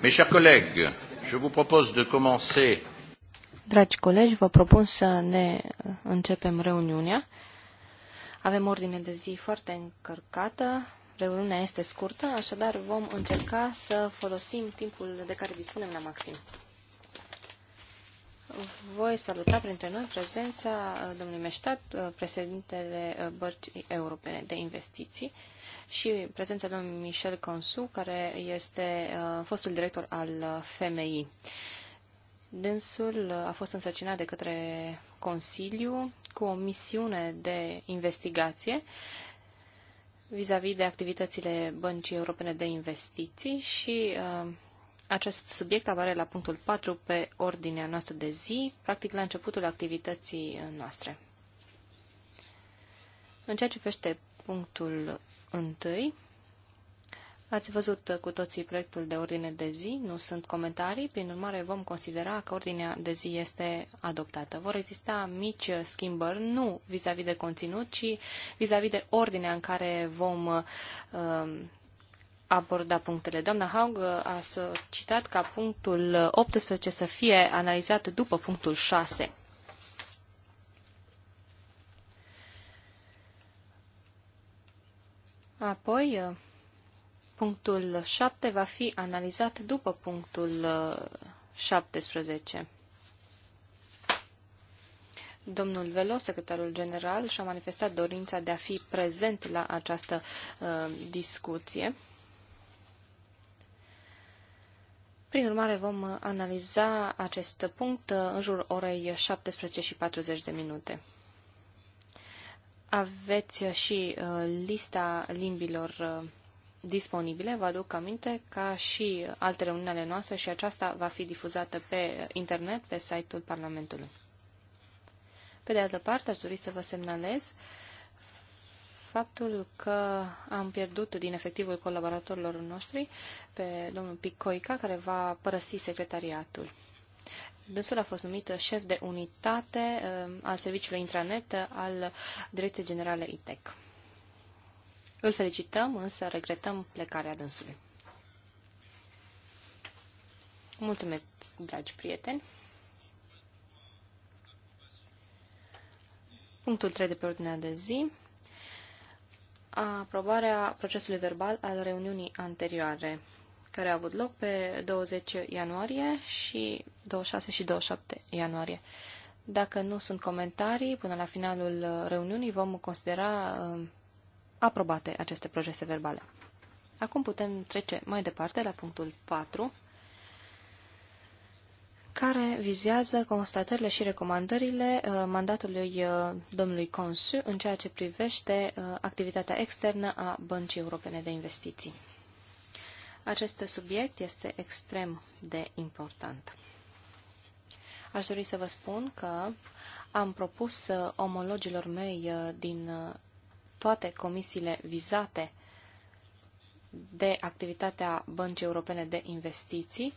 Mes chers collègues, je vous propose de commencer. Dragi colegi, vă propun să ne începem reuniunea. Avem ordine de zi foarte încărcată, reuniunea este scurtă, așadar vom încerca să folosim timpul de care dispunem la maxim. Voi saluta printre noi prezența domnului Meștat, președintele Bărcii Europene de Investiții, și prezența domnului Michel Consu, care este uh, fostul director al FMI. Dânsul uh, a fost însăcinat de către Consiliu cu o misiune de investigație vis-a-vis -vis de activitățile Băncii Europene de Investiții și uh, acest subiect apare la punctul 4 pe ordinea noastră de zi, practic la începutul activității uh, noastre. În ceea ce privește punctul Întâi, ați văzut cu toții proiectul de ordine de zi, nu sunt comentarii, prin urmare vom considera că ordinea de zi este adoptată. Vor exista mici schimbări, nu vis-a-vis -vis de conținut, ci vis-a-vis -vis de ordinea în care vom uh, aborda punctele. Doamna Haug a citat ca punctul 18 să fie analizat după punctul 6. Apoi, punctul 7 va fi analizat după punctul 17. Uh, Domnul Velo, secretarul general, și-a manifestat dorința de a fi prezent la această uh, discuție. Prin urmare, vom uh, analiza acest punct uh, în jurul orei 17 și 40 de minute. Aveți uh, și uh, lista limbilor uh, disponibile, vă aduc aminte, ca și alte reuniunile noastre și aceasta va fi difuzată pe internet, pe site-ul Parlamentului. Pe de altă parte, aș dori să vă semnalez faptul că am pierdut din efectivul colaboratorilor noștri pe domnul Picoica, care va părăsi secretariatul. Dânsul a fost numit șef de unitate um, al serviciului intranet al Direcției Generale ITEC. Îl felicităm, însă regretăm plecarea dânsului. Mulțumesc, dragi prieteni! Punctul 3 de pe ordinea de zi. Aprobarea procesului verbal al reuniunii anterioare care a avut loc pe 20 ianuarie și 26 și 27 ianuarie. Dacă nu sunt comentarii, până la finalul reuniunii vom considera um, aprobate aceste procese verbale. Acum putem trece mai departe la punctul 4, care vizează constatările și recomandările uh, mandatului uh, domnului Consu în ceea ce privește uh, activitatea externă a Băncii Europene de Investiții. Acest subiect este extrem de important. Aș dori să vă spun că am propus uh, omologilor mei uh, din uh, toate comisiile vizate de activitatea Băncii Europene de Investiții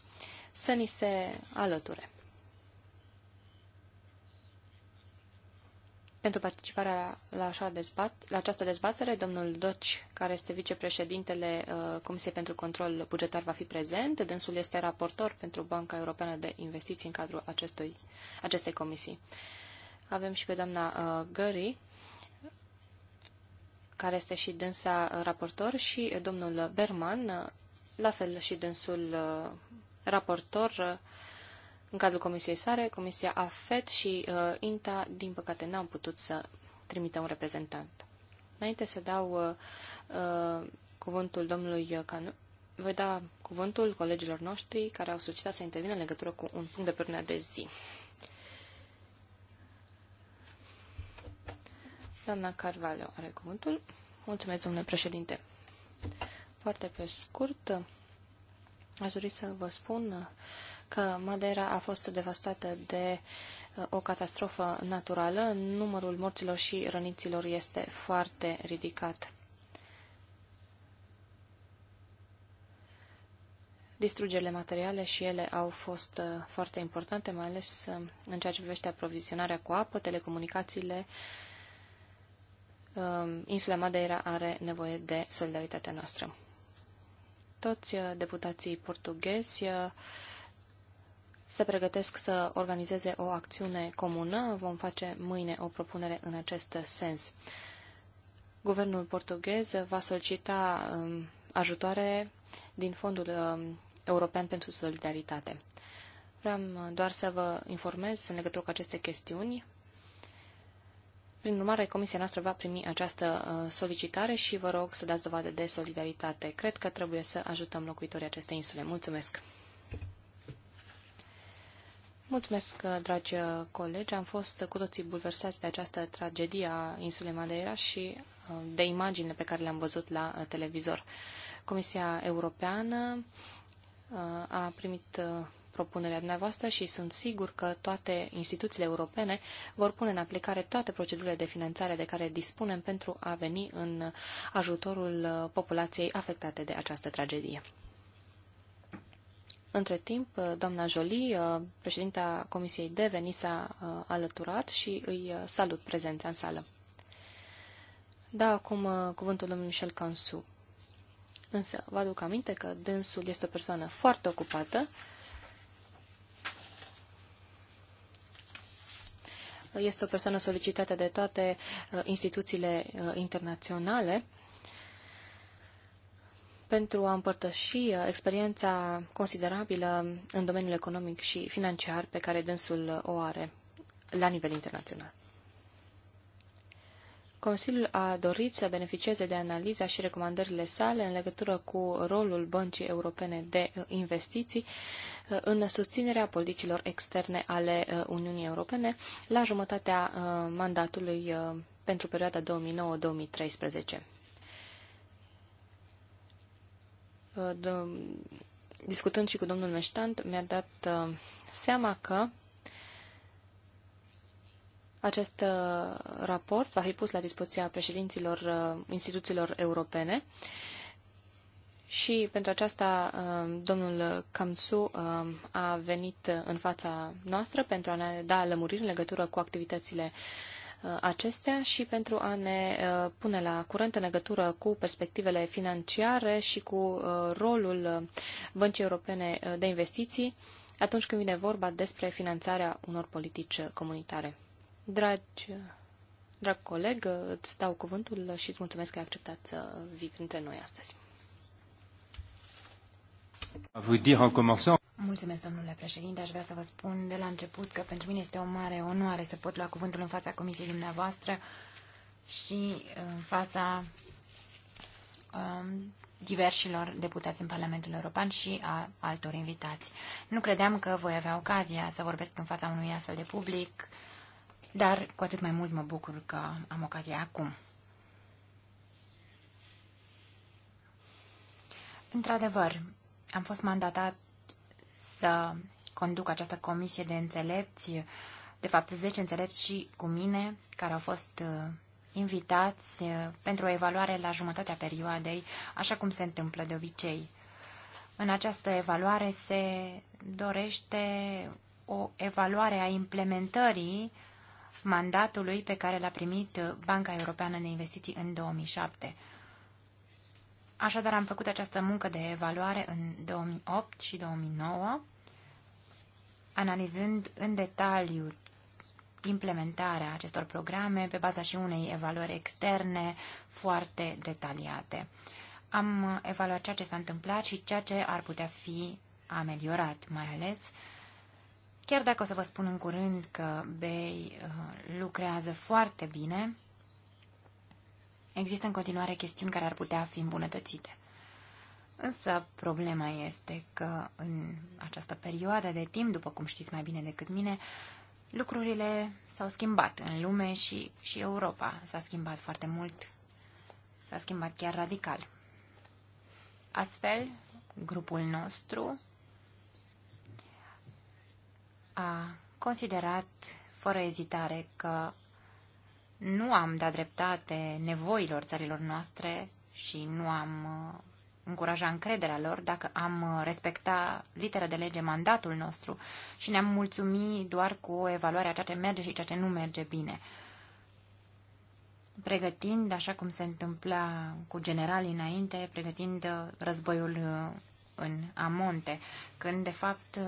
să ni se alăture. pentru participarea la, la, așa dezbat, la această dezbatere. Domnul Doci, care este vicepreședintele uh, Comisiei pentru Control Bugetar, va fi prezent. Dânsul este raportor pentru Banca Europeană de Investiții în cadrul acestui, acestei comisii. Avem și pe doamna uh, Gări, care este și dânsa uh, raportor, și domnul Berman, uh, la fel și dânsul uh, raportor în cadrul Comisiei Sare, Comisia AFET și uh, INTA, din păcate, n au putut să trimită un reprezentant. Înainte să dau uh, uh, cuvântul domnului Canu, voi da cuvântul colegilor noștri care au solicitat să intervină în legătură cu un punct de pe de zi. Doamna Carvalho are cuvântul. Mulțumesc, domnule președinte. Foarte pe scurt, aș dori să vă spun uh, că Madeira a fost devastată de uh, o catastrofă naturală, numărul morților și răniților este foarte ridicat. Distrugerile materiale și ele au fost uh, foarte importante, mai ales uh, în ceea ce privește aprovizionarea cu apă, telecomunicațiile. Um, insula Madeira are nevoie de solidaritatea noastră. Toți deputații portughezi se pregătesc să organizeze o acțiune comună. Vom face mâine o propunere în acest sens. Guvernul portughez va solicita um, ajutoare din Fondul um, European pentru Solidaritate. Vreau uh, doar să vă informez în legătură cu aceste chestiuni. Prin urmare, comisia noastră va primi această uh, solicitare și vă rog să dați dovadă de solidaritate. Cred că trebuie să ajutăm locuitorii acestei insule. Mulțumesc! Mulțumesc, dragi colegi. Am fost cu toții bulversați de această tragedie a insulei Madeira și uh, de imaginile pe care le-am văzut la uh, televizor. Comisia Europeană uh, a primit propunerea dumneavoastră și sunt sigur că toate instituțiile europene vor pune în aplicare toate procedurile de finanțare de care dispunem pentru a veni în ajutorul populației afectate de această tragedie. Între timp, uh, doamna Jolie, uh, președinta Comisiei DEVE, veni s-a uh, alăturat și îi salut prezența în sală. Da, acum cuvântul lui Michel Cansu. Însă, vă aduc aminte că dânsul este o persoană foarte ocupată. Este o persoană solicitată de toate instituțiile internaționale pentru a împărtăși uh, experiența considerabilă în domeniul economic și financiar pe care dânsul uh, o are la nivel internațional. Consiliul a dorit să beneficieze de analiza și recomandările sale în legătură cu rolul Băncii Europene de uh, Investiții în susținerea politicilor externe ale Uniunii Europene la jumătatea mandatului pentru perioada 2009-2013. Uh, discutând și cu domnul Meștant, mi-a dat uh, seama că acest uh, raport va fi pus la dispoziția președinților instituțiilor europene și pentru aceasta domnul Camsu a venit în fața noastră pentru a ne da lămuriri în legătură cu activitățile Uh, acestea și pentru a ne uh, pune la curent în legătură cu perspectivele financiare și cu uh, rolul Băncii Europene de Investiții atunci când vine vorba despre finanțarea unor politici comunitare. Dragi, drag coleg, îți dau cuvântul și îți mulțumesc că ai acceptat să vii printre noi astăzi. Vă dire en Mulțumesc, domnule președinte. Aș vrea să vă spun de la început că pentru mine este o mare onoare să pot lua cuvântul în fața comisiei dumneavoastră și în fața um, diversilor deputați în Parlamentul European și a altor invitați. Nu credeam că voi avea ocazia să vorbesc în fața unui astfel de public, dar cu atât mai mult mă bucur că am ocazia acum. Într-adevăr, am fost mandatat să conduc această comisie de înțelepți, de fapt 10 înțelepți și cu mine, care au fost uh, invitați uh, pentru o evaluare la jumătatea perioadei, așa cum se întâmplă de obicei. În această evaluare se dorește o evaluare a implementării mandatului pe care l-a primit Banca Europeană de Investiții în 2007. Așadar, am făcut această muncă de evaluare în 2008 și 2009 analizând în detaliu implementarea acestor programe pe baza și unei evaluări externe foarte detaliate. Am evaluat ceea ce s-a întâmplat și ceea ce ar putea fi ameliorat, mai ales chiar dacă o să vă spun în curând că BEI uh, lucrează foarte bine, există în continuare chestiuni care ar putea fi îmbunătățite. Însă problema este că în această perioadă de timp, după cum știți mai bine decât mine, lucrurile s-au schimbat în lume și, și Europa s-a schimbat foarte mult, s-a schimbat chiar radical. Astfel, grupul nostru a considerat fără ezitare că nu am dat dreptate nevoilor țărilor noastre și nu am încuraja încrederea lor dacă am uh, respecta literă de lege mandatul nostru și ne-am mulțumi doar cu o evaluare a ceea ce merge și ceea ce nu merge bine. Pregătind, așa cum se întâmpla cu generalii înainte, pregătind uh, războiul uh, în amonte, când de fapt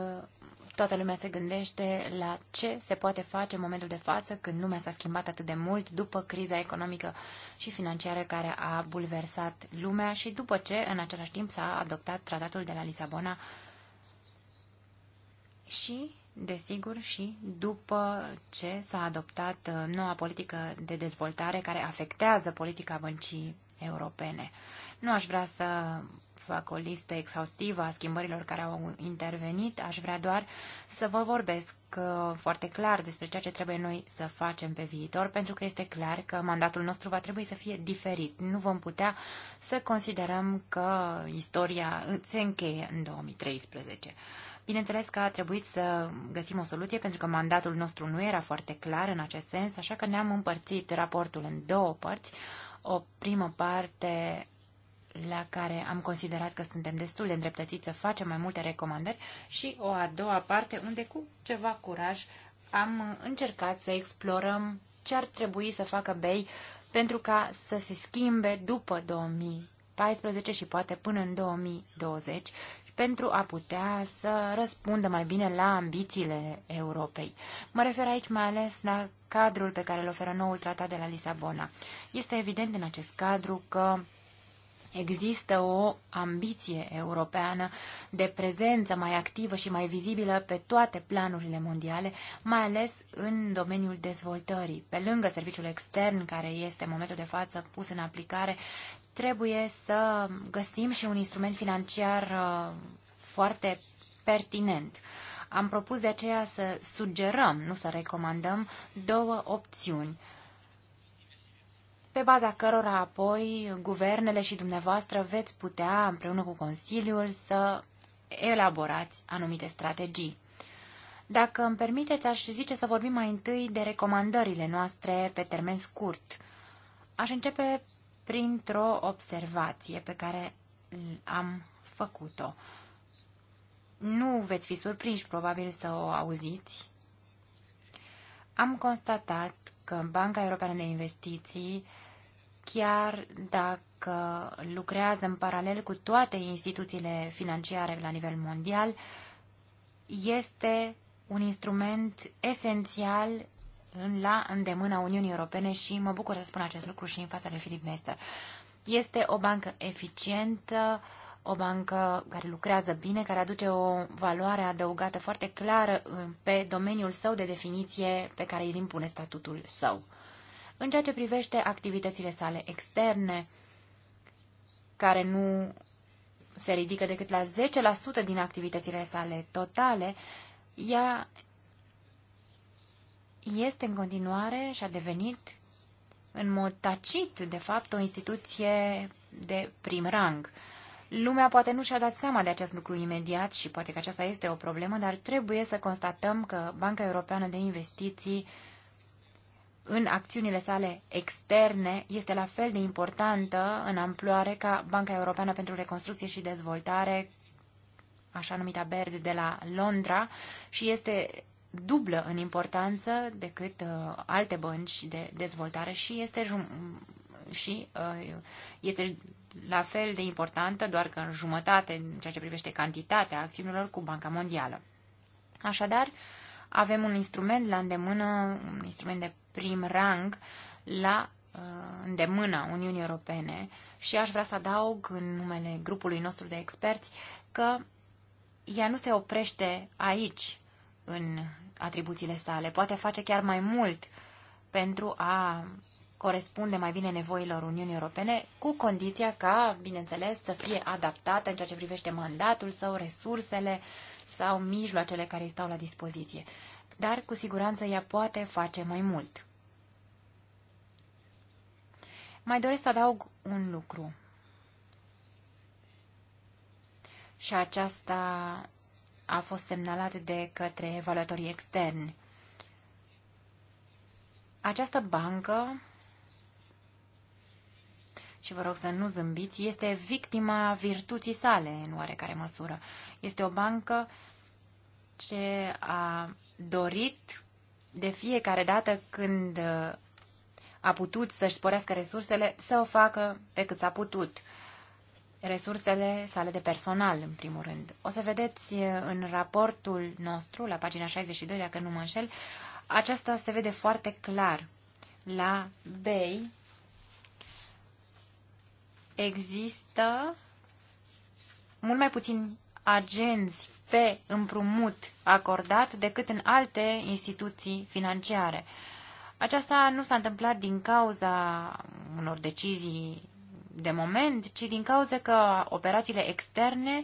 toată lumea se gândește la ce se poate face în momentul de față, când lumea s-a schimbat atât de mult după criza economică și financiară care a bulversat lumea și după ce, în același timp, s-a adoptat tratatul de la Lisabona și, desigur, și după ce s-a adoptat uh, noua politică de dezvoltare care afectează politica băncii europene. Nu aș vrea să fac o listă exhaustivă a schimbărilor care au intervenit, aș vrea doar să vă vorbesc uh, foarte clar despre ceea ce trebuie noi să facem pe viitor, pentru că este clar că mandatul nostru va trebui să fie diferit. Nu vom putea să considerăm că istoria se încheie în 2013. Bineînțeles că a trebuit să găsim o soluție pentru că mandatul nostru nu era foarte clar în acest sens, așa că ne-am împărțit raportul în două părți o primă parte la care am considerat că suntem destul de îndreptățiți să facem mai multe recomandări și o a doua parte unde cu ceva curaj am încercat să explorăm ce ar trebui să facă Bay pentru ca să se schimbe după 2014 și poate până în 2020 pentru a putea să răspundă mai bine la ambițiile Europei. Mă refer aici mai ales la cadrul pe care îl oferă noul tratat de la Lisabona. Este evident în acest cadru că Există o ambiție europeană de prezență mai activă și mai vizibilă pe toate planurile mondiale, mai ales în domeniul dezvoltării. Pe lângă serviciul extern, care este în momentul de față pus în aplicare trebuie să găsim și un instrument financiar uh, foarte pertinent. Am propus de aceea să sugerăm, nu să recomandăm, două opțiuni pe baza cărora apoi guvernele și dumneavoastră veți putea, împreună cu Consiliul, să elaborați anumite strategii. Dacă îmi permiteți, aș zice să vorbim mai întâi de recomandările noastre pe termen scurt. Aș începe printr-o observație pe care am făcut-o. Nu veți fi surprinși, probabil, să o auziți. Am constatat că Banca Europeană de Investiții, chiar dacă lucrează în paralel cu toate instituțiile financiare la nivel mondial, este un instrument esențial la îndemâna Uniunii Europene și mă bucur să spun acest lucru și în fața lui Filip Mester. Este o bancă eficientă, o bancă care lucrează bine, care aduce o valoare adăugată foarte clară pe domeniul său de definiție pe care îl impune statutul său. În ceea ce privește activitățile sale externe, care nu se ridică decât la 10% din activitățile sale totale, ea este în continuare și a devenit în mod tacit, de fapt, o instituție de prim rang. Lumea poate nu și-a dat seama de acest lucru imediat și poate că aceasta este o problemă, dar trebuie să constatăm că Banca Europeană de Investiții în acțiunile sale externe este la fel de importantă în amploare ca Banca Europeană pentru Reconstrucție și Dezvoltare, așa numita BERD de la Londra, și este dublă în importanță decât uh, alte bănci de dezvoltare și este și uh, este la fel de importantă, doar că în jumătate, în ceea ce privește cantitatea acțiunilor cu Banca Mondială. Așadar, avem un instrument la îndemână, un instrument de prim rang la uh, îndemâna Uniunii Europene și aș vrea să adaug în numele grupului nostru de experți că ea nu se oprește aici, în atribuțiile sale. Poate face chiar mai mult pentru a corespunde mai bine nevoilor Uniunii Europene, cu condiția ca, bineînțeles, să fie adaptată în ceea ce privește mandatul sau resursele sau mijloacele care îi stau la dispoziție. Dar, cu siguranță, ea poate face mai mult. Mai doresc să adaug un lucru. Și aceasta a fost semnalat de către evaluatorii externi. Această bancă, și vă rog să nu zâmbiți, este victima virtuții sale, în oarecare măsură. Este o bancă ce a dorit de fiecare dată când a putut să-și sporească resursele, să o facă pe cât s-a putut resursele sale de personal, în primul rând. O să vedeți în raportul nostru, la pagina 62, dacă nu mă înșel, aceasta se vede foarte clar. La BEI există mult mai puțin agenți pe împrumut acordat decât în alte instituții financiare. Aceasta nu s-a întâmplat din cauza unor decizii de moment, ci din cauza că operațiile externe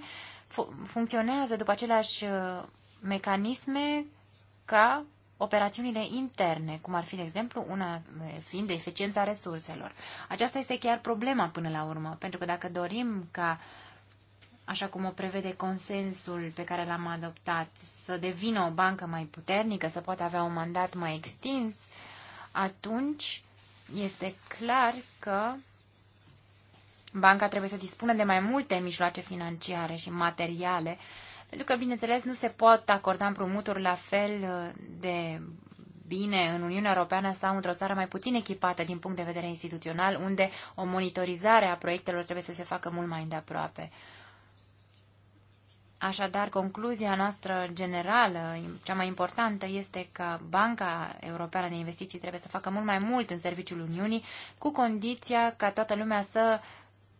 funcționează după aceleași uh, mecanisme ca operațiunile interne, cum ar fi, de exemplu, una uh, fiind de eficiența resurselor. Aceasta este chiar problema până la urmă, pentru că dacă dorim ca, așa cum o prevede consensul pe care l-am adoptat, să devină o bancă mai puternică, să poată avea un mandat mai extins, atunci este clar că Banca trebuie să dispună de mai multe mijloace financiare și materiale, pentru că, bineînțeles, nu se pot acorda împrumuturi la fel uh, de bine în Uniunea Europeană sau într-o țară mai puțin echipată din punct de vedere instituțional, unde o monitorizare a proiectelor trebuie să se facă mult mai îndeaproape. Așadar, concluzia noastră generală, cea mai importantă, este că Banca Europeană de Investiții trebuie să facă mult mai mult în serviciul Uniunii, cu condiția ca toată lumea să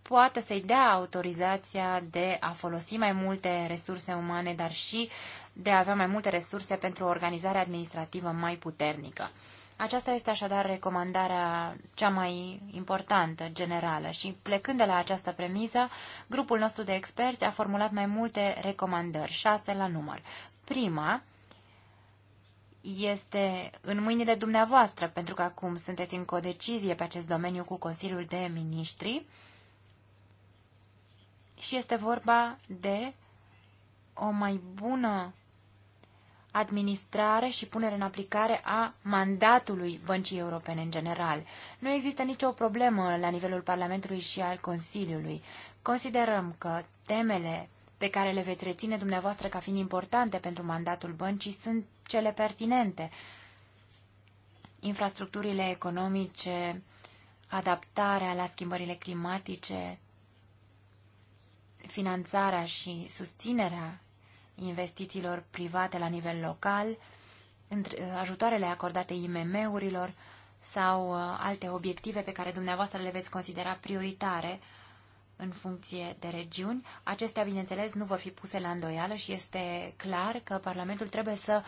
poată să-i dea autorizația de a folosi mai multe resurse umane, dar și de a avea mai multe resurse pentru o organizare administrativă mai puternică. Aceasta este așadar recomandarea cea mai importantă, generală, și plecând de la această premisă, grupul nostru de experți a formulat mai multe recomandări, șase la număr. Prima este în mâinile dumneavoastră, pentru că acum sunteți în codecizie pe acest domeniu cu Consiliul de Ministri și este vorba de o mai bună administrare și punere în aplicare a mandatului Băncii Europene în general. Nu există nicio problemă la nivelul Parlamentului și al Consiliului. Considerăm că temele pe care le veți reține dumneavoastră ca fiind importante pentru mandatul băncii sunt cele pertinente. Infrastructurile economice, adaptarea la schimbările climatice, finanțarea și susținerea investițiilor private la nivel local, ajutoarele acordate IMM-urilor sau uh, alte obiective pe care dumneavoastră le veți considera prioritare în funcție de regiuni. Acestea, bineînțeles, nu vor fi puse la îndoială și este clar că Parlamentul trebuie să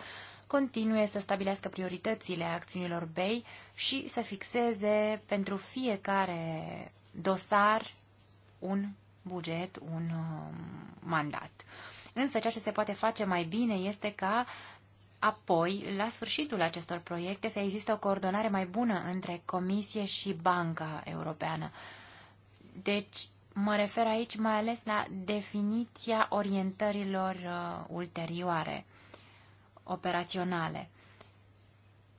continue să stabilească prioritățile acțiunilor BEI și să fixeze pentru fiecare dosar un buget un uh, mandat. Însă ceea ce se poate face mai bine este ca apoi, la sfârșitul acestor proiecte, să există o coordonare mai bună între Comisie și Banca Europeană. Deci, mă refer aici mai ales la definiția orientărilor uh, ulterioare, operaționale.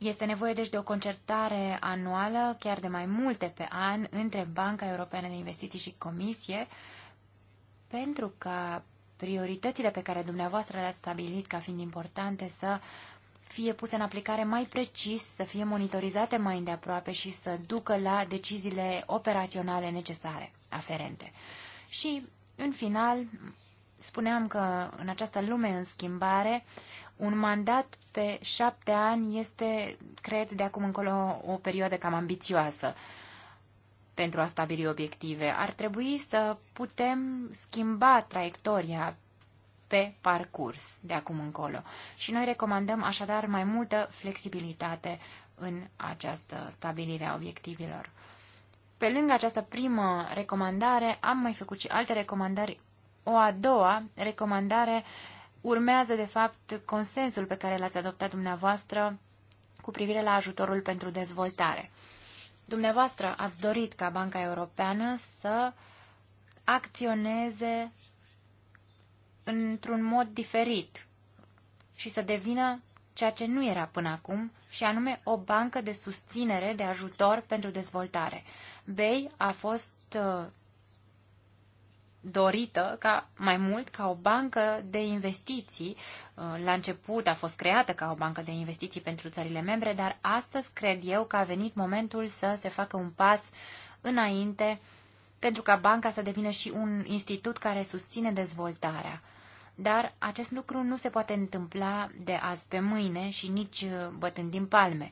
Este nevoie deci de o concertare anuală, chiar de mai multe pe an, între Banca Europeană de Investiții și Comisie, pentru ca prioritățile pe care dumneavoastră le-ați stabilit ca fiind importante să fie puse în aplicare mai precis, să fie monitorizate mai îndeaproape și să ducă la deciziile operaționale necesare, aferente. Și, în final, spuneam că în această lume în schimbare, un mandat pe șapte ani este, cred, de acum încolo o perioadă cam ambițioasă pentru a stabili obiective. Ar trebui să putem schimba traiectoria pe parcurs de acum încolo. Și noi recomandăm așadar mai multă flexibilitate în această stabilire a obiectivelor. Pe lângă această primă recomandare, am mai făcut și alte recomandări. O a doua recomandare urmează, de fapt, consensul pe care l-ați adoptat dumneavoastră cu privire la ajutorul pentru dezvoltare. Dumneavoastră ați dorit ca Banca Europeană să acționeze într-un mod diferit și să devină ceea ce nu era până acum, și anume o bancă de susținere, de ajutor pentru dezvoltare. BEI a fost uh, dorită ca mai mult ca o bancă de investiții. Uh, la început a fost creată ca o bancă de investiții pentru țările membre, dar astăzi cred eu că a venit momentul să se facă un pas înainte pentru ca banca să devină și un institut care susține dezvoltarea. Dar acest lucru nu se poate întâmpla de azi pe mâine și nici uh, bătând din palme.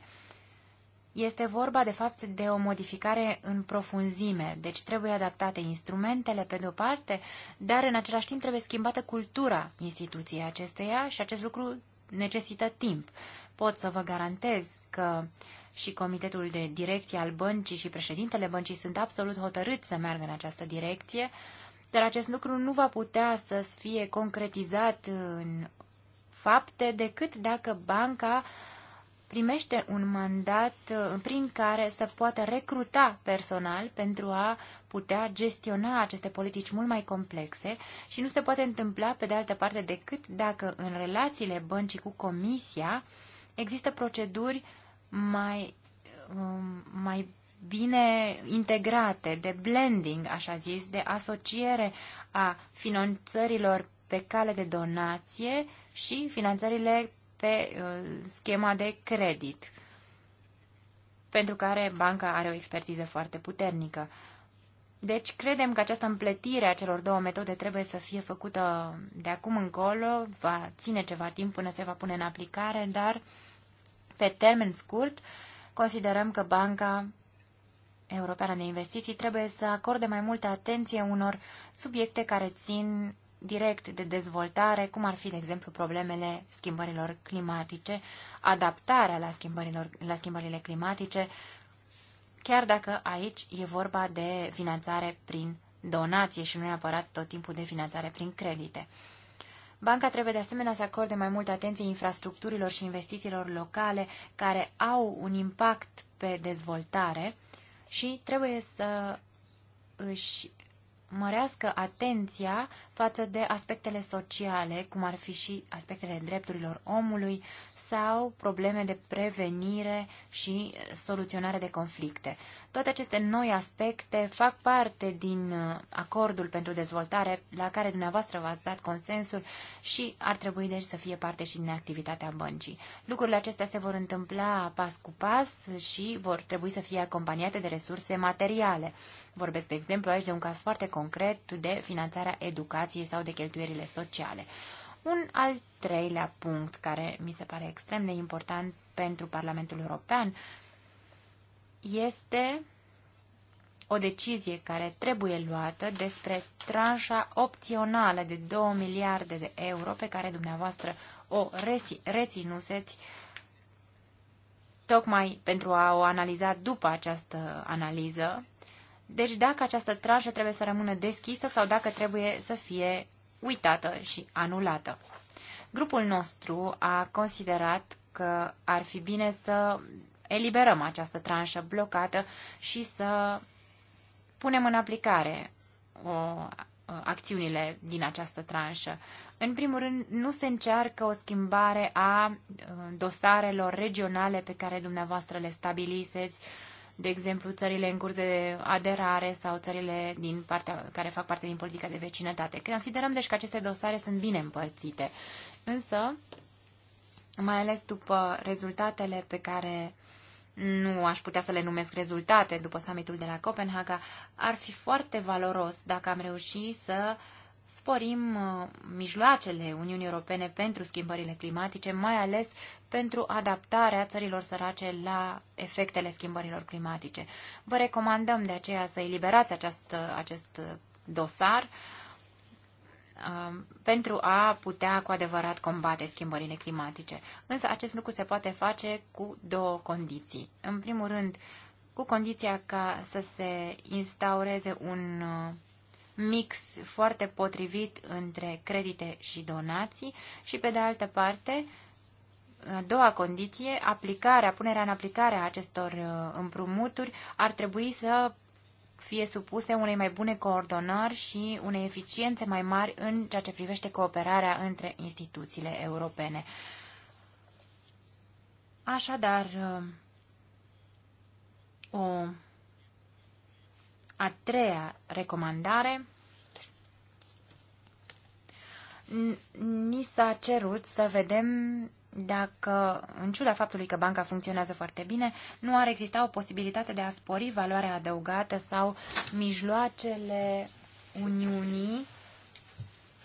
Este vorba, de fapt, de o modificare în profunzime, deci trebuie adaptate instrumentele, pe de-o parte, dar în același timp trebuie schimbată cultura instituției acesteia și acest lucru necesită timp. Pot să vă garantez că și comitetul de direcție al băncii și președintele băncii sunt absolut hotărâți să meargă în această direcție, dar acest lucru nu va putea să fie concretizat în fapte decât dacă banca uh, primește un mandat uh, prin care să poată recruta personal pentru a putea gestiona aceste politici mult mai complexe și nu se poate întâmpla pe de altă parte decât dacă în relațiile băncii cu comisia există proceduri mai, um, mai bine integrate, de blending, așa zis, de asociere a finanțărilor pe cale de donație și finanțările pe uh, schema de credit, pentru care banca are o expertiză foarte puternică. Deci credem că această împletire a celor două metode trebuie să fie făcută de acum încolo, va ține ceva timp până se va pune în aplicare, dar pe termen scurt considerăm că Banca Europeană de Investiții trebuie să acorde mai multă atenție unor subiecte care țin direct de dezvoltare, cum ar fi, de exemplu, problemele schimbărilor climatice, adaptarea la, schimbărilor, la schimbările climatice, chiar dacă aici e vorba de finanțare prin donație și nu neapărat tot timpul de finanțare prin credite. Banca trebuie de asemenea să acorde mai multă atenție infrastructurilor și investițiilor locale care au un impact pe dezvoltare și trebuie să își mărească atenția față de aspectele sociale, cum ar fi și aspectele drepturilor omului sau probleme de prevenire și soluționare de conflicte. Toate aceste noi aspecte fac parte din uh, acordul pentru dezvoltare la care dumneavoastră v-ați dat consensul și ar trebui deci să fie parte și din activitatea băncii. Lucrurile acestea se vor întâmpla pas cu pas și vor trebui să fie acompaniate de resurse materiale. Vorbesc, de exemplu, aici de un caz foarte concret de finanțarea educației sau de cheltuierile sociale. Un al treilea punct care mi se pare extrem de important pentru Parlamentul European este o decizie care trebuie luată despre tranșa opțională de 2 miliarde de euro pe care dumneavoastră o reținuseți tocmai pentru a o analiza după această analiză deci dacă această tranșă trebuie să rămână deschisă sau dacă trebuie să fie uitată și anulată. Grupul nostru a considerat că ar fi bine să eliberăm această tranșă blocată și să punem în aplicare o, acțiunile din această tranșă. În primul rând, nu se încearcă o schimbare a dosarelor regionale pe care dumneavoastră le stabiliseți de exemplu, țările în curs de aderare sau țările din partea, care fac parte din politica de vecinătate. Considerăm, deci, că aceste dosare sunt bine împărțite. Însă, mai ales după rezultatele pe care nu aș putea să le numesc rezultate după summitul de la Copenhaga, ar fi foarte valoros dacă am reușit să uh, sporim uh, mijloacele Uniunii Europene pentru schimbările climatice, mai ales pentru adaptarea țărilor sărace la efectele schimbărilor climatice. Vă recomandăm de aceea să eliberați acest, uh, acest uh, dosar pentru a putea cu adevărat combate schimbările climatice. Însă acest lucru se poate face cu două condiții. În primul rând, cu condiția ca să se instaureze un uh, mix foarte potrivit între credite și donații și, pe de altă parte, a doua condiție, aplicarea, punerea în aplicare a acestor uh, împrumuturi ar trebui să fie supuse unei mai bune coordonări și unei eficiențe mai mari în ceea ce privește cooperarea între instituțiile europene. Așadar, uh, o a treia recomandare ni s-a cerut să vedem dacă, în ciuda faptului că banca funcționează foarte bine, nu ar exista o posibilitate de a spori valoarea adăugată sau mijloacele Uniunii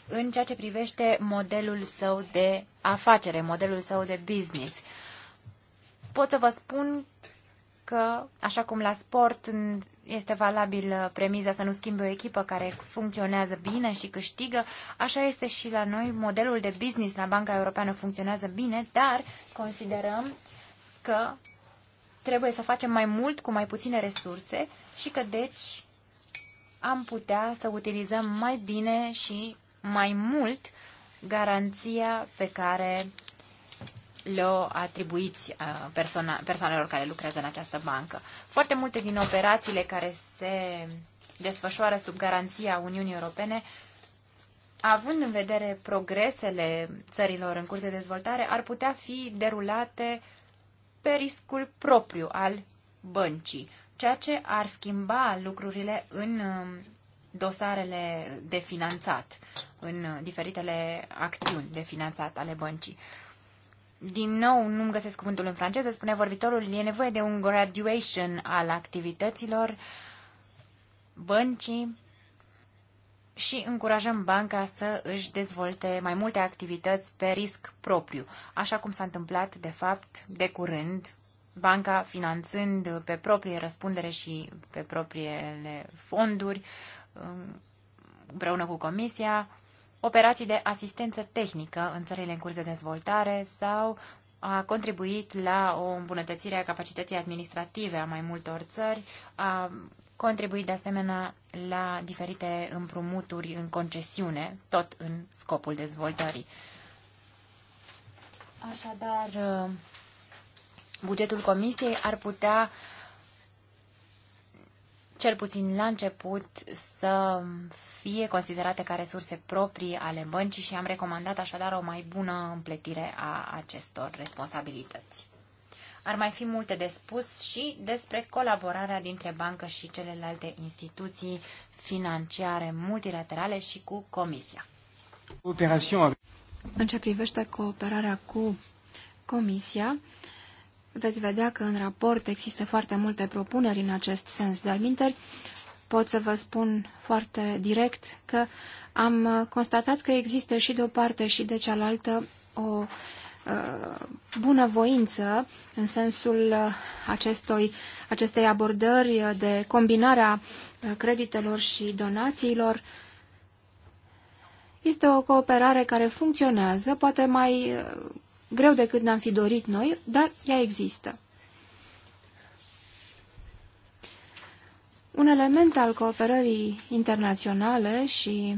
în ceea ce privește modelul său de afacere, modelul său de business. Pot să vă spun că, așa cum la sport este valabil uh, premiza să nu schimbe o echipă care funcționează bine și câștigă, așa este și la noi. Modelul de business la Banca Europeană funcționează bine, dar considerăm că trebuie să facem mai mult cu mai puține resurse și că deci am putea să utilizăm mai bine și mai mult garanția pe care le-o atribuiți uh, persoanelor care lucrează în această bancă. Foarte multe din operațiile care se desfășoară sub garanția Uniunii Europene, având în vedere progresele țărilor în curs de dezvoltare, ar putea fi derulate pe riscul propriu al băncii, ceea ce ar schimba lucrurile în um, dosarele de finanțat, în diferitele acțiuni de finanțat ale băncii. Din nou, nu-mi găsesc cuvântul în franceză, spune vorbitorul, e nevoie de un graduation al activităților băncii și încurajăm banca să își dezvolte mai multe activități pe risc propriu, așa cum s-a întâmplat, de fapt, de curând, banca finanțând pe proprie răspundere și pe propriile fonduri, împreună cu Comisia, operații de asistență tehnică în țările în curs de dezvoltare sau a contribuit la o îmbunătățire a capacității administrative a mai multor țări, a contribuit de asemenea la diferite împrumuturi în concesiune, tot în scopul dezvoltării. Așadar, bugetul comisiei ar putea uh, cel puțin la început, să fie considerate ca resurse proprii ale băncii și am recomandat așadar o mai bună împletire a acestor responsabilități. Ar mai fi multe de spus și despre colaborarea dintre bancă și celelalte instituții financiare multilaterale și cu Comisia. În ce privește cooperarea cu Comisia, Veți vedea că în raport există foarte multe propuneri în acest sens. de alminteri, pot să vă spun foarte direct că am constatat că există și de o parte și de cealaltă o uh, bunăvoință în sensul uh, acestui, acestei abordări de combinarea uh, creditelor și donațiilor. Este o cooperare care funcționează, poate mai greu decât ne-am fi dorit noi, dar ea există. Un element al cooperării internaționale și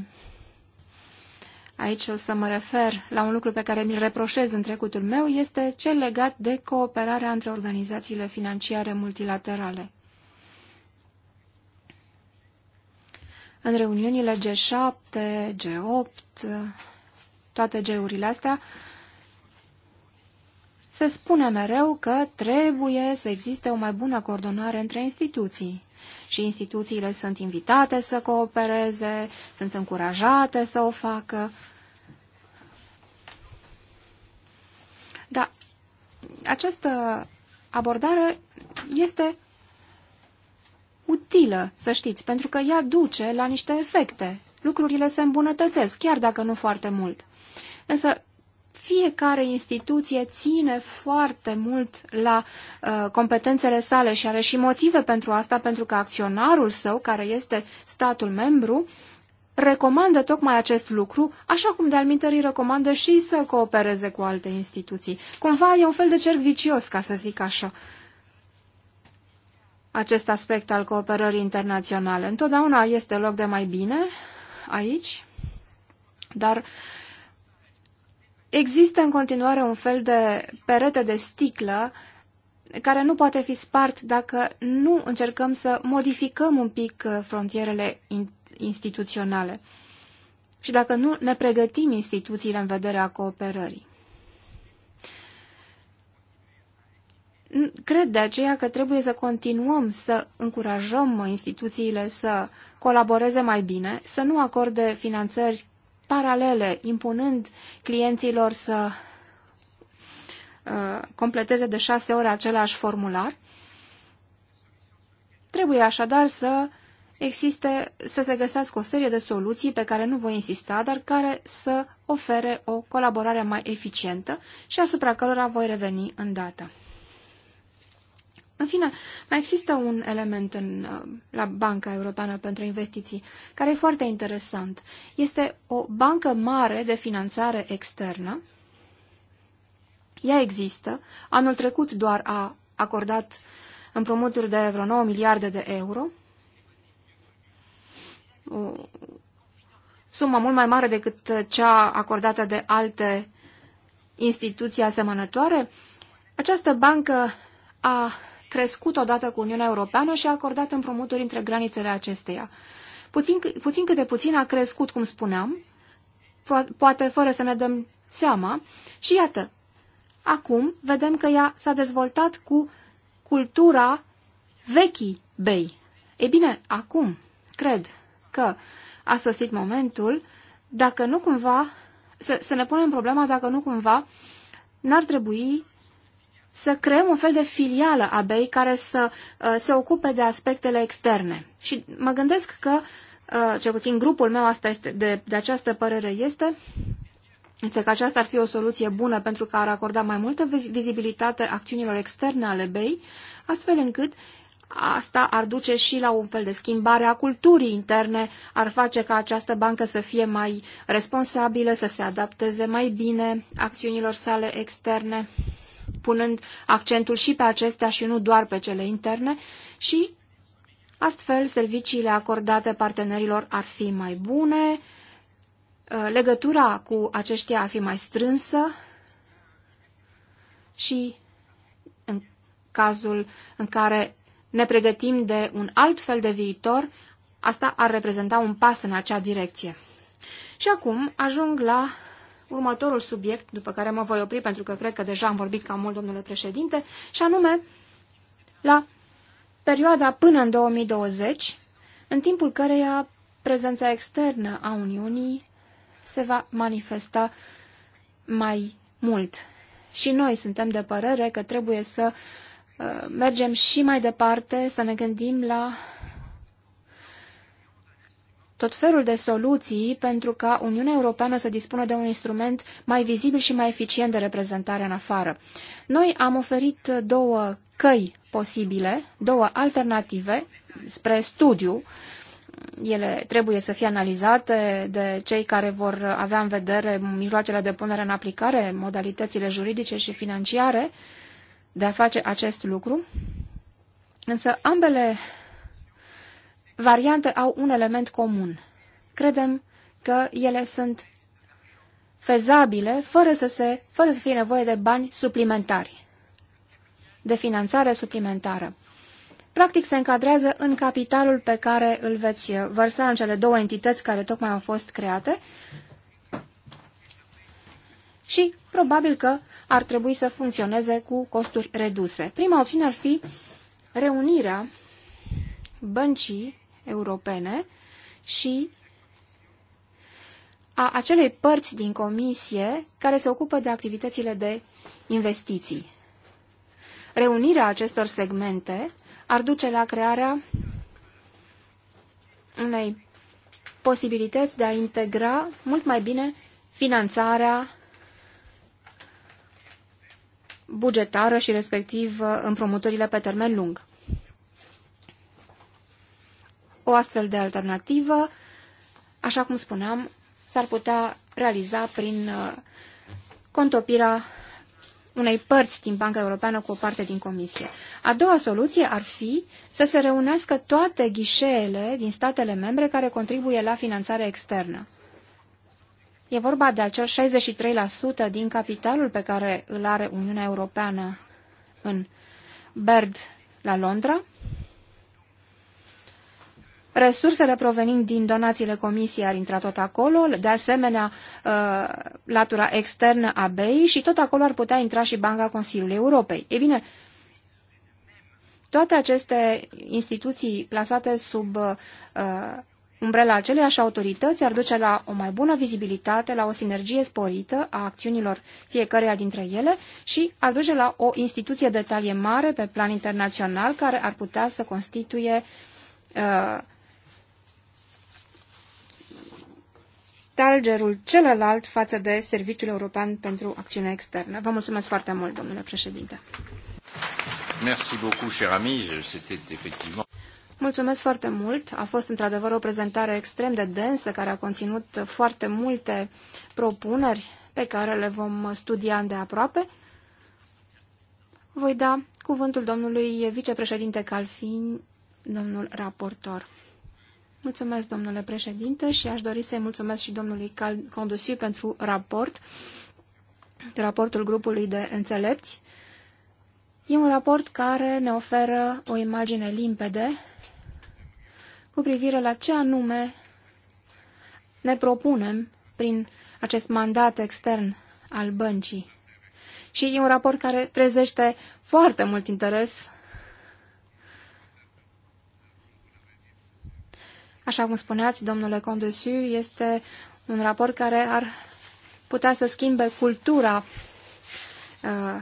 aici o să mă refer la un lucru pe care mi-l reproșez în trecutul meu, este cel legat de cooperarea între organizațiile financiare multilaterale. În reuniunile G7, G8, toate G-urile astea, se spune mereu că trebuie să existe o mai bună coordonare între instituții. Și instituțiile sunt invitate să coopereze, sunt încurajate să o facă. Dar această abordare este utilă, să știți, pentru că ea duce la niște efecte. Lucrurile se îmbunătățesc, chiar dacă nu foarte mult. Însă fiecare instituție ține foarte mult la uh, competențele sale și are și motive pentru asta, pentru că acționarul său, care este statul membru, recomandă tocmai acest lucru, așa cum de-al îi recomandă și să coopereze cu alte instituții. Cumva e un fel de cerc vicios, ca să zic așa acest aspect al cooperării internaționale. Întotdeauna este loc de mai bine aici, dar Există în continuare un fel de perete de sticlă care nu poate fi spart dacă nu încercăm să modificăm un pic uh, frontierele instituționale și dacă nu ne pregătim instituțiile în vederea cooperării. Cred de aceea că trebuie să continuăm să încurajăm instituțiile să colaboreze mai bine, să nu acorde finanțări paralele, impunând clienților să uh, completeze de șase ore același formular. Trebuie așadar să existe, să se găsească o serie de soluții pe care nu voi insista, dar care să ofere o colaborare mai eficientă și asupra cărora voi reveni în data. În fine, mai există un element în, uh, la Banca Europeană pentru Investiții care e foarte interesant. Este o bancă mare de finanțare externă. Ea există. Anul trecut doar a acordat împrumuturi de vreo 9 miliarde de euro. O sumă mult mai mare decât cea acordată de alte instituții asemănătoare. Această bancă a crescut odată cu Uniunea Europeană și a acordat împrumuturi între granițele acesteia. Puțin, puțin câte puțin a crescut, cum spuneam, poate fără să ne dăm seama, și iată, acum vedem că ea s-a dezvoltat cu cultura vechii bei. E bine, acum cred că a sosit momentul, dacă nu cumva, să, să ne punem problema dacă nu cumva n-ar trebui să creăm un fel de filială a BEI care să uh, se ocupe de aspectele externe. Și mă gândesc că, uh, cel puțin grupul meu asta este de, de această părere este, este că aceasta ar fi o soluție bună pentru că ar acorda mai multă vizibilitate acțiunilor externe ale BEI, astfel încât asta ar duce și la un fel de schimbare a culturii interne, ar face ca această bancă să fie mai responsabilă, să se adapteze mai bine acțiunilor sale externe punând accentul și pe acestea și nu doar pe cele interne și astfel serviciile acordate partenerilor ar fi mai bune, uh, legătura cu aceștia ar fi mai strânsă și în cazul în care ne pregătim de un alt fel de viitor, asta ar reprezenta un pas în acea direcție. Și acum ajung la următorul subiect, după care mă voi opri pentru că cred că deja am vorbit cam mult, domnule președinte, și anume la perioada până în 2020, în timpul căreia prezența externă a Uniunii se va manifesta mai mult. Și noi suntem de părere că trebuie să uh, mergem și mai departe, să ne gândim la tot felul de soluții pentru ca Uniunea Europeană să dispună de un instrument mai vizibil și mai eficient de reprezentare în afară. Noi am oferit două căi posibile, două alternative spre studiu. Ele trebuie să fie analizate de cei care vor avea în vedere mijloacele de punere în aplicare, modalitățile juridice și financiare de a face acest lucru. Însă ambele variante au un element comun. Credem că ele sunt fezabile fără să, se, fără să fie nevoie de bani suplimentari, de finanțare suplimentară. Practic se încadrează în capitalul pe care îl veți vărsa în cele două entități care tocmai au fost create și probabil că ar trebui să funcționeze cu costuri reduse. Prima opțiune ar fi reunirea băncii europene și a acelei părți din comisie care se ocupă de activitățile de investiții. Reunirea acestor segmente ar duce la crearea unei posibilități de a integra mult mai bine finanțarea bugetară și respectiv uh, împrumuturile pe termen lung. O astfel de alternativă, așa cum spuneam, s-ar putea realiza prin uh, contopirea unei părți din Banca Europeană cu o parte din comisie. A doua soluție ar fi să se reunească toate ghișeele din statele membre care contribuie la finanțarea externă. E vorba de acel 63% din capitalul pe care îl are Uniunea Europeană în Berd la Londra Resursele provenind din donațiile comisiei ar intra tot acolo, de asemenea uh, latura externă a BEI și tot acolo ar putea intra și Banca Consiliului Europei. Ei bine, toate aceste instituții plasate sub uh, umbrela aceleiași autorități ar duce la o mai bună vizibilitate, la o sinergie sporită a acțiunilor fiecăreia dintre ele și ar duce la o instituție de talie mare pe plan internațional care ar putea să constituie uh, Stalgerul celălalt față de Serviciul European pentru Acțiune Externă. Vă mulțumesc foarte mult, domnule președinte. Merci beaucoup, cher ami. effectivement... Mulțumesc foarte mult. A fost într-adevăr o prezentare extrem de densă care a conținut foarte multe propuneri pe care le vom studia îndeaproape. Voi da cuvântul domnului vicepreședinte Calfin, domnul raportor. Mulțumesc, domnule președinte, și aș dori să-i mulțumesc și domnului Condusiu pentru raport, raportul grupului de înțelepți. E un raport care ne oferă o imagine limpede cu privire la ce anume ne propunem prin acest mandat extern al băncii. Și e un raport care trezește foarte mult interes Așa cum spuneați, domnule Condesiu, este un raport care ar putea să schimbe cultura uh,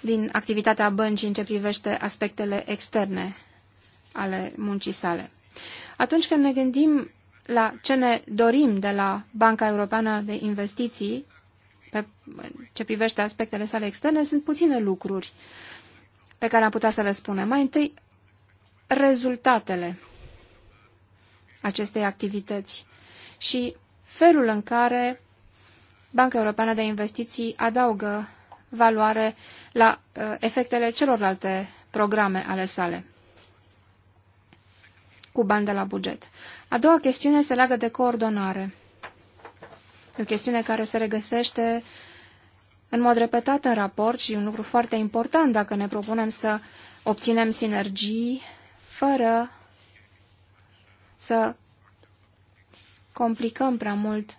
din activitatea băncii în ce privește aspectele externe ale muncii sale. Atunci când ne gândim la ce ne dorim de la Banca Europeană de Investiții, pe ce privește aspectele sale externe, sunt puține lucruri pe care am putea să le spunem. Mai întâi, rezultatele acestei activități și felul în care Banca Europeană de Investiții adaugă valoare la uh, efectele celorlalte programe ale sale cu bani de la buget. A doua chestiune se leagă de coordonare. E o chestiune care se regăsește în mod repetat în raport și un lucru foarte important dacă ne propunem să obținem sinergii fără să complicăm prea mult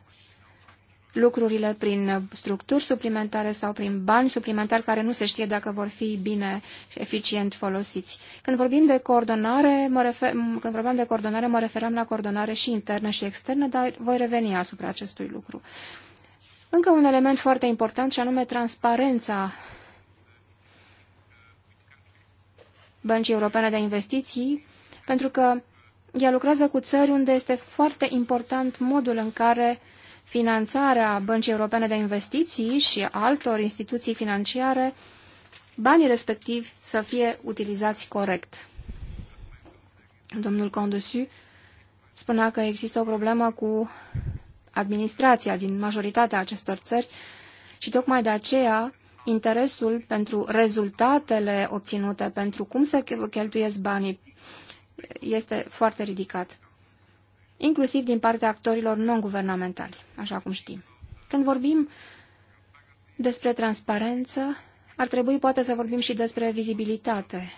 lucrurile prin structuri suplimentare sau prin bani suplimentari care nu se știe dacă vor fi bine și eficient folosiți. Când vorbim de coordonare, mă refer, când vorbim de coordonare, mă referam la coordonare și internă și externă, dar voi reveni asupra acestui lucru. Încă un element foarte important și anume transparența Băncii Europene de Investiții, pentru că ea lucrează cu țări unde este foarte important modul în care finanțarea Băncii Europene de Investiții și altor instituții financiare, banii respectivi să fie utilizați corect. Domnul Condusu spunea că există o problemă cu administrația din majoritatea acestor țări și tocmai de aceea interesul pentru rezultatele obținute, pentru cum se cheltuiesc banii, este foarte ridicat, inclusiv din partea actorilor non-guvernamentali, așa cum știm. Când vorbim despre transparență, ar trebui poate să vorbim și despre vizibilitate.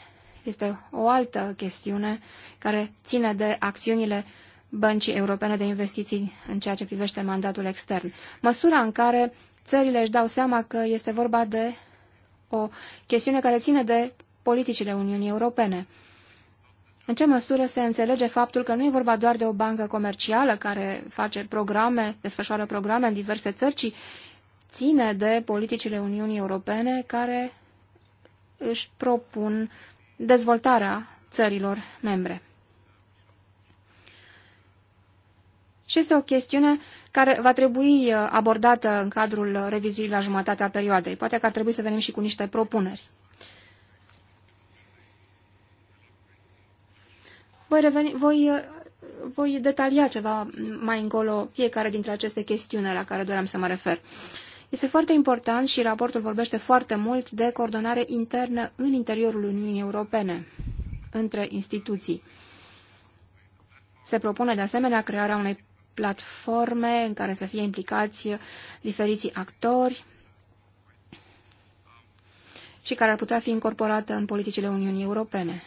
Este o altă chestiune care ține de acțiunile Băncii Europene de Investiții în ceea ce privește mandatul extern. Măsura în care țările își dau seama că este vorba de o chestiune care ține de politicile Uniunii Europene. În ce măsură se înțelege faptul că nu e vorba doar de o bancă comercială care face programe, desfășoară programe în diverse țări, ci ține de politicile Uniunii Europene care își propun dezvoltarea țărilor membre. Și este o chestiune care va trebui uh, abordată în cadrul revizuirii la jumătatea perioadei. Poate că ar trebui să venim și cu niște propuneri. Voi, reveni, voi, uh, voi detalia ceva mai încolo fiecare dintre aceste chestiuni la care doream să mă refer. Este foarte important și raportul vorbește foarte mult de coordonare internă în interiorul Uniunii Europene, între instituții. Se propune de asemenea crearea unei platforme în care să fie implicați diferiții actori și care ar putea fi incorporată în politicile Uniunii Europene.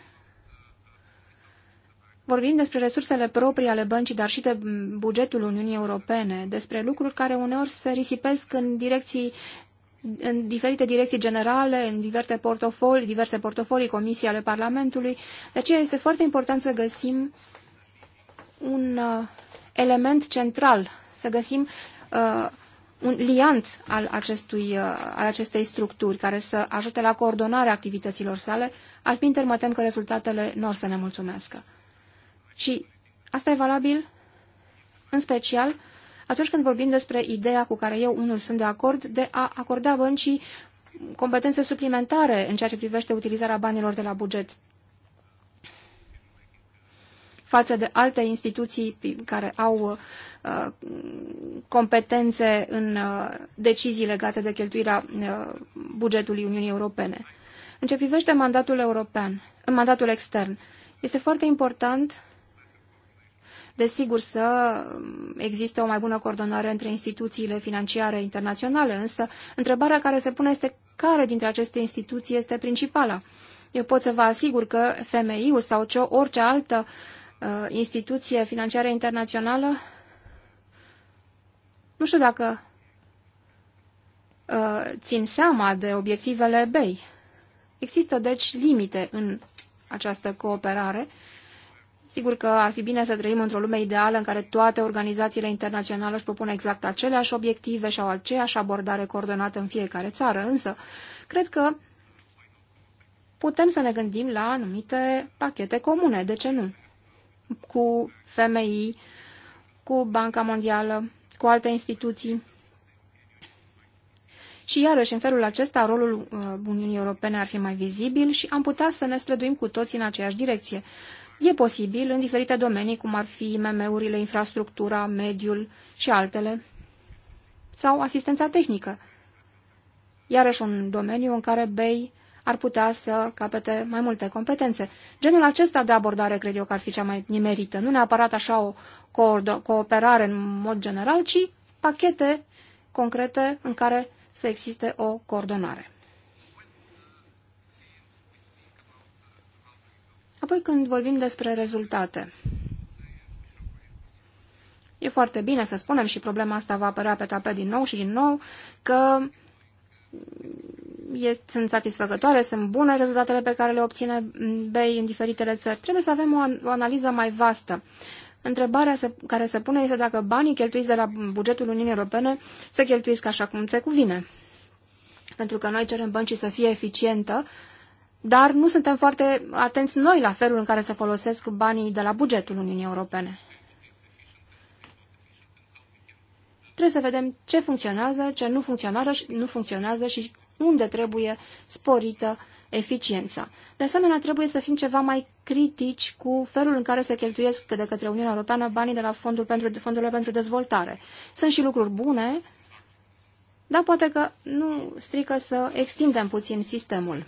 Vorbim despre resursele proprii ale băncii, dar și de bugetul Uniunii Europene, despre lucruri care uneori se risipesc în direcții în diferite direcții generale, în diverse portofolii, diverse portofolii, comisii ale Parlamentului. De aceea este foarte important să găsim un uh, element central, să găsim uh, un liant al, acestui, uh, al acestei structuri care să ajute la coordonarea activităților sale, altminteri mă tem că rezultatele nu o să ne mulțumească. Și asta e valabil în special atunci când vorbim despre ideea cu care eu unul sunt de acord de a acorda băncii competențe suplimentare în ceea ce privește utilizarea banilor de la buget față de alte instituții care au uh, competențe în uh, decizii legate de cheltuirea uh, bugetului Uniunii Europene. În ce privește mandatul european, mandatul extern, este foarte important Desigur să um, există o mai bună coordonare între instituțiile financiare internaționale, însă întrebarea care se pune este care dintre aceste instituții este principala. Eu pot să vă asigur că FMI-ul sau orice altă uh, instituție financiară internațională, nu știu dacă uh, țin seama de obiectivele BEI. Există, deci, limite în această cooperare uh, Sigur că ar fi bine să trăim într-o lume ideală în care toate organizațiile internaționale își propun exact aceleași obiective și au aceeași abordare coordonată în fiecare țară, însă cred că putem să ne gândim la anumite pachete comune, de ce nu? Cu FMI, cu Banca Mondială, cu alte instituții. Și iarăși, în felul acesta, rolul uh, Uniunii Europene ar fi mai vizibil și am putea să ne străduim cu toții în aceeași direcție. E posibil în diferite domenii, cum ar fi IMM-urile, infrastructura, mediul și altele, sau asistența tehnică. Iarăși un domeniu în care BEI ar putea să capete mai multe competențe. Genul acesta de abordare cred eu că ar fi cea mai nimerită. Nu neapărat așa o cooperare în mod general, ci pachete concrete în care să existe o coordonare. Apoi când vorbim despre rezultate, e foarte bine să spunem și problema asta va apărea pe tapet din nou și din nou, că este, sunt satisfăcătoare, sunt bune rezultatele pe care le obține BEI în diferitele țări. Trebuie să avem o, o analiză mai vastă. Întrebarea se, care se pune este dacă banii cheltuiți de la bugetul Uniunii Europene se cheltuiesc așa cum se cuvine. Pentru că noi cerem băncii să fie eficientă, dar nu suntem foarte atenți noi la felul în care se folosesc banii de la bugetul Uniunii Europene. Trebuie să vedem ce funcționează, ce nu funcționează, nu funcționează și unde trebuie sporită eficiența. De asemenea, trebuie să fim ceva mai critici cu felul în care se cheltuiesc de către Uniunea Europeană banii de la fondul pentru, fondurile pentru dezvoltare. Sunt și lucruri bune, dar poate că nu strică să extindem puțin sistemul.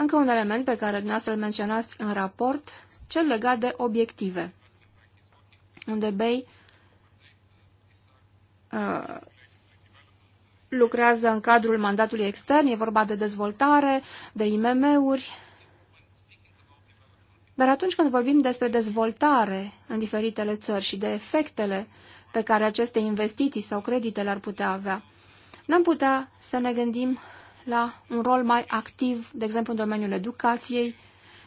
Încă un element pe care dumneavoastră îl menționați în raport, cel legat de obiective, unde Bay uh, lucrează în cadrul mandatului extern, e vorba de dezvoltare, de IMM-uri, dar atunci când vorbim despre dezvoltare în diferitele țări și de efectele pe care aceste investiții sau creditele ar putea avea, n-am putea să ne gândim la un rol mai activ, de exemplu în domeniul educației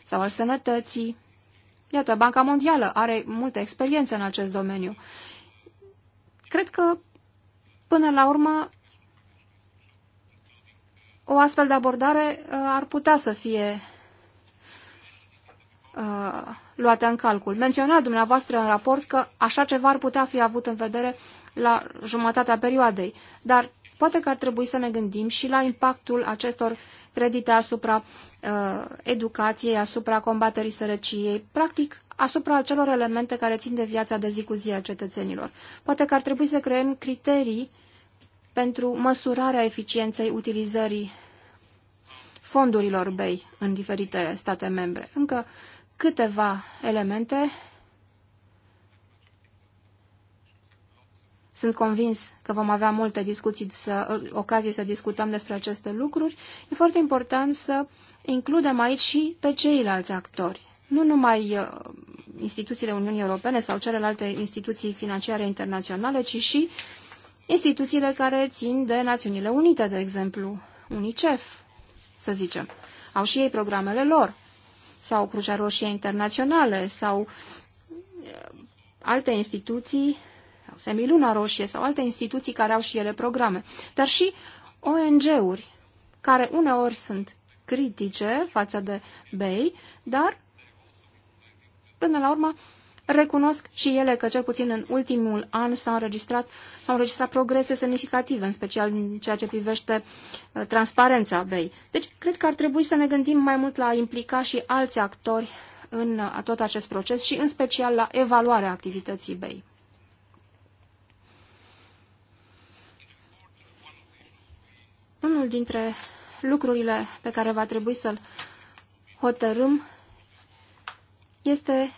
sau al sănătății. Iată, Banca Mondială are multă experiență în acest domeniu. Cred că, până la urmă, o astfel de abordare uh, ar putea să fie uh, luată în calcul. Menționat dumneavoastră în raport că așa ceva ar putea fi avut în vedere la jumătatea perioadei, dar Poate că ar trebui să ne gândim și la impactul acestor credite asupra uh, educației, asupra combaterii sărăciei, practic asupra acelor elemente care țin de viața de zi cu zi a cetățenilor. Poate că ar trebui să creăm criterii pentru măsurarea eficienței utilizării fondurilor BEI în diferite state membre. Încă câteva elemente Sunt convins că vom avea multe discuții, să, ocazie să discutăm despre aceste lucruri. E foarte important să includem aici și pe ceilalți actori. Nu numai uh, instituțiile Uniunii Europene sau celelalte instituții financiare internaționale, ci și instituțiile care țin de Națiunile Unite, de exemplu, UNICEF, să zicem. Au și ei programele lor, sau Crucea Roșie Internaționale, sau uh, alte instituții sau Semiluna Roșie sau alte instituții care au și ele programe, dar și ONG-uri, care uneori sunt critice față de BEI, dar până la urmă recunosc și ele că cel puțin în ultimul an s-au înregistrat, s-au înregistrat progrese semnificative, în special în ceea ce privește uh, transparența BEI. Deci, cred că ar trebui să ne gândim mai mult la a implica și alți actori în uh, tot acest proces și în special la evaluarea activității BEI. Unul dintre lucrurile pe care va trebui să-l hotărâm este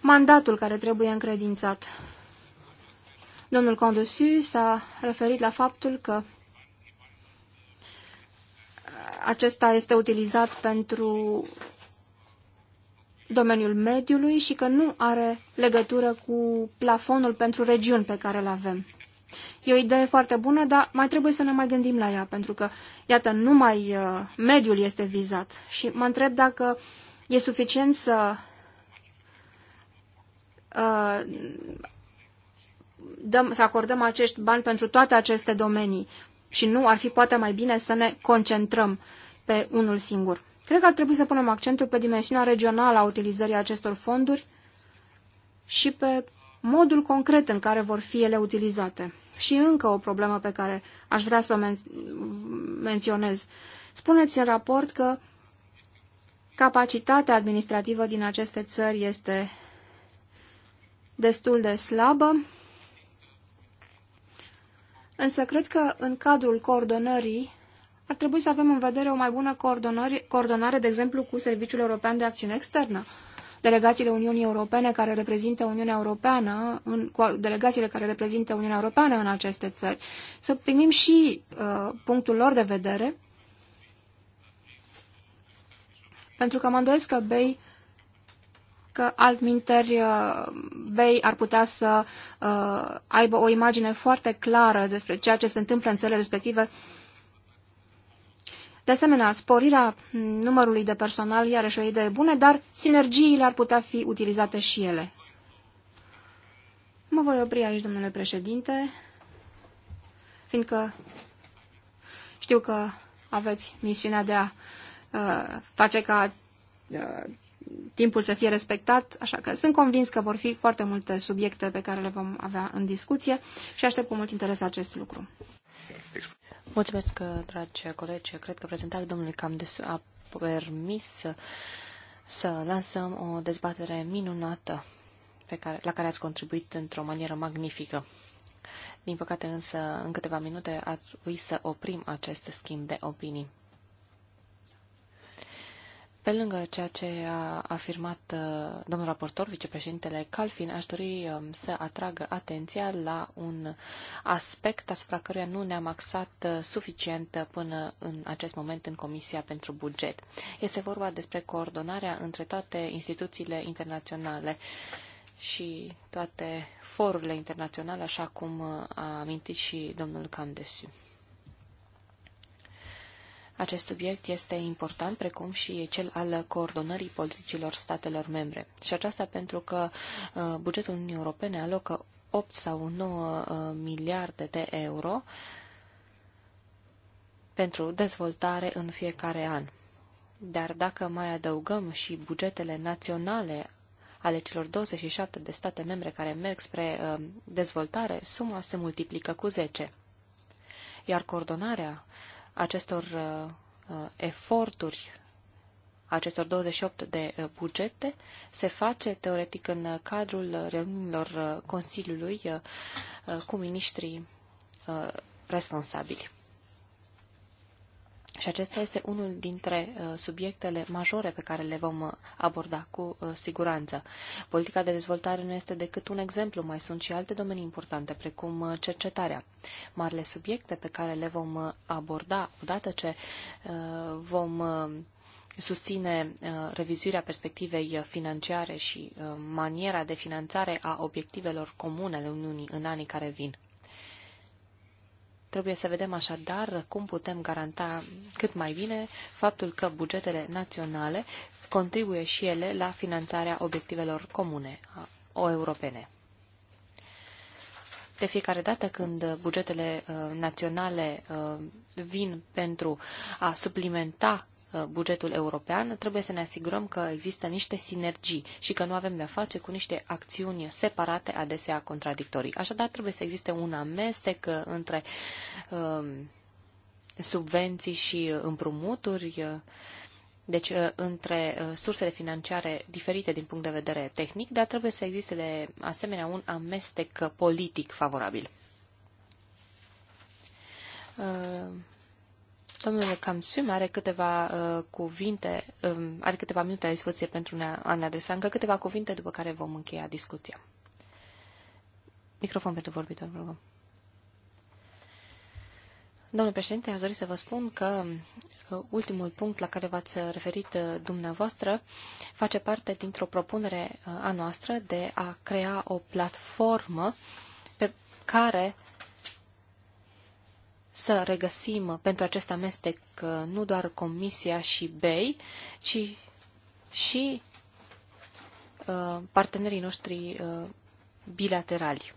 mandatul care trebuie încredințat. Domnul Condusiu s-a referit la faptul că acesta este utilizat pentru domeniul mediului și că nu are legătură cu plafonul pentru regiuni pe care îl avem. E o idee foarte bună, dar mai trebuie să ne mai gândim la ea, pentru că, iată, numai uh, mediul este vizat. Și mă întreb dacă e suficient să uh, dăm, să acordăm acești bani pentru toate aceste domenii și nu ar fi poate mai bine să ne concentrăm pe unul singur. Cred că ar trebui să punem accentul pe dimensiunea regională a utilizării acestor fonduri și pe modul concret în care vor fi ele utilizate. Și încă o problemă pe care aș vrea să o men menționez. Spuneți în raport că capacitatea administrativă din aceste țări este destul de slabă, însă cred că în cadrul coordonării ar trebui să avem în vedere o mai bună coordonare, coordonare de exemplu, cu Serviciul European de Acțiune Externă delegațiile Uniunii Europene care reprezintă Uniunea Europeană, în, cu delegațiile care reprezintă Uniunea Europeană în aceste țări, să primim și uh, punctul lor de vedere, pentru că mă îndoiesc că BEI că altminteri uh, Bei ar putea să uh, aibă o imagine foarte clară despre ceea ce se întâmplă în țările respective de asemenea, sporirea numărului de personal, iarăși o idee bună, dar sinergiile ar putea fi utilizate și ele. Mă voi opri aici, domnule președinte, fiindcă știu că aveți misiunea de a uh, face ca uh, timpul să fie respectat, așa că sunt convins că vor fi foarte multe subiecte pe care le vom avea în discuție și aștept cu mult interes acest lucru. Mulțumesc, dragi colegi. Cred că prezentarea domnului Camdesu a permis să lansăm o dezbatere minunată pe care, la care ați contribuit într-o manieră magnifică. Din păcate însă, în câteva minute ar trebui să oprim acest schimb de opinii. Pe lângă ceea ce a afirmat uh, domnul raportor, vicepreședintele Calfin, aș dori um, să atragă atenția la un aspect asupra căruia nu ne-am axat uh, suficient până în acest moment în Comisia pentru Buget. Este vorba despre coordonarea între toate instituțiile internaționale și toate forurile internaționale, așa cum uh, a amintit și domnul Camdesiu. Acest subiect este important, precum și cel al coordonării politicilor statelor membre. Și aceasta pentru că uh, bugetul Uniunii Europene alocă 8 sau 9 uh, miliarde de euro pentru dezvoltare în fiecare an. Dar dacă mai adăugăm și bugetele naționale ale celor 27 de state membre care merg spre uh, dezvoltare, suma se multiplică cu 10. Iar coordonarea uh, acestor uh, uh, eforturi acestor 28 de uh, bugete se face teoretic în cadrul reuniunilor Consiliului cu miniștrii responsabili. Și acesta este unul dintre uh, subiectele majore pe care le vom uh, aborda cu uh, siguranță. Politica de dezvoltare nu este decât un exemplu, mai sunt și alte domenii importante, precum cercetarea. Marile subiecte pe care le vom aborda odată ce vom susține revizuirea perspectivei financiare și maniera de finanțare a obiectivelor comune ale Uniunii în anii care vin. Trebuie să vedem așadar cum putem garanta cât mai bine faptul că bugetele naționale contribuie și ele la finanțarea obiectivelor comune o europene. De fiecare dată când bugetele uh, naționale uh, vin pentru a suplimenta Uh, bugetul european, trebuie să ne asigurăm că există niște sinergii și că nu avem de-a face cu niște acțiuni separate, adesea contradictorii. Așadar, trebuie să existe un amestec uh, între um, subvenții și uh, împrumuturi, deci între sursele financiare diferite din punct de vedere tehnic, dar trebuie să existe de asemenea un amestec politic favorabil. Domnule Camsum are câteva uh, cuvinte, um, are câteva minute la dispoziție pentru a ne adresa încă câteva cuvinte, după care vom încheia discuția. Microfon pentru vorbitor, vă rog. Domnule președinte, aș dori să vă spun că uh, ultimul punct la care v-ați referit uh, dumneavoastră face parte dintr-o propunere uh, a noastră de a crea o platformă pe care să regăsim pentru acest amestec uh, nu doar Comisia și BEI, ci și uh, partenerii noștri uh, bilaterali.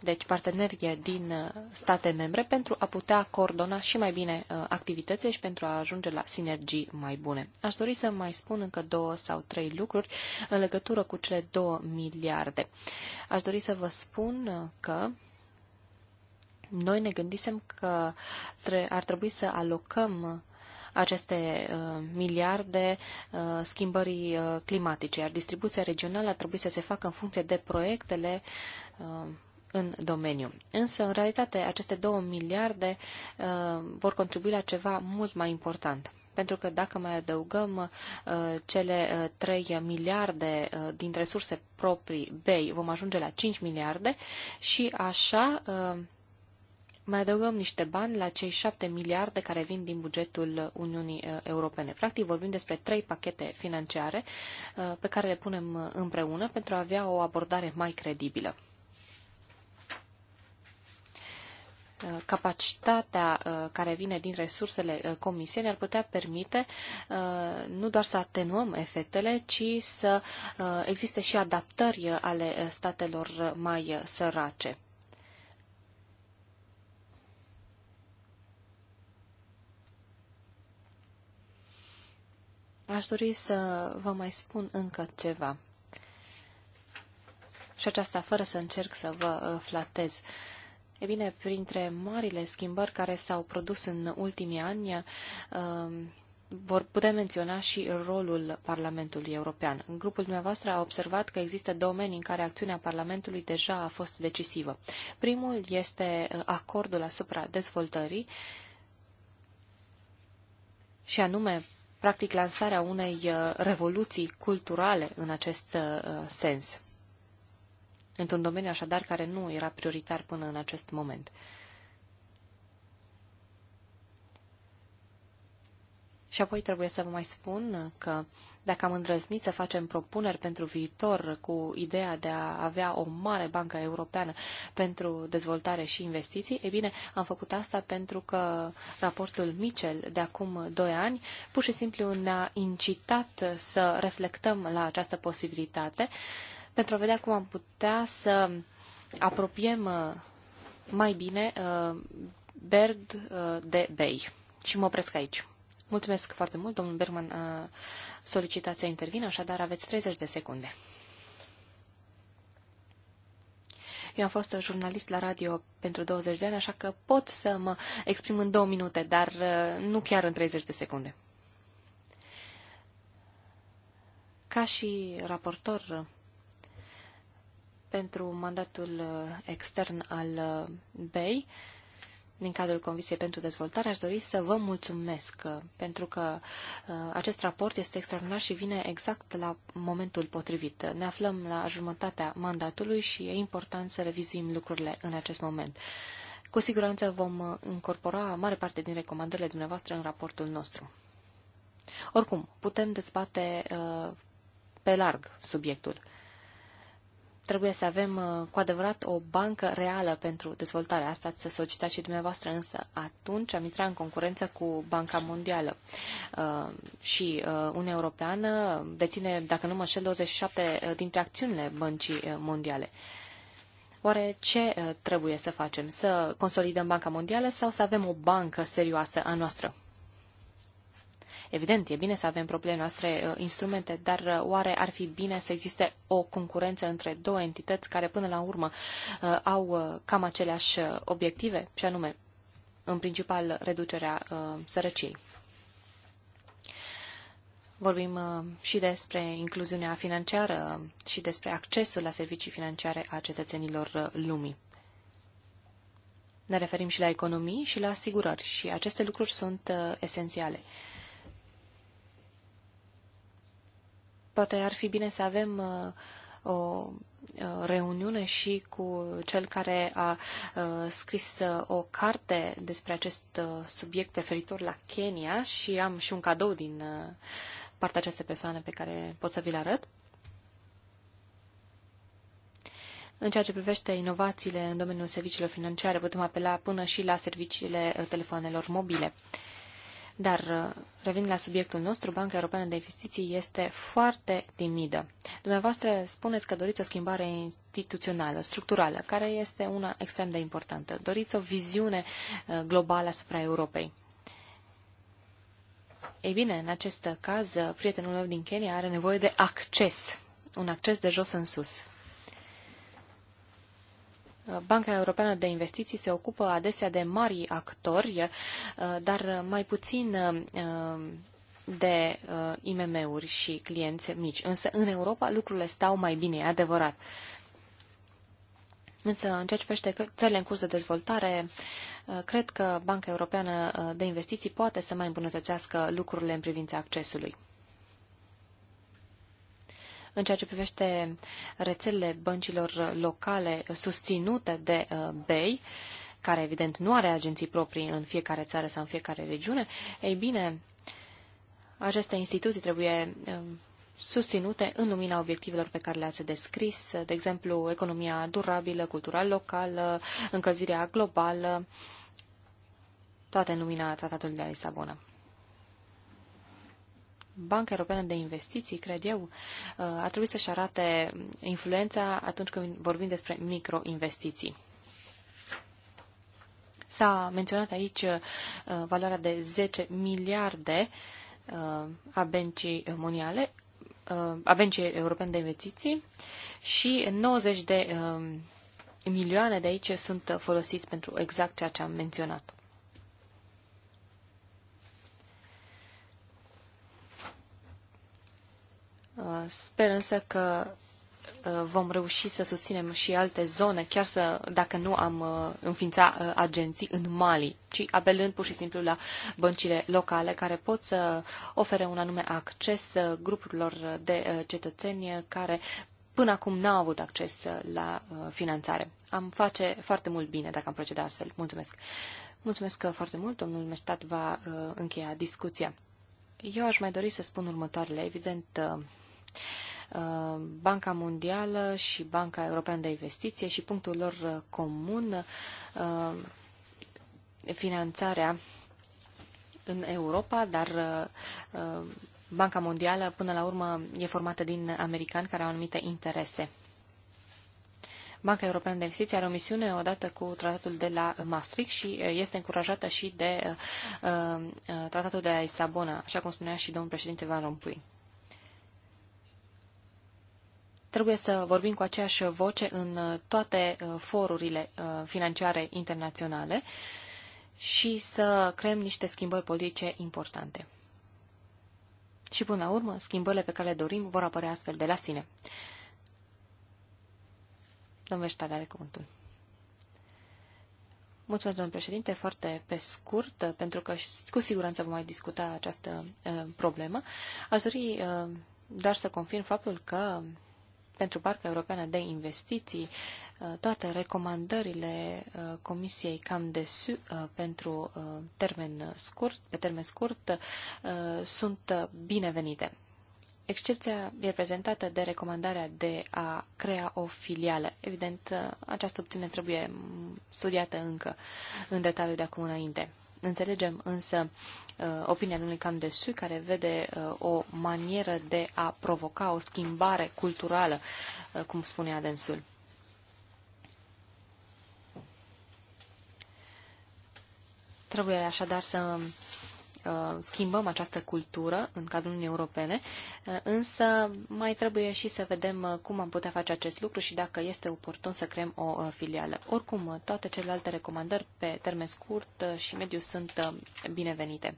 Deci partenerie din state membre pentru a putea coordona și mai bine activitățile și pentru a ajunge la sinergii mai bune. Aș dori să mai spun încă două sau trei lucruri în legătură cu cele două miliarde. Aș dori să vă spun că noi ne gândisem că ar trebui să alocăm uh, aceste uh, miliarde uh, schimbării uh, climatice, iar distribuția regională ar trebui să se facă în funcție de proiectele uh, în domeniu. Însă, în realitate, aceste două miliarde uh, vor contribui la ceva mult mai important. Pentru că dacă mai adăugăm cele 3 miliarde din resurse proprii BEI, vom ajunge la 5 miliarde și așa mai adăugăm niște bani la cei șapte miliarde care vin din bugetul Uniunii uh, Europene. Practic vorbim despre trei pachete financiare uh, pe care le punem uh, împreună pentru a avea o abordare mai credibilă. capacitatea care vine din resursele Comisiei ne-ar putea permite nu doar să atenuăm efectele, ci să existe și adaptări ale statelor mai sărace. Aș dori să vă mai spun încă ceva. Și aceasta fără să încerc să vă uh, flatez. E bine, printre marile schimbări care s-au produs în ultimii ani, um, vor putea menționa și rolul Parlamentului European. În grupul dumneavoastră a observat că există domenii în care acțiunea Parlamentului deja a fost decisivă. Primul este uh, acordul asupra dezvoltării și anume practic lansarea unei uh, revoluții culturale în acest uh, sens, într-un domeniu așadar care nu era prioritar până în acest moment. Și apoi trebuie să vă mai spun că dacă am îndrăznit să facem propuneri pentru viitor cu ideea de a avea o mare bancă europeană pentru dezvoltare și investiții, e bine, am făcut asta pentru că raportul Michel de acum 2 ani pur și simplu ne-a incitat să reflectăm la această posibilitate pentru a vedea cum am putea să apropiem uh, mai bine uh, Berd uh, de Bay. Și mă opresc aici. Mulțumesc foarte mult. Domnul Berman a solicitat să intervină, așadar aveți 30 de secunde. Eu am fost jurnalist la radio pentru 20 de ani, așa că pot să mă exprim în două minute, dar uh, nu chiar în 30 de secunde. Ca și raportor uh, pentru mandatul uh, extern al BEI, din cadrul Comisiei pentru Dezvoltare, aș dori să vă mulțumesc uh, pentru că uh, acest raport este extraordinar și vine exact la momentul potrivit. Ne aflăm la jumătatea mandatului și e important să revizuim lucrurile în acest moment. Cu siguranță vom uh, incorpora mare parte din recomandările dumneavoastră în raportul nostru. Oricum, putem dezbate pe larg subiectul trebuie să avem uh, cu adevărat o bancă reală pentru dezvoltare. Asta să solicitat și dumneavoastră, însă atunci am intrat în concurență cu Banca Mondială. Uh, și uh, Uniunea Europeană deține, dacă nu mă înșel, 27 dintre acțiunile băncii mondiale. Oare ce trebuie să facem? Să consolidăm Banca Mondială sau să avem o bancă serioasă a noastră? Evident, e bine să avem propriile noastre uh, instrumente, dar uh, oare ar fi bine să existe o concurență între două entități care până la urmă uh, au cam aceleași obiective, și anume, în principal, reducerea sărăciei. Vorbim și despre incluziunea financiară și despre accesul la servicii financiare a cetățenilor lumii. Ne referim și la economii și la asigurări și aceste lucruri sunt esențiale. Poate ar fi bine să avem uh, o uh, reuniune și cu cel care a uh, scris o carte despre acest subiect referitor la Kenya și am și un cadou din partea acestei persoane pe care pot să vi-l arăt. În ceea ce privește inovațiile în domeniul serviciilor financiare, putem apela până și la serviciile telefonelor mobile. Dar, uh, revenind la subiectul nostru, Banca Europeană de Investiții este foarte timidă. Dumneavoastră spuneți că doriți o schimbare instituțională, structurală, care este una extrem de importantă. Doriți o viziune uh, globală asupra Europei. Ei bine, în acest caz, uh, prietenul meu din Kenya are nevoie de acces, un acces de jos în sus. Banca Europeană de Investiții se ocupă adesea de mari actori, eh, dar mai puțin eh, de eh, IMM-uri și clienți mici. Însă în Europa lucrurile stau mai bine, e adevărat. Însă, în ceea ce privește țările în curs de dezvoltare, cred că Banca Europeană de Investiții poate să mai îmbunătățească lucrurile în privința accesului. În ceea ce privește rețelele băncilor locale susținute de uh, BEI, care evident nu are agenții proprii în fiecare țară sau în fiecare regiune, ei bine, aceste instituții trebuie um, susținute în lumina obiectivelor pe care le-ați descris, de exemplu, economia durabilă, cultura locală, încălzirea globală, toate în lumina Tratatului de la Lisabona. Banca Europeană de Investiții, cred eu, uh, a trebuit să-și arate influența atunci când vorbim despre microinvestiții. S-a menționat aici uh, valoarea de 10 miliarde uh, a băncii mondiale, a băncii europene de investiții și 90 de milioane de aici sunt folosiți pentru exact ceea ce am menționat. Uh, sper însă că uh, vom reuși să susținem și alte zone, chiar să, dacă nu am uh, înființat agenții în Mali, ci apelând pur și simplu la băncile locale care pot să ofere un anume acces grupurilor de cetățeni care până acum n-au avut acces la finanțare. Am face foarte mult bine dacă am proceda astfel. Mulțumesc! Mulțumesc foarte mult, domnul Meștat va încheia discuția. Eu aș mai dori să spun următoarele. Evident, Uh, Banca Mondială și Banca Europeană de Investiție și punctul lor uh, comun uh, finanțarea în Europa, dar Banca Mondială până la urmă e formată din americani care au anumite interese. Banca Europeană de Investiții are o misiune odată cu tratatul de la Maastricht și este încurajată și de uh, tratatul de la Lisabona, așa cum spunea și domnul președinte Van Rompuy. Trebuie să vorbim cu aceeași voce în uh, toate uh, forurile uh, financiare internaționale și să creăm niște schimbări politice importante. Și până la urmă, schimbările pe care le dorim vor apărea astfel de la sine. Domnul Veștale are cuvântul. Mulțumesc, domnul președinte, foarte pe scurt, pentru că cu siguranță vom mai discuta această uh, problemă. Aș dori uh, doar să confirm faptul că pentru Banca Europeană de Investiții, uh, toate recomandările uh, Comisiei Cam de Su uh, pentru termen scurt, pe termen scurt sunt binevenite. Excepția reprezentată de recomandarea de a crea o filială. Evident, această opțiune trebuie studiată încă în detaliu de acum înainte. Înțelegem însă Uh, opinia cam de su care vede uh, o manieră de a provoca o schimbare culturală, uh, cum spunea densul Trebuie așadar să Uh, schimbăm această cultură în cadrul Uniunii Europene, uh, însă mai trebuie și să vedem uh, cum am putea face acest lucru și dacă este oportun să creăm o filială. Oricum, toate celelalte recomandări pe termen scurt și mediu sunt binevenite.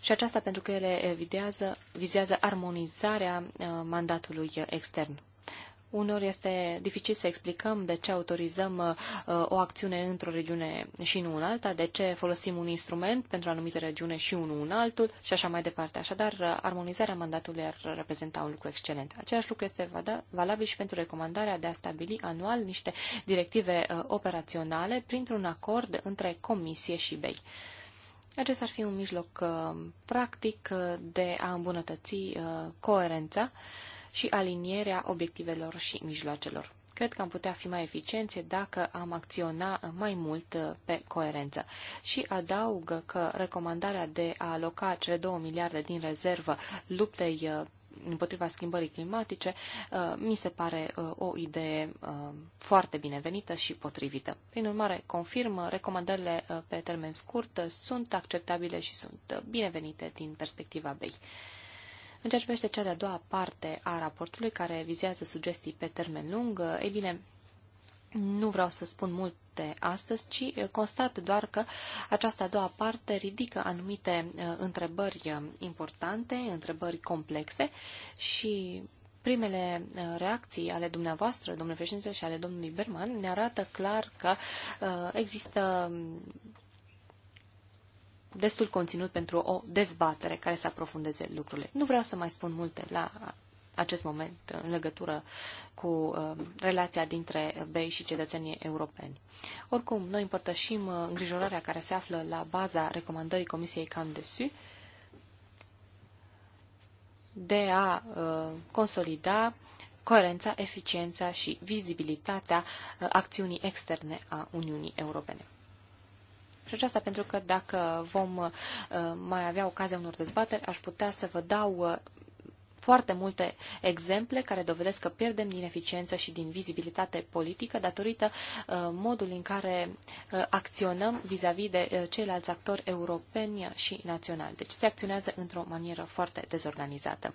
Și aceasta pentru că ele vizează, vizează armonizarea mandatului extern. Unor este dificil să explicăm de ce autorizăm uh, o acțiune într-o regiune și nu în alta, de ce folosim un instrument pentru anumite regiune și unul în altul și așa mai departe. Așadar, uh, armonizarea mandatului ar reprezenta un lucru excelent. Același lucru este valabil și pentru recomandarea de a stabili anual niște directive uh, operaționale printr-un acord între Comisie și BEI. Acesta ar fi un mijloc practic de a îmbunătăți coerența și alinierea obiectivelor și mijloacelor. Cred că am putea fi mai eficienți dacă am acționa mai mult uh, pe coerență. Și adaug că recomandarea de a aloca cele 2 miliarde din rezervă luptei uh, împotriva schimbării climatice, uh, mi se pare o idee foarte binevenită și potrivită. Prin urmare, confirm, recomandările pe termen scurt sunt acceptabile și sunt binevenite din perspectiva BEI. În ceea ce privește cea de-a doua parte a raportului, care vizează sugestii pe termen lung, ei bine, nu vreau să spun multe astăzi, ci constat doar că această a doua parte ridică anumite uh, întrebări uh, importante, întrebări complexe și primele uh, reacții ale dumneavoastră, domnule președinte, și ale domnului Berman ne arată clar că există destul conținut pentru o dezbatere care să aprofundeze lucrurile. Nu vreau să mai spun multe la acest moment în legătură cu uh, relația dintre BEI și cetățenii europeni. Oricum, noi împărtășim uh, îngrijorarea care se află la baza recomandării Comisiei Cam Su de a uh, consolida coerența, eficiența și vizibilitatea uh, acțiunii externe a Uniunii Europene. Și aceasta pentru că dacă vom uh, mai avea ocazia unor dezbateri, aș putea să vă dau uh, foarte multe exemple care dovedesc că pierdem din eficiență și din vizibilitate politică datorită uh, modului în care acționăm vis-a-vis -vis de ceilalți actori europeni și naționali. Deci se acționează într-o manieră foarte dezorganizată.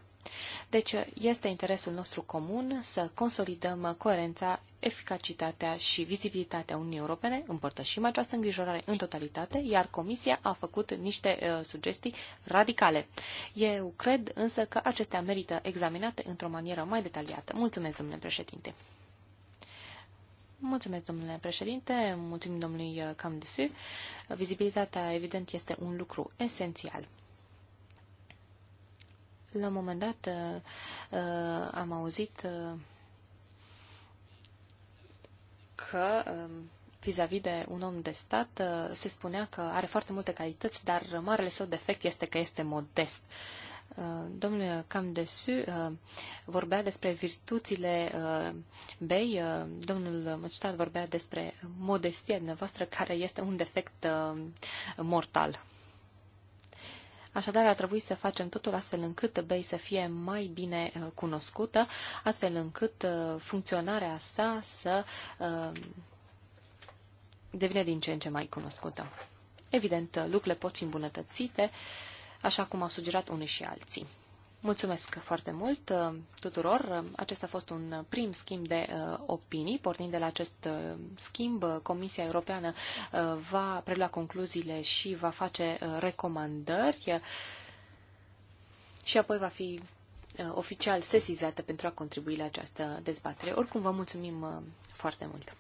Deci este interesul nostru comun să consolidăm coerența, eficacitatea și vizibilitatea Uniunii Europene. Împărtășim această îngrijorare în totalitate, iar Comisia a făcut niște uh, sugestii radicale. Eu cred însă că acestea merită examinate într-o manieră mai detaliată. Mulțumesc, domnule președinte! Mulțumesc, domnule președinte, mulțumim domnului Camdesu. Vizibilitatea, evident, este un lucru esențial. La un moment dat uh, uh, am auzit uh, că um, vis-a-vis -vis de un om de stat se spunea că are foarte multe calități, dar marele său defect este că este modest. Domnul Camdesu vorbea despre virtuțile bei, domnul Măcitat vorbea despre modestia dumneavoastră, care este un defect mortal. Așadar, ar trebui să facem totul astfel încât BEI să fie mai bine uh, cunoscută, astfel încât uh, funcționarea sa să uh, devine din ce în ce mai cunoscută. Evident, lucrurile pot fi îmbunătățite, așa cum au sugerat unii și alții. Mulțumesc foarte mult uh, tuturor. Acesta a fost un prim schimb de uh, opinii. Pornind de la acest uh, schimb, Comisia Europeană va prelua concluziile și va face recomandări și apoi va fi oficial sesizată pentru a contribui la această dezbatere. Oricum, vă mulțumim foarte mult.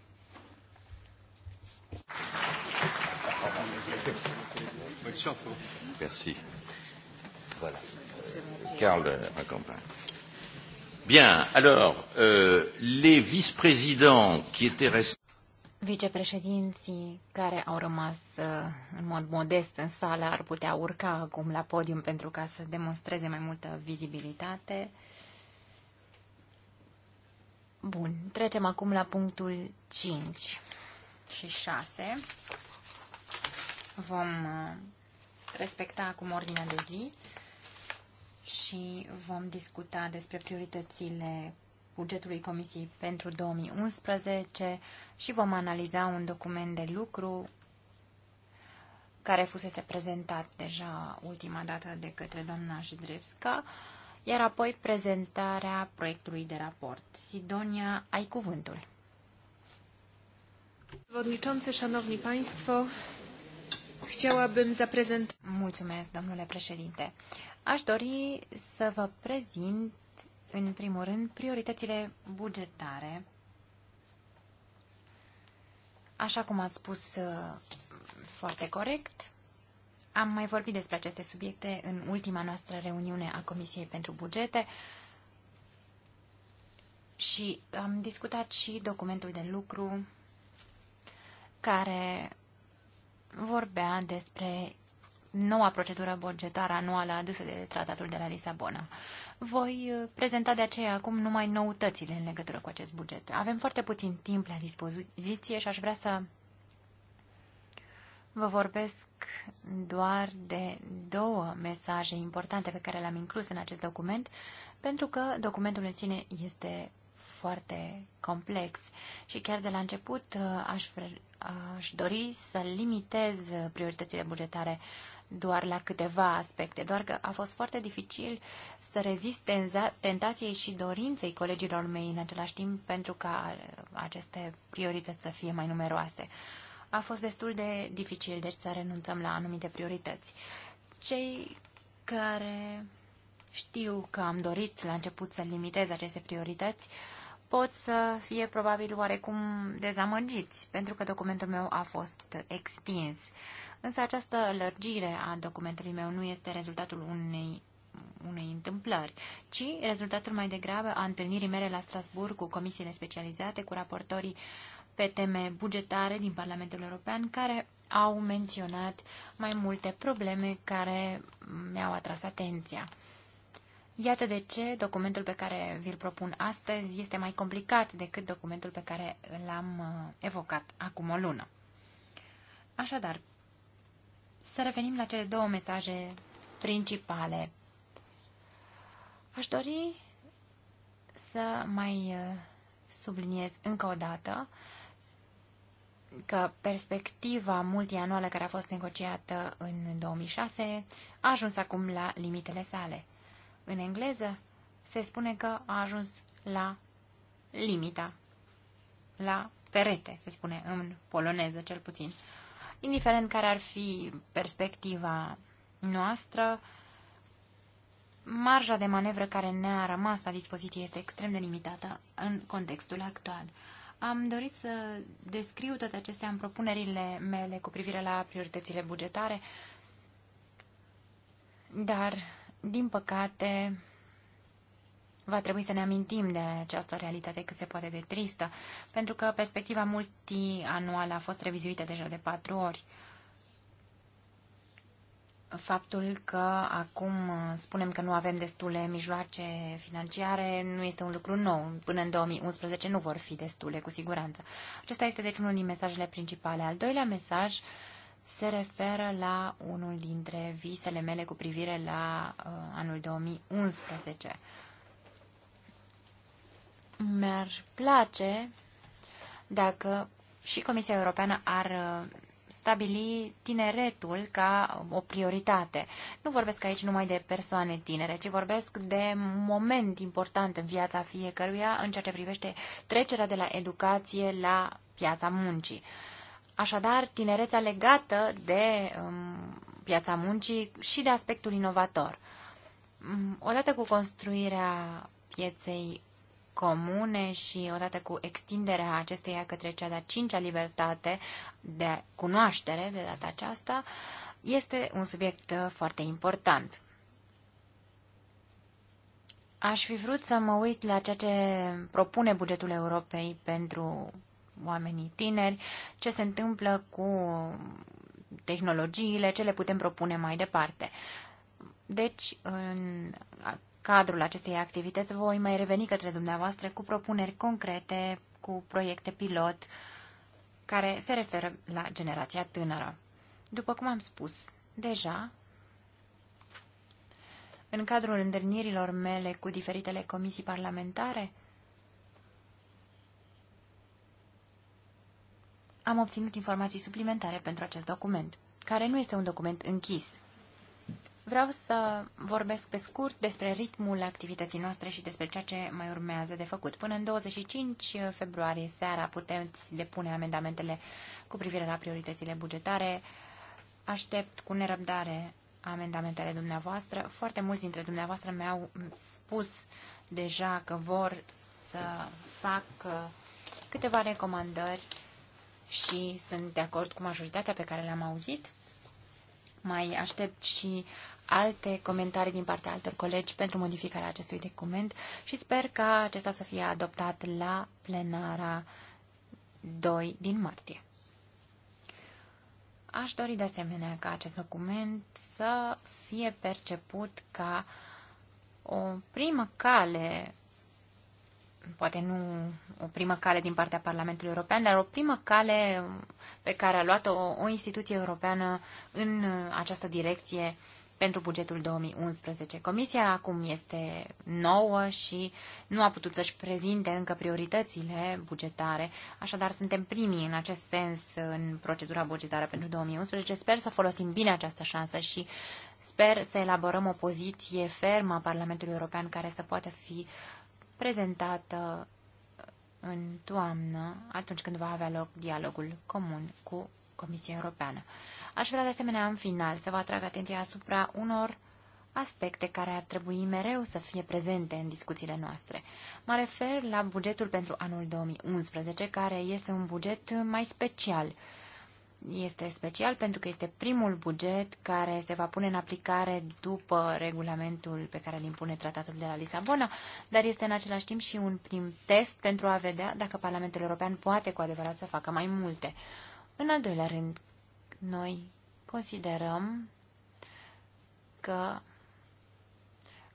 Merci. Voilà. Karl accompagne. Bien, alors, euh, les vice-présidents qui étaient restés. Vicepreședinții care au rămas uh, în mod modest în sală ar putea urca acum la podium pentru ca să demonstreze mai multă vizibilitate. Bun, trecem acum la punctul 5 și 6. Vom uh, respecta acum ordinea de zi și vom discuta despre prioritățile bugetului Comisiei pentru 2011 și vom analiza un document de lucru care fusese prezentat deja ultima dată de către doamna Jidrevska, iar apoi prezentarea proiectului de raport. Sidonia, ai cuvântul. Przewodniczący, Szanowni Państwo, chciałabym zaprezentować... Mulțumesc, domnule președinte. Aș dori să vă prezint, în primul rând, prioritățile bugetare. Așa cum ați spus uh, foarte corect, am mai vorbit despre aceste subiecte în ultima noastră reuniune a Comisiei pentru Bugete și am discutat și documentul de lucru care vorbea despre noua procedură bugetară anuală adusă de tratatul de la Lisabona. Voi uh, prezenta de aceea acum numai noutățile în legătură cu acest buget. Avem foarte puțin timp la dispoziție și aș vrea să vă vorbesc doar de două mesaje importante pe care le-am inclus în acest document, pentru că documentul în sine este foarte complex și chiar de la început uh, aș, vre, aș dori să limitez prioritățile bugetare doar la câteva aspecte, doar că a fost foarte dificil să rezist tentației și dorinței colegilor mei în același timp pentru ca uh, aceste priorități să fie mai numeroase. A fost destul de dificil, deci, să renunțăm la anumite priorități. Cei care știu că am dorit la început să limitez aceste priorități, pot să fie probabil oarecum dezamăgiți, pentru că documentul meu a fost extins. Însă această lărgire a documentului meu nu este rezultatul unei unei întâmplări, ci rezultatul mai degrabă a întâlnirii mele la Strasburg cu comisiile specializate, cu raportorii pe teme bugetare din Parlamentul European, care au menționat mai multe probleme care mi-au atras atenția. Iată de ce documentul pe care vi-l propun astăzi este mai complicat decât documentul pe care l-am uh, evocat acum o lună. Așadar, să revenim la cele două mesaje principale. Aș dori să mai uh, subliniez încă o dată că perspectiva multianuală care a fost negociată în 2006 a ajuns acum la limitele sale. În engleză se spune că a ajuns la limita, la perete, se spune în poloneză cel puțin indiferent care ar fi perspectiva noastră, marja de manevră care ne-a rămas la dispoziție este extrem de limitată în contextul actual. Am dorit să descriu toate acestea în propunerile mele cu privire la prioritățile bugetare, dar, din păcate, va trebui să ne amintim de această realitate cât se poate de tristă, pentru că perspectiva multianuală a fost revizuită deja de patru ori. Faptul că acum spunem că nu avem destule mijloace financiare nu este un lucru nou. Până în 2011 nu vor fi destule, cu siguranță. Acesta este deci unul din mesajele principale. Al doilea mesaj se referă la unul dintre visele mele cu privire la uh, anul 2011 mi-ar place dacă și Comisia Europeană ar uh, stabili tineretul ca um, o prioritate. Nu vorbesc aici numai de persoane tinere, ci vorbesc de moment important în viața fiecăruia în ceea ce privește trecerea de la educație la piața muncii. Așadar, tinerețea legată de um, piața muncii și de aspectul inovator. Mm, odată cu construirea pieței comune și odată cu extinderea acesteia către cea de-a cincea libertate de cunoaștere de data aceasta, este un subiect uh, foarte important. Aș fi vrut să mă uit la ceea ce propune bugetul Europei pentru oamenii tineri, ce se întâmplă cu tehnologiile, ce le putem propune mai departe. Deci, în cadrul acestei activități voi mai reveni către dumneavoastră cu propuneri concrete, cu proiecte pilot care se referă la generația tânără. După cum am spus deja, în cadrul întâlnirilor mele cu diferitele comisii parlamentare, am obținut informații suplimentare pentru acest document, care nu este un document închis. Vreau să vorbesc pe scurt despre ritmul activității noastre și despre ceea ce mai urmează de făcut. Până în 25 februarie seara puteți depune amendamentele cu privire la prioritățile bugetare. Aștept cu nerăbdare amendamentele dumneavoastră. Foarte mulți dintre dumneavoastră mi-au spus deja că vor să fac câteva recomandări și sunt de acord cu majoritatea pe care le-am auzit. Mai aștept și alte comentarii din partea altor colegi pentru modificarea acestui document și sper ca acesta să fie adoptat la plenara 2 din martie. Aș dori de asemenea ca acest document să fie perceput ca o primă cale, poate nu o primă cale din partea Parlamentului European, dar o primă cale pe care a luat-o o instituție europeană în această direcție pentru bugetul 2011. Comisia acum este nouă și nu a putut să-și prezinte încă prioritățile bugetare, așadar suntem primii în acest sens în procedura bugetară pentru 2011. Sper să folosim bine această șansă și sper să elaborăm o poziție fermă a Parlamentului European care să poată fi prezentată în toamnă, atunci când va avea loc dialogul comun cu Comisia Europeană. Aș vrea de asemenea în final să vă atrag atenția asupra unor aspecte care ar trebui mereu să fie prezente în discuțiile noastre. Mă refer la bugetul pentru anul 2011, care este un buget mai special. Este special pentru că este primul buget care se va pune în aplicare după regulamentul pe care îl impune tratatul de la Lisabona, dar este în același timp și un prim test pentru a vedea dacă Parlamentul European poate cu adevărat să facă mai multe. În al doilea rând, noi considerăm că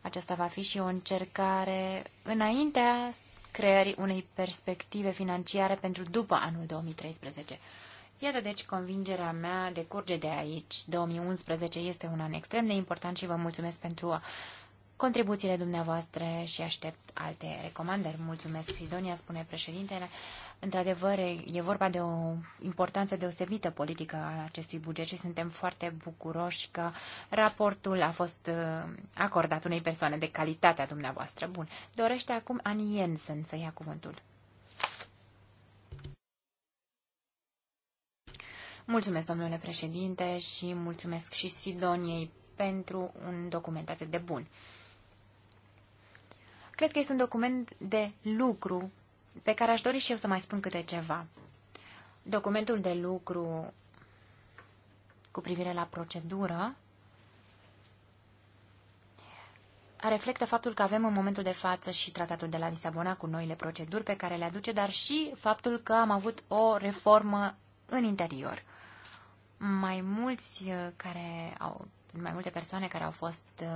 aceasta va fi și o încercare înaintea creării unei perspective financiare pentru după anul 2013. Iată deci convingerea mea decurge de aici. 2011 este un an extrem de important și vă mulțumesc pentru contribuțiile dumneavoastră și aștept alte recomandări. Mulțumesc, Sidonia, spune președintele. Într-adevăr, e vorba de o importanță deosebită politică a acestui buget și suntem foarte bucuroși că raportul a fost uh, acordat unei persoane de calitatea dumneavoastră. Bun. Dorește acum Ani Jensen să ia cuvântul. Mulțumesc, domnule președinte, și mulțumesc și Sidoniei pentru un document atât de bun. Cred că este un document de lucru pe care aș dori și eu să mai spun câte ceva. Documentul de lucru cu privire la procedură reflectă faptul că avem în momentul de față și tratatul de la Lisabona cu noile proceduri pe care le aduce, dar și faptul că am avut o reformă în interior. Mai mulți uh, care au mai multe persoane care au fost uh,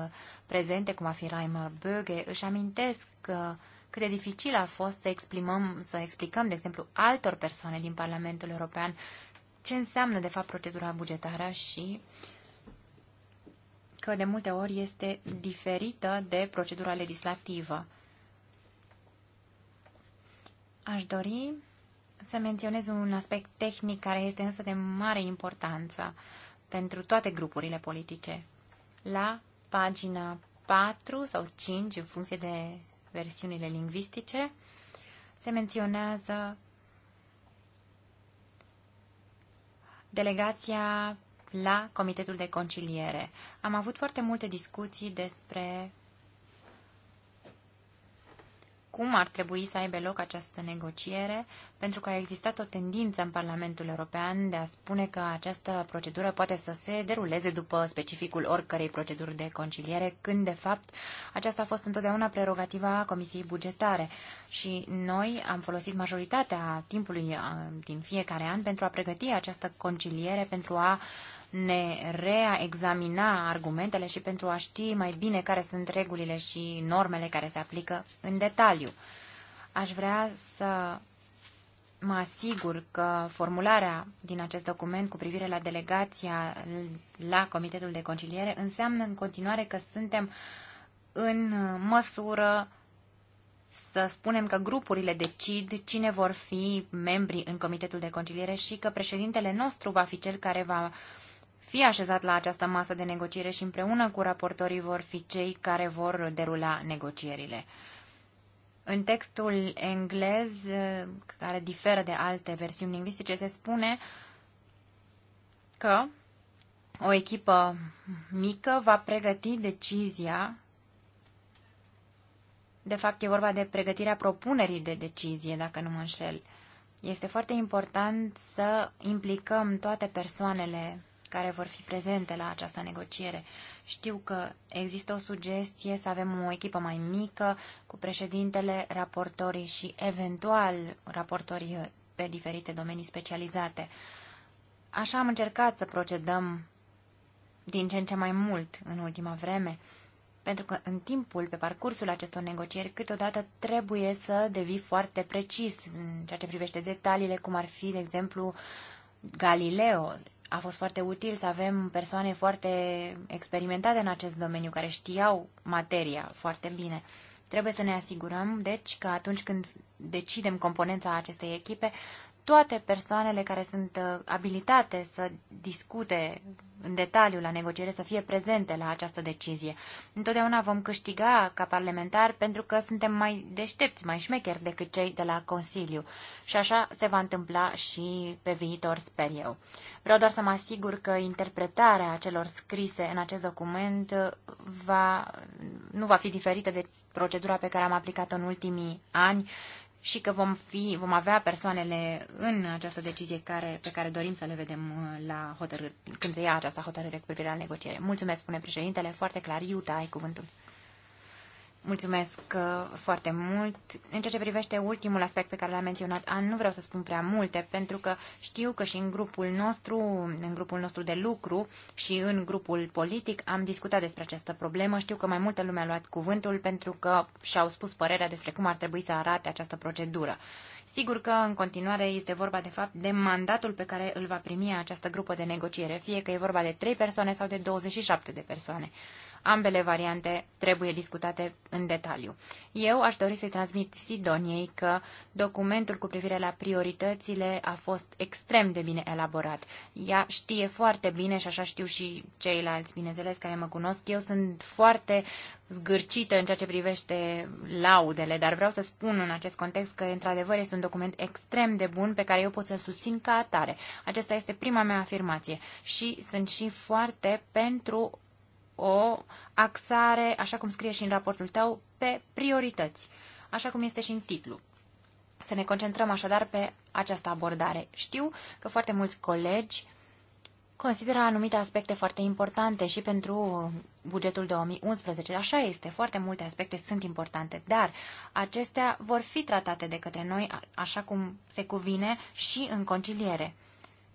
prezente, cum a fi Reimer Böge, își amintesc că uh, cât de dificil a fost să exprimăm, să explicăm, de exemplu, altor persoane din Parlamentul European ce înseamnă, de fapt, procedura bugetară și că de multe ori este diferită de procedura legislativă. Aș dori să menționez un aspect tehnic care este însă de mare importanță pentru toate grupurile politice. La pagina 4 sau 5, în funcție de versiunile lingvistice, se menționează delegația la Comitetul de Conciliere. Am avut foarte multe discuții despre cum ar trebui să aibă loc această negociere, pentru că a existat o tendință în Parlamentul European de a spune că această procedură poate să se deruleze după specificul oricărei proceduri de conciliere, când, de fapt, aceasta a fost întotdeauna prerogativa Comisiei Bugetare. Și noi am folosit majoritatea timpului uh, din fiecare an pentru a pregăti această conciliere, pentru a uh, ne reexamina argumentele și pentru a ști mai bine care sunt regulile și normele care se aplică în detaliu. Aș vrea să mă asigur că formularea din acest document cu privire la delegația la Comitetul de Conciliere înseamnă în continuare că suntem în măsură să spunem că grupurile decid cine vor fi membrii în Comitetul de Conciliere și că președintele nostru va fi cel care va uh, fi așezat la această masă de negociere și împreună cu raportorii vor fi cei care vor derula negocierile. În textul englez, eh, care diferă de alte versiuni lingvistice, se spune că o echipă mică va pregăti decizia. De fapt, e vorba de pregătirea propunerii de decizie, dacă nu mă înșel. Este foarte important să implicăm toate persoanele care vor fi prezente la această negociere. Știu că există o sugestie să avem o echipă mai mică cu președintele, raportorii și eventual raportorii pe diferite domenii specializate. Așa am încercat să procedăm din ce în ce mai mult în ultima vreme, pentru că în timpul, pe parcursul acestor negocieri, câteodată trebuie să devii foarte precis în ceea ce privește detaliile, cum ar fi, de exemplu, Galileo a fost foarte util să avem persoane foarte experimentate în acest domeniu, care știau materia foarte bine. Trebuie să ne asigurăm, deci, că atunci când decidem componența acestei echipe, toate persoanele care sunt uh, abilitate să discute în detaliu la negociere să fie prezente la această decizie. Întotdeauna vom câștiga ca parlamentar pentru că suntem mai deștepți, mai șmecheri decât cei de la Consiliu. Și așa se va întâmpla și pe viitor, sper eu. Vreau doar să mă asigur că interpretarea celor scrise în acest document uh, va, nu va fi diferită de procedura pe care am aplicat-o în ultimii ani și că vom, fi, vom avea persoanele în această decizie care, pe care dorim să le vedem uh, la hotărâri, când se ia această hotărâre cu privire la negociere. Mulțumesc, spune președintele, foarte clar. Iuta, ai cuvântul. Mulțumesc uh, foarte mult. În ceea ce privește ultimul aspect pe care l-am menționat, An, nu vreau să spun prea multe, pentru că știu că și în grupul nostru, în grupul nostru de lucru și în grupul politic am discutat despre această problemă. Știu că mai multă lume a luat cuvântul pentru că și-au spus părerea despre cum ar trebui să arate această procedură. Sigur că în continuare este vorba de fapt de mandatul pe care îl va primi această grupă de negociere, fie că e vorba de 3 persoane sau de 27 de persoane. Ambele variante trebuie discutate în detaliu. Eu aș dori să-i transmit Sidoniei că documentul cu privire la prioritățile a fost extrem de bine elaborat. Ea știe foarte bine și așa știu și ceilalți, bineînțeles, care mă cunosc. Eu sunt foarte zgârcită în ceea ce privește laudele, dar vreau să spun în acest context că, într-adevăr, este un document extrem de bun pe care eu pot să-l susțin ca atare. Acesta este prima mea afirmație și sunt și foarte pentru o axare, așa cum scrie și în raportul tău, pe priorități, așa cum este și în titlu. Să ne concentrăm așadar pe această abordare. Știu că foarte mulți colegi consideră anumite aspecte foarte importante și pentru bugetul 2011. Așa este, foarte multe aspecte sunt importante, dar acestea vor fi tratate de către noi așa cum se cuvine și în conciliere.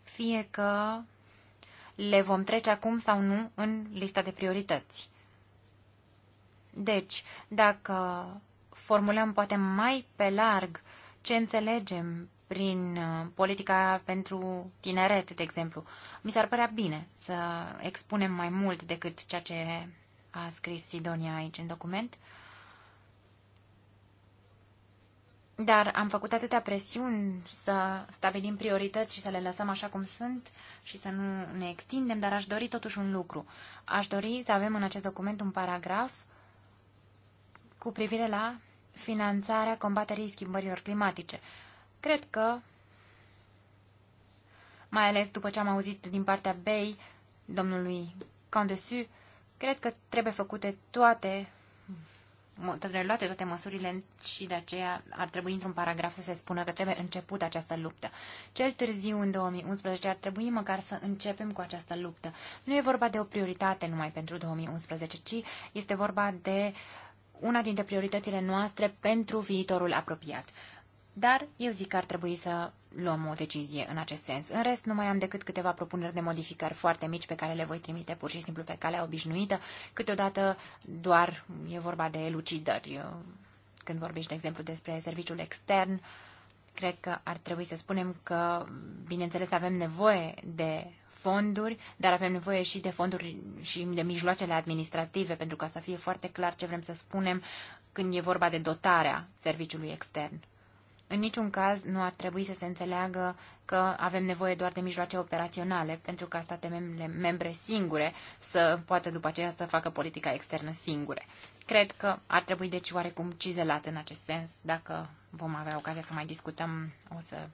Fie că le vom trece acum sau nu în lista de priorități. Deci, dacă formulăm poate mai pe larg ce înțelegem prin uh, politica pentru tineret, de exemplu, mi s-ar părea bine să expunem mai mult decât ceea ce a scris Sidonia aici în document. Dar am făcut atâtea presiuni să stabilim priorități și să le lăsăm așa cum sunt și să nu ne extindem, dar aș dori totuși un lucru. Aș dori să avem în acest document un paragraf cu privire la finanțarea combaterii schimbărilor climatice. Cred că, mai ales după ce am auzit din partea BEI, domnului Condesu, cred că trebuie făcute toate trebuie luate toate măsurile și de aceea ar trebui într-un paragraf să se spună că trebuie început această luptă. Cel târziu, în 2011, ar trebui măcar să începem cu această luptă. Nu e vorba de o prioritate numai pentru 2011, ci este vorba de una dintre prioritățile noastre pentru viitorul apropiat. Dar eu zic că ar trebui să luăm o decizie în acest sens. În rest, nu mai am decât câteva propuneri de modificări foarte mici pe care le voi trimite pur și simplu pe calea obișnuită. Câteodată doar e vorba de elucidări. Când vorbești, de exemplu, despre serviciul extern, cred că ar trebui să spunem că, bineînțeles, avem nevoie de fonduri, dar avem nevoie și de fonduri și de mijloacele administrative, pentru ca să fie foarte clar ce vrem să spunem când e vorba de dotarea serviciului extern. În niciun caz nu ar trebui să se înțeleagă că avem nevoie doar de mijloace operaționale, pentru ca state membre, membre singure să poată după aceea să facă politica externă singure. Cred că ar trebui deci oarecum cizelat în acest sens. Dacă vom avea ocazia să mai discutăm, o să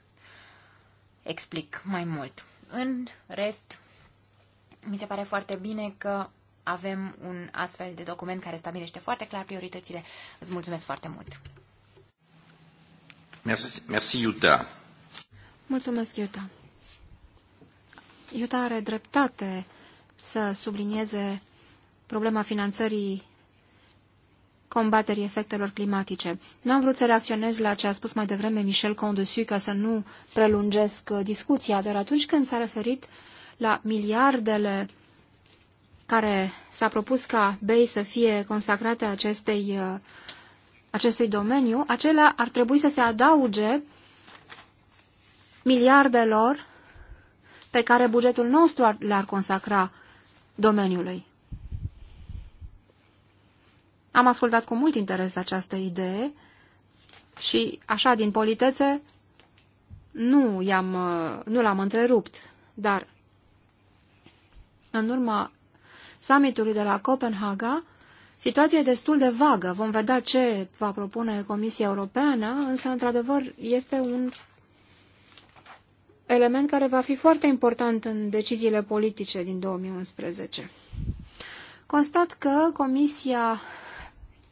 explic mai mult. În rest, mi se pare foarte bine că avem un astfel de document care stabilește foarte clar prioritățile. Îți mulțumesc foarte mult! Merci, Iuta. Mulțumesc, Iuta. Iuta are dreptate să sublinieze problema finanțării combaterii efectelor climatice. Nu am vrut să reacționez la ce a spus mai devreme Michel Condusiu ca să nu prelungesc uh, discuția, dar atunci când s-a referit la miliardele care s-a propus ca BEI să fie consacrate acestei uh, acestui domeniu, acelea ar trebui să se adauge miliardelor pe care bugetul nostru le-ar consacra domeniului. Am ascultat cu mult interes această idee și, așa, din politețe, nu, am nu l-am întrerupt, dar în urma summitului de la Copenhaga, Situația e destul de vagă. Vom vedea ce va propune Comisia Europeană, însă, într-adevăr, este un element care va fi foarte important în deciziile politice din 2011. Constat că Comisia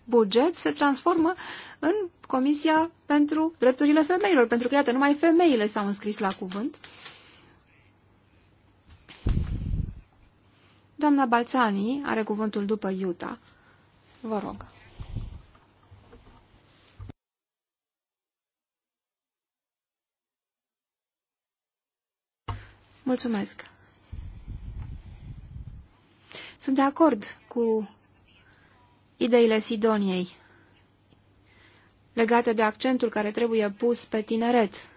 Buget se transformă în Comisia pentru Drepturile Femeilor, pentru că, iată, numai femeile s-au înscris la cuvânt. Doamna Balțani are cuvântul după Iuta. Vă rog. Mulțumesc. Sunt de acord cu ideile Sidoniei legate de accentul care trebuie pus pe tineret.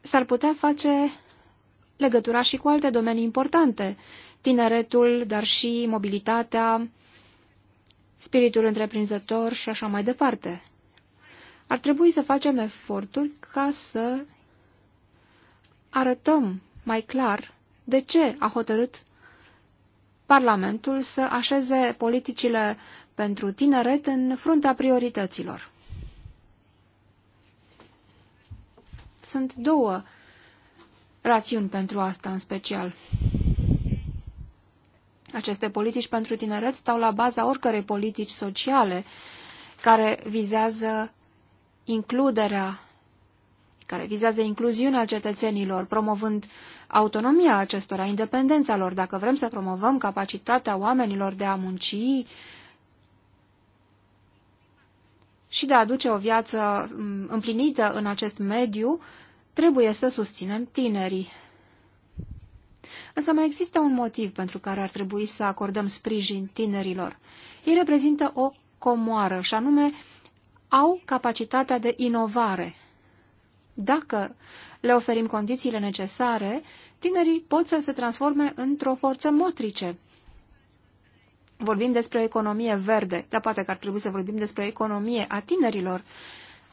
S-ar putea face legătura și cu alte domenii importante, tineretul, dar și mobilitatea, spiritul întreprinzător și așa mai departe. Ar trebui să facem eforturi ca să arătăm mai clar de ce a hotărât Parlamentul să așeze politicile pentru tineret în fruntea priorităților. Sunt două rațiuni pentru asta în special. Aceste politici pentru tineret stau la baza oricărei politici sociale care vizează includerea, care vizează incluziunea cetățenilor, promovând autonomia acestora, independența lor. Dacă vrem să promovăm capacitatea oamenilor de a munci și de a aduce o viață împlinită în acest mediu, trebuie să susținem tinerii. Însă mai există un motiv pentru care ar trebui să acordăm sprijin tinerilor. Ei reprezintă o comoară și anume au capacitatea de inovare. Dacă le oferim condițiile necesare, tinerii pot să se transforme într-o forță motrice. Vorbim despre o economie verde, dar poate că ar trebui să vorbim despre economie a tinerilor,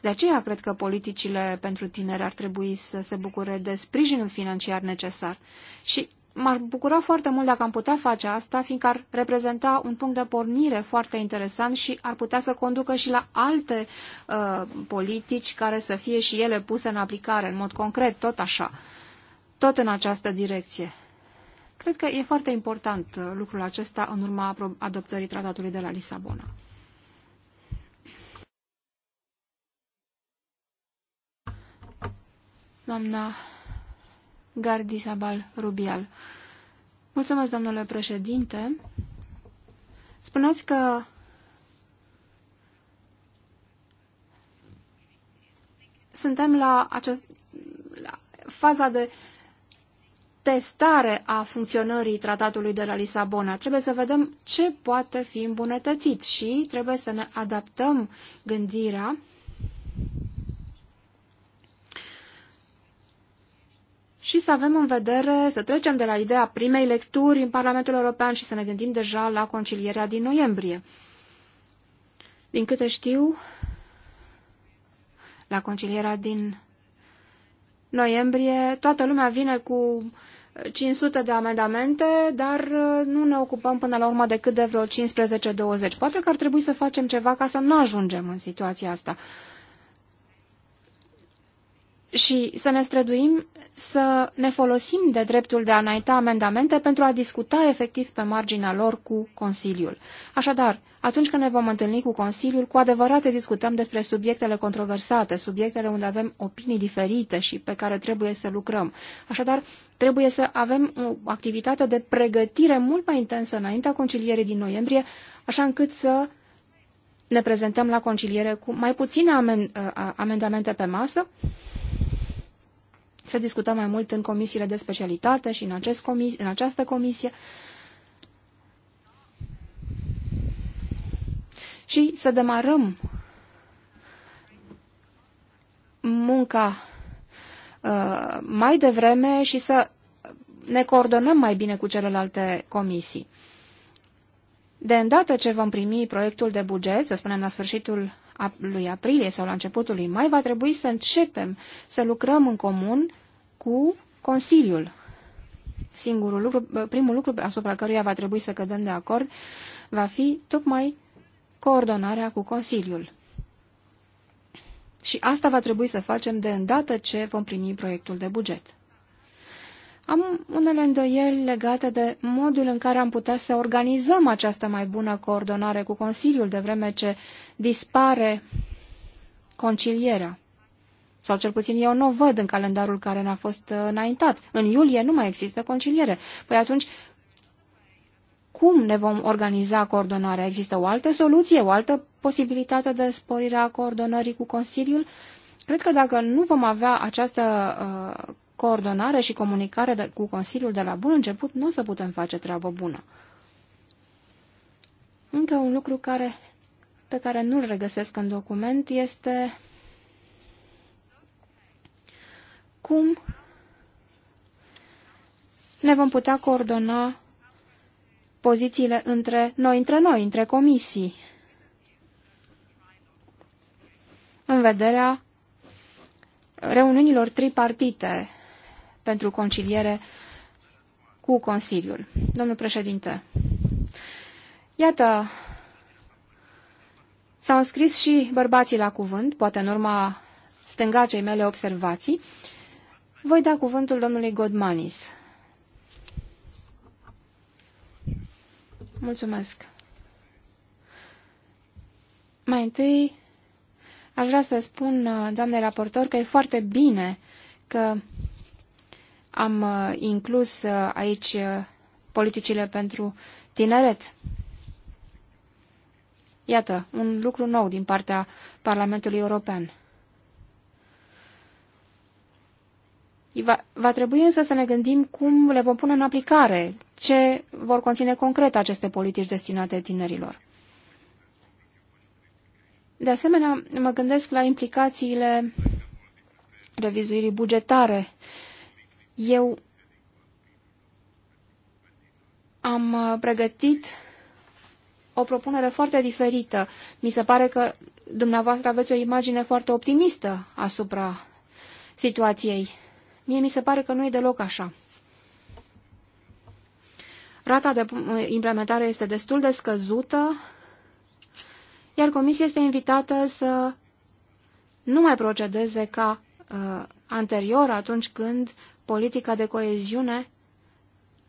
de aceea cred că politicile pentru tineri ar trebui să se bucure de sprijinul financiar necesar. Și m-ar bucura foarte mult dacă am putea face asta, fiindcă ar reprezenta un punct de pornire foarte interesant și ar putea să conducă și la alte uh, politici care să fie și ele puse în aplicare, în mod concret, tot așa, tot în această direcție. Cred că e foarte important uh, lucrul acesta în urma adoptării tratatului de la Lisabona. doamna Gardi Rubial. Mulțumesc, domnule președinte. Spuneți că suntem la, acest, la faza de testare a funcționării tratatului de la Lisabona. Trebuie să vedem ce poate fi îmbunătățit și trebuie să ne adaptăm gândirea și să avem în vedere, să trecem de la ideea primei lecturi în Parlamentul European și să ne gândim deja la concilierea din noiembrie. Din câte știu, la concilierea din noiembrie, toată lumea vine cu 500 de amendamente, dar uh, nu ne ocupăm până la urmă decât de vreo 15-20. Poate că ar trebui să facem ceva ca să nu ajungem în situația asta și să ne străduim să ne folosim de dreptul de a înainta amendamente pentru a discuta efectiv pe marginea lor cu Consiliul. Așadar, atunci când ne vom întâlni cu Consiliul, cu adevărat discutăm despre subiectele controversate, subiectele unde avem opinii diferite și pe care trebuie să lucrăm. Așadar, trebuie să avem o activitate de pregătire mult mai intensă înaintea concilierii din noiembrie, așa încât să ne prezentăm la conciliere cu mai puține amendamente pe masă, se discută mai mult în comisiile de specialitate și în, acest comis în această comisie. Și să demarăm munca uh, mai devreme și să ne coordonăm mai bine cu celelalte comisii. De îndată ce vom primi proiectul de buget, să spunem la sfârșitul lui aprilie sau la începutul lui mai, va trebui să începem să lucrăm în comun cu Consiliul. Singurul lucru, primul lucru asupra căruia va trebui să cădem de acord va fi tocmai coordonarea cu Consiliul. Și asta va trebui să facem de îndată ce vom primi proiectul de buget. Am unele îndoieli legate de modul în care am putea să organizăm această mai bună coordonare cu Consiliul, de vreme ce dispare concilierea. Sau cel puțin eu nu o văd în calendarul care ne-a fost uh, înaintat. În iulie nu mai există conciliere. Păi atunci, cum ne vom organiza coordonarea? Există o altă soluție, o altă posibilitate de sporire a coordonării cu Consiliul? Cred că dacă nu vom avea această uh, coordonare și comunicare cu Consiliul de la bun început, nu o să putem face treabă bună. Încă un lucru care, pe care nu-l regăsesc în document este cum ne vom putea coordona pozițiile între noi, între noi, între comisii, în vederea reuniunilor tripartite pentru conciliere cu Consiliul. Domnul președinte, iată, s-au înscris și bărbații la cuvânt, poate în urma stângacei mele observații. Voi da cuvântul domnului Godmanis. Mulțumesc. Mai întâi, aș vrea să spun, doamne raportor, că e foarte bine că am uh, inclus uh, aici uh, politicile pentru tineret. Iată, un lucru nou din partea Parlamentului European. Va, va trebui însă să ne gândim cum le vom pune în aplicare, ce vor conține concret aceste politici destinate tinerilor. De asemenea, mă gândesc la implicațiile revizuirii bugetare eu am uh, pregătit o propunere foarte diferită. Mi se pare că dumneavoastră aveți o imagine foarte optimistă asupra situației. Mie mi se pare că nu e deloc așa. Rata de implementare este destul de scăzută, iar comisia este invitată să nu mai procedeze ca uh, anterior atunci când politica de coeziune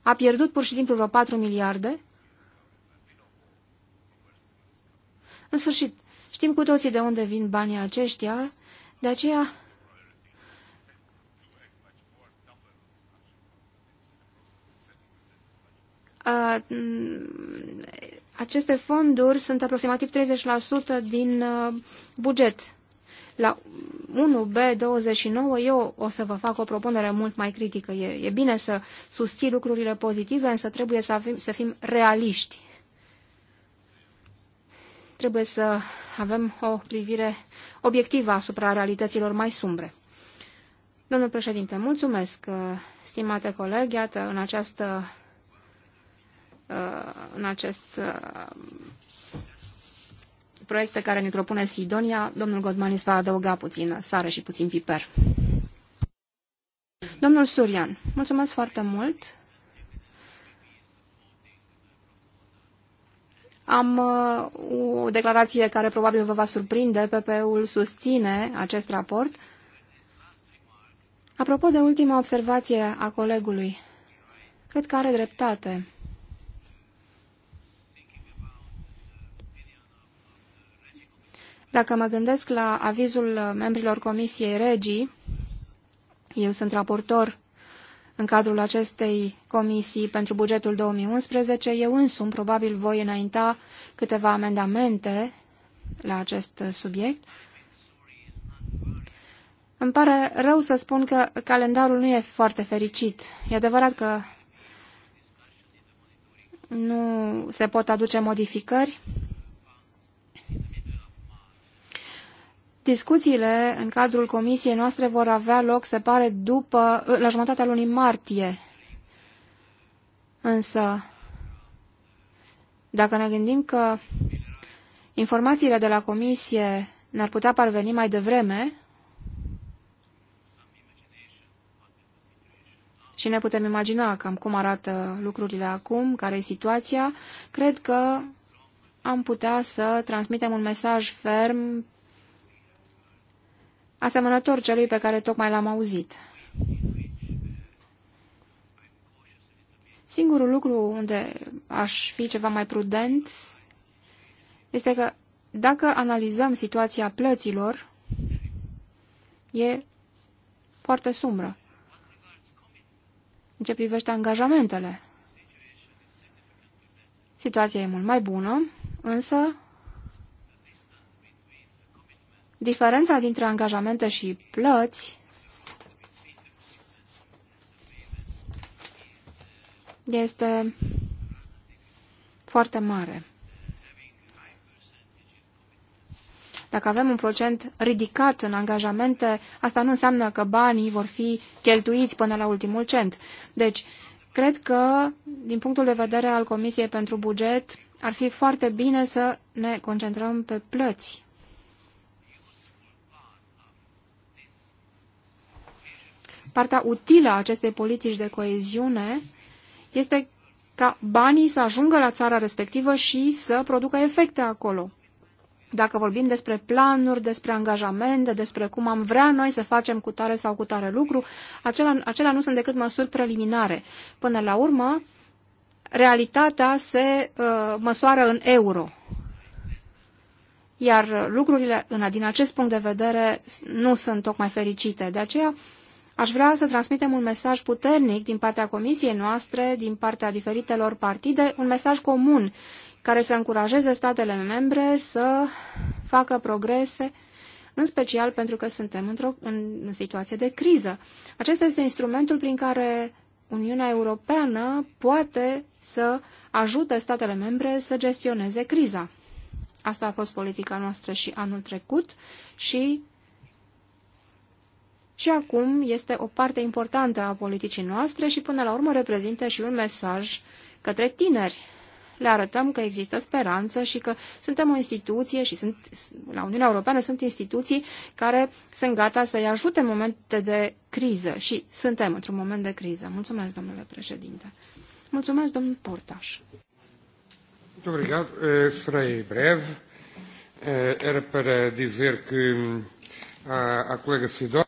a pierdut pur și simplu vreo 4 miliarde? În sfârșit, știm cu toții de unde vin banii aceștia, de aceea aceste fonduri sunt aproximativ 30% din uh, buget. La 1B29 eu o să vă fac o propunere mult mai critică. E, e bine să susții lucrurile pozitive, însă trebuie să, avem, să fim realiști. Trebuie să avem o privire obiectivă asupra realităților mai sumbre. Domnul președinte, mulțumesc, uh, stimate coleg, iată, în această uh, în acest uh, proiect pe care ne propune Sidonia, domnul Godmanis va adăuga puțin sare și puțin piper. Domnul Surian, mulțumesc foarte mult. Am uh, o declarație care probabil vă va surprinde. ppe ul susține acest raport. Apropo de ultima observație a colegului, cred că are dreptate. Dacă mă gândesc la avizul membrilor Comisiei Regii, eu sunt raportor în cadrul acestei comisii pentru bugetul 2011, eu însumi probabil voi înainta câteva amendamente la acest subiect. Îmi pare rău să spun că calendarul nu e foarte fericit. E adevărat că nu se pot aduce modificări, Discuțiile în cadrul comisiei noastre vor avea loc, se pare, după, la jumătatea lunii martie. Însă, dacă ne gândim că informațiile de la comisie ne-ar putea parveni mai devreme și ne putem imagina cam cum arată lucrurile acum, care e situația, cred că am putea să transmitem un mesaj ferm asemănător celui pe care tocmai l-am auzit. Singurul lucru unde aș fi ceva mai prudent este că dacă analizăm situația plăților, e foarte sumbră. În ce privește angajamentele, situația e mult mai bună, însă diferența dintre angajamente și plăți este foarte mare. Dacă avem un procent ridicat în angajamente, asta nu înseamnă că banii vor fi cheltuiți până la ultimul cent. Deci, cred că, din punctul de vedere al Comisiei pentru Buget, ar fi foarte bine să ne concentrăm pe plăți. partea utilă a acestei politici de coeziune este ca banii să ajungă la țara respectivă și să producă efecte acolo. Dacă vorbim despre planuri, despre angajamente, despre cum am vrea noi să facem cu tare sau cu tare lucru, acelea, acelea nu sunt decât măsuri preliminare. Până la urmă, realitatea se uh, măsoară în euro. Iar lucrurile, în, din acest punct de vedere, nu sunt tocmai fericite. De aceea, uh, Aș vrea să transmitem un mesaj puternic din partea comisiei noastre, din partea diferitelor partide, un mesaj comun care să încurajeze statele membre să facă progrese, în special pentru că suntem într-o în situație de criză. Acesta este instrumentul prin care Uniunea Europeană poate să ajute statele membre să gestioneze criza. Asta a fost politica noastră și anul trecut și și acum este o parte importantă a politicii noastre și până la urmă reprezintă și un mesaj către tineri. Le arătăm că există speranță și că suntem o instituție și sunt, la Uniunea Europeană sunt instituții care sunt gata să-i ajute în momente de criză și suntem într-un moment de criză. Mulțumesc, domnule președinte. Mulțumesc, domnul Portaș. Muito obrigado. Eh, serei breve. Eh, era para dizer que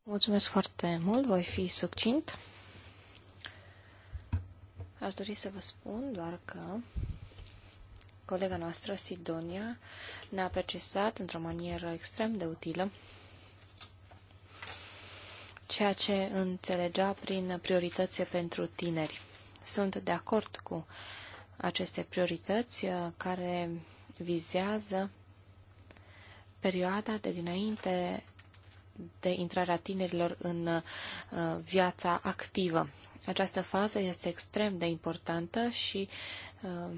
Mulțumesc foarte mult, voi fi succint. Aș dori să vă spun doar că colega noastră, Sidonia, ne-a precisat într-o manieră extrem de utilă ceea ce înțelegea prin priorități pentru tineri. Sunt de acord cu aceste priorități uh, care vizează perioada de dinainte de intrare a tinerilor în uh, viața activă. Această fază este extrem de importantă și uh,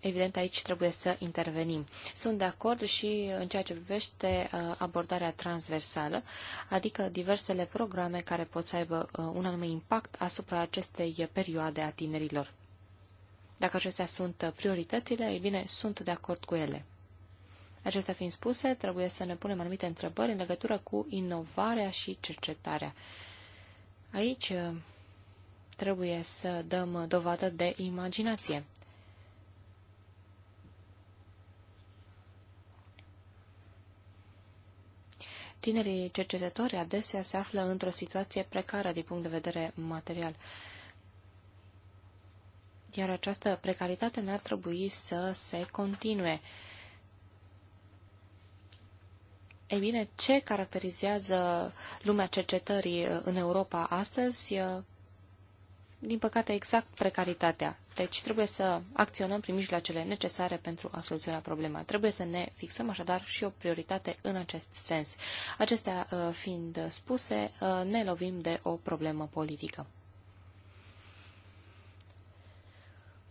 Evident, aici trebuie să intervenim. Sunt de acord și în ceea ce privește uh, abordarea transversală, adică diversele programe care pot să aibă un anume impact asupra acestei perioade a tinerilor. Dacă acestea sunt prioritățile, ei bine, sunt de acord cu ele. Acestea fiind spuse, trebuie să ne punem anumite întrebări în legătură cu inovarea și cercetarea. Aici uh, trebuie să dăm dovadă de imaginație. Tinerii cercetători adesea se află într-o situație precară din punct de vedere material. Iar această precaritate n-ar trebui să se continue. Ei bine, ce caracterizează lumea cercetării uh, în Europa astăzi? Uh, din păcate, exact precaritatea. Deci trebuie să acționăm prin mijloacele necesare pentru a soluționa problema. Trebuie să ne fixăm așadar și o prioritate în acest sens. Acestea uh, fiind spuse, ne lovim de o problemă politică.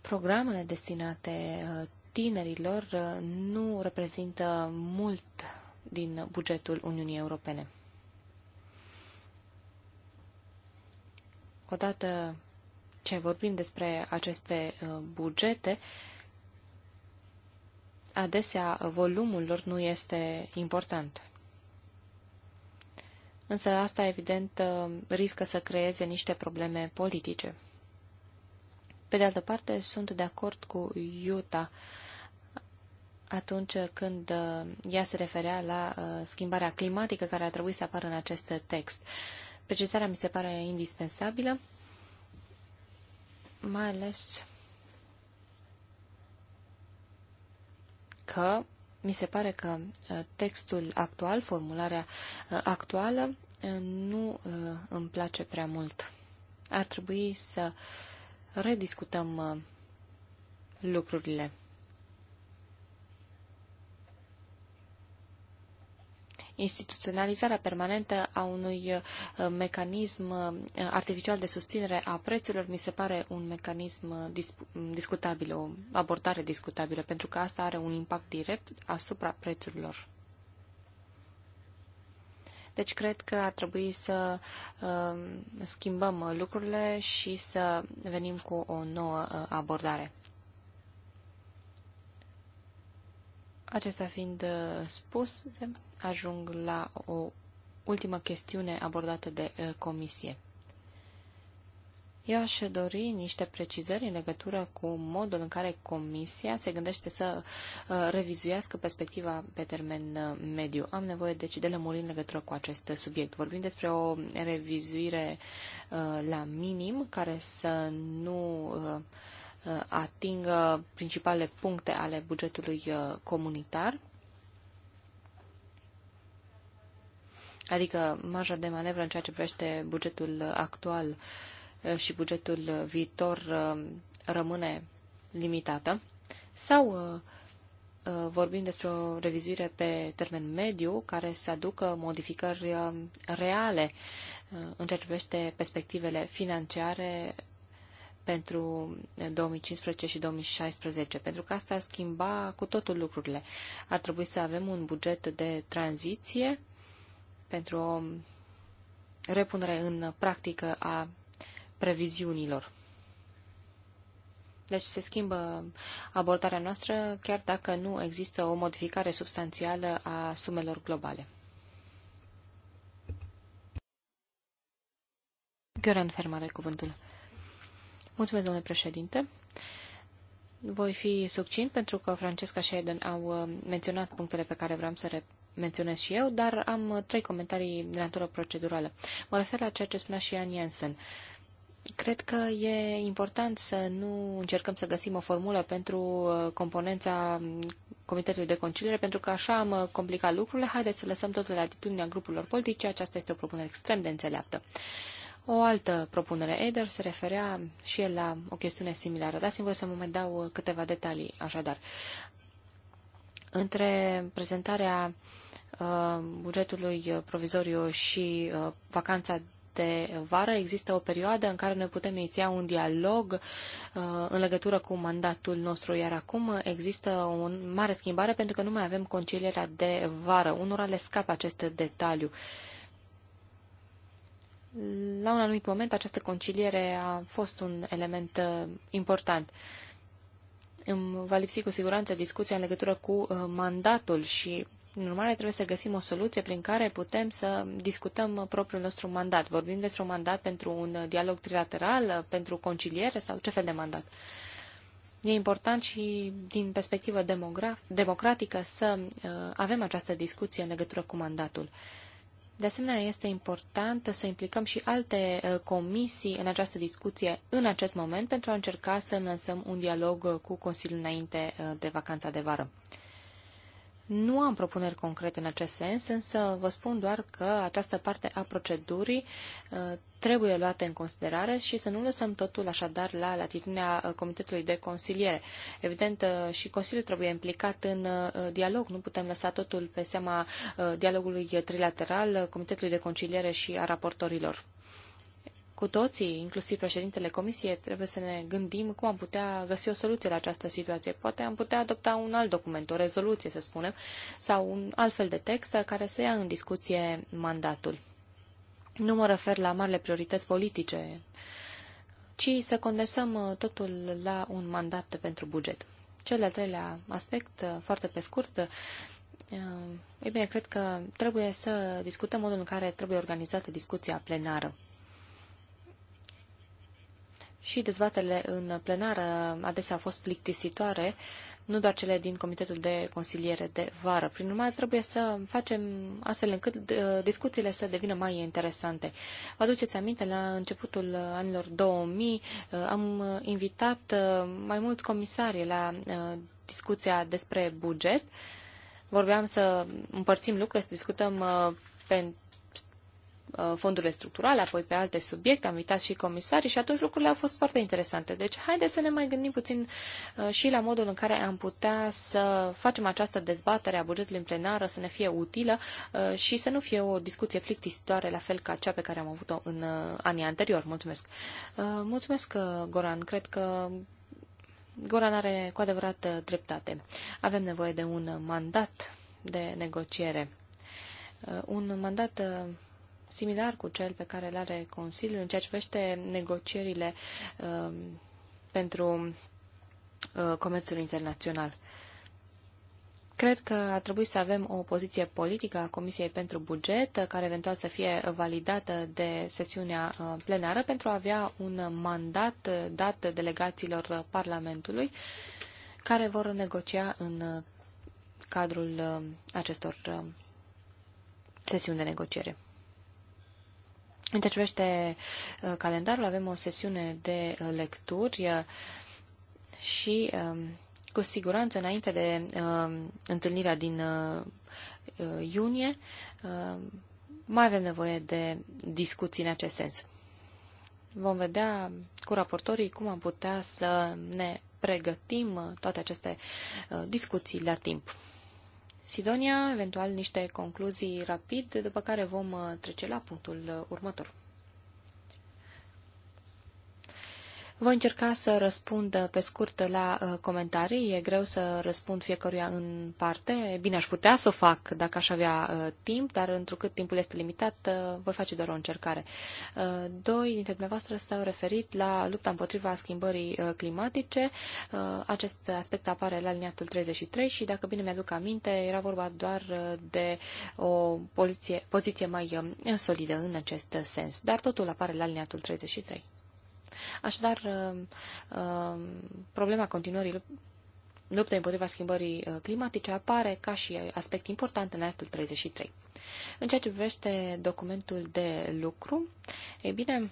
Programele destinate tinerilor nu reprezintă mult din bugetul Uniunii Europene. Odată ce vorbim despre aceste uh, bugete, adesea volumul lor nu este important. Însă asta, evident, uh, riscă să creeze niște probleme politice. Pe de altă parte, sunt de acord cu Iuta atunci când uh, ea se referea la uh, schimbarea climatică care ar trebui să apară în acest text. Precizarea mi se pare indispensabilă, mai ales că mi se pare că uh, textul actual, formularea actuală, nu îmi place prea mult. Ar trebui să rediscutăm lucrurile. instituționalizarea permanentă a unui uh, mecanism uh, artificial de susținere a prețurilor mi se pare un mecanism uh, dis discutabil, o abordare discutabilă, pentru că asta are un impact direct asupra prețurilor. Deci cred că ar trebui să uh, schimbăm lucrurile și să venim cu o nouă uh, abordare. Acesta fiind uh, spus, ajung la o ultimă chestiune abordată de uh, comisie. Eu aș dori niște precizări în legătură cu modul în care Comisia se gândește să uh, revizuiască perspectiva pe termen mediu. Am nevoie deci de lămuri în legătură cu acest subiect. Vorbim despre o revizuire la minim care să nu Uh, atingă principalele puncte ale bugetului uh, comunitar, adică marja de manevră în ceea ce privește bugetul actual uh, și bugetul viitor rămâne limitată, sau vorbim despre o revizuire pe termen mediu care să aducă modificări reale în ceea ce privește perspectivele financiare pentru 2015 și 2016, pentru că asta schimba cu totul lucrurile. Ar trebui să avem un buget de tranziție pentru o repunere în practică a previziunilor. Deci se schimbă abordarea noastră, chiar dacă nu există o modificare substanțială a sumelor globale. Gheorghe Fermare, cuvântul. Mulțumesc, domnule președinte. Voi fi succint pentru că Francesca și Eden au uh, menționat punctele pe care vreau să le menționez și eu, dar am uh, trei comentarii de natură procedurală. Mă refer la ceea ce spunea și Ian Jensen. Cred că e important să nu încercăm să găsim o formulă pentru uh, componența um, Comitetului de Conciliere, pentru că așa am complicat lucrurile. Haideți să lăsăm totul la atitudinea grupurilor politice. Aceasta este o propunere extrem de înțeleaptă. Uh, o altă propunere, Eder, se referea și el la o chestiune similară. Dați-mi voi să mă mai dau câteva detalii, așadar. Între prezentarea uh, bugetului provizoriu și uh, vacanța de vară există o perioadă în care noi putem iniția un dialog uh, în legătură cu mandatul nostru, iar acum există o mare schimbare pentru că nu mai avem concilierea de vară. Unora le scapă acest detaliu la un anumit moment această conciliere a fost un element uh, important. Îmi va lipsi cu siguranță discuția în legătură cu uh, mandatul și în urmare, trebuie să găsim o soluție prin care putem să discutăm uh, propriul nostru mandat. Vorbim despre un mandat pentru un dialog trilateral, pentru conciliere sau ce fel de mandat. E important și din perspectivă democratică să avem această discuție în legătură cu mandatul. De asemenea, este important să implicăm și alte uh, comisii în această discuție în acest moment pentru a încerca să lansăm un dialog uh, cu Consiliul înainte uh, de vacanța de vară. Nu am propuneri concrete în acest sens, însă vă spun doar că această parte a procedurii uh, trebuie luată în considerare și să nu lăsăm totul așadar la latitudinea uh, Comitetului de Consiliere. Evident, uh, și Consiliul trebuie implicat în dialog. Nu putem lăsa totul pe seama dialogului trilateral, Comitetului de Conciliere și a raportorilor cu toții, inclusiv președintele comisiei, trebuie să ne gândim cum am putea găsi o soluție la această situație. Poate am putea adopta un alt document, o rezoluție, să spunem, sau un alt fel de text care să ia în discuție mandatul. Nu mă refer la marile priorități politice, ci să condensăm uh, totul la un mandat pentru buget. Cel de-al treilea aspect, uh, foarte pe scurt, uh, e bine, cred că trebuie să discutăm modul în care trebuie organizată discuția plenară și dezbatele în plenară adesea au fost plictisitoare, nu doar cele din Comitetul de Consiliere de Vară. Prin urmare, trebuie să facem astfel încât uh, discuțiile să devină mai interesante. Vă aduceți aminte, la începutul anilor 2000 uh, am invitat uh, mai mulți comisari la discuția despre buget. Vorbeam să împărțim lucrurile, să discutăm pentru Uh, fondurile structurale, apoi pe alte subiecte, am invitat și comisarii și atunci lucrurile au fost foarte interesante. Deci, haideți să ne mai gândim puțin uh, și la modul în care am putea să facem această dezbatere a bugetului în plenară să ne fie utilă uh, și să nu fie o discuție plictisitoare, la fel ca cea pe care am avut-o în anii anterior. Mulțumesc! Mulțumesc, Goran. Cred că Goran are cu adevărat dreptate. Avem nevoie de un mandat de negociere. Un mandat similar cu cel pe care îl are Consiliul în ceea ce privește negocierile uh, pentru uh, comerțul internațional. Cred că ar trebui să avem o poziție politică a Comisiei pentru Buget, uh, care eventual să fie validată de sesiunea uh, plenară pentru a avea un mandat uh, dat delegațiilor Parlamentului care vor negocia în cadrul acestor sesiuni de negociere. În ce privește uh, calendarul, avem o sesiune de uh, lecturi uh, și um, cu siguranță înainte de um, întâlnirea din iunie um, mai avem nevoie de discuții în acest sens. Vom vedea cu raportorii cum am putea să ne pregătim toate aceste discuții la timp. Sidonia, eventual niște concluzii rapid, după care vom uh, trece la punctul uh, următor. Voi încerca să răspund uh, pe scurt la uh, comentarii. E greu să răspund fiecăruia în parte. Bine, aș putea să o fac dacă aș avea uh, timp, dar întrucât timpul este limitat, voi face doar o încercare. Doi dintre dumneavoastră s-au referit la lupta împotriva schimbării climatice. Acest aspect apare la liniatul 33 și, dacă bine mi-aduc aminte, era vorba doar de o poziție, poziție mai solidă în acest sens. Dar totul apare la liniatul 33. Așadar, uh, uh, problema continuării luptei împotriva schimbării uh, climatice apare ca și aspect important în actul 33. În ceea ce privește documentul de lucru, e bine,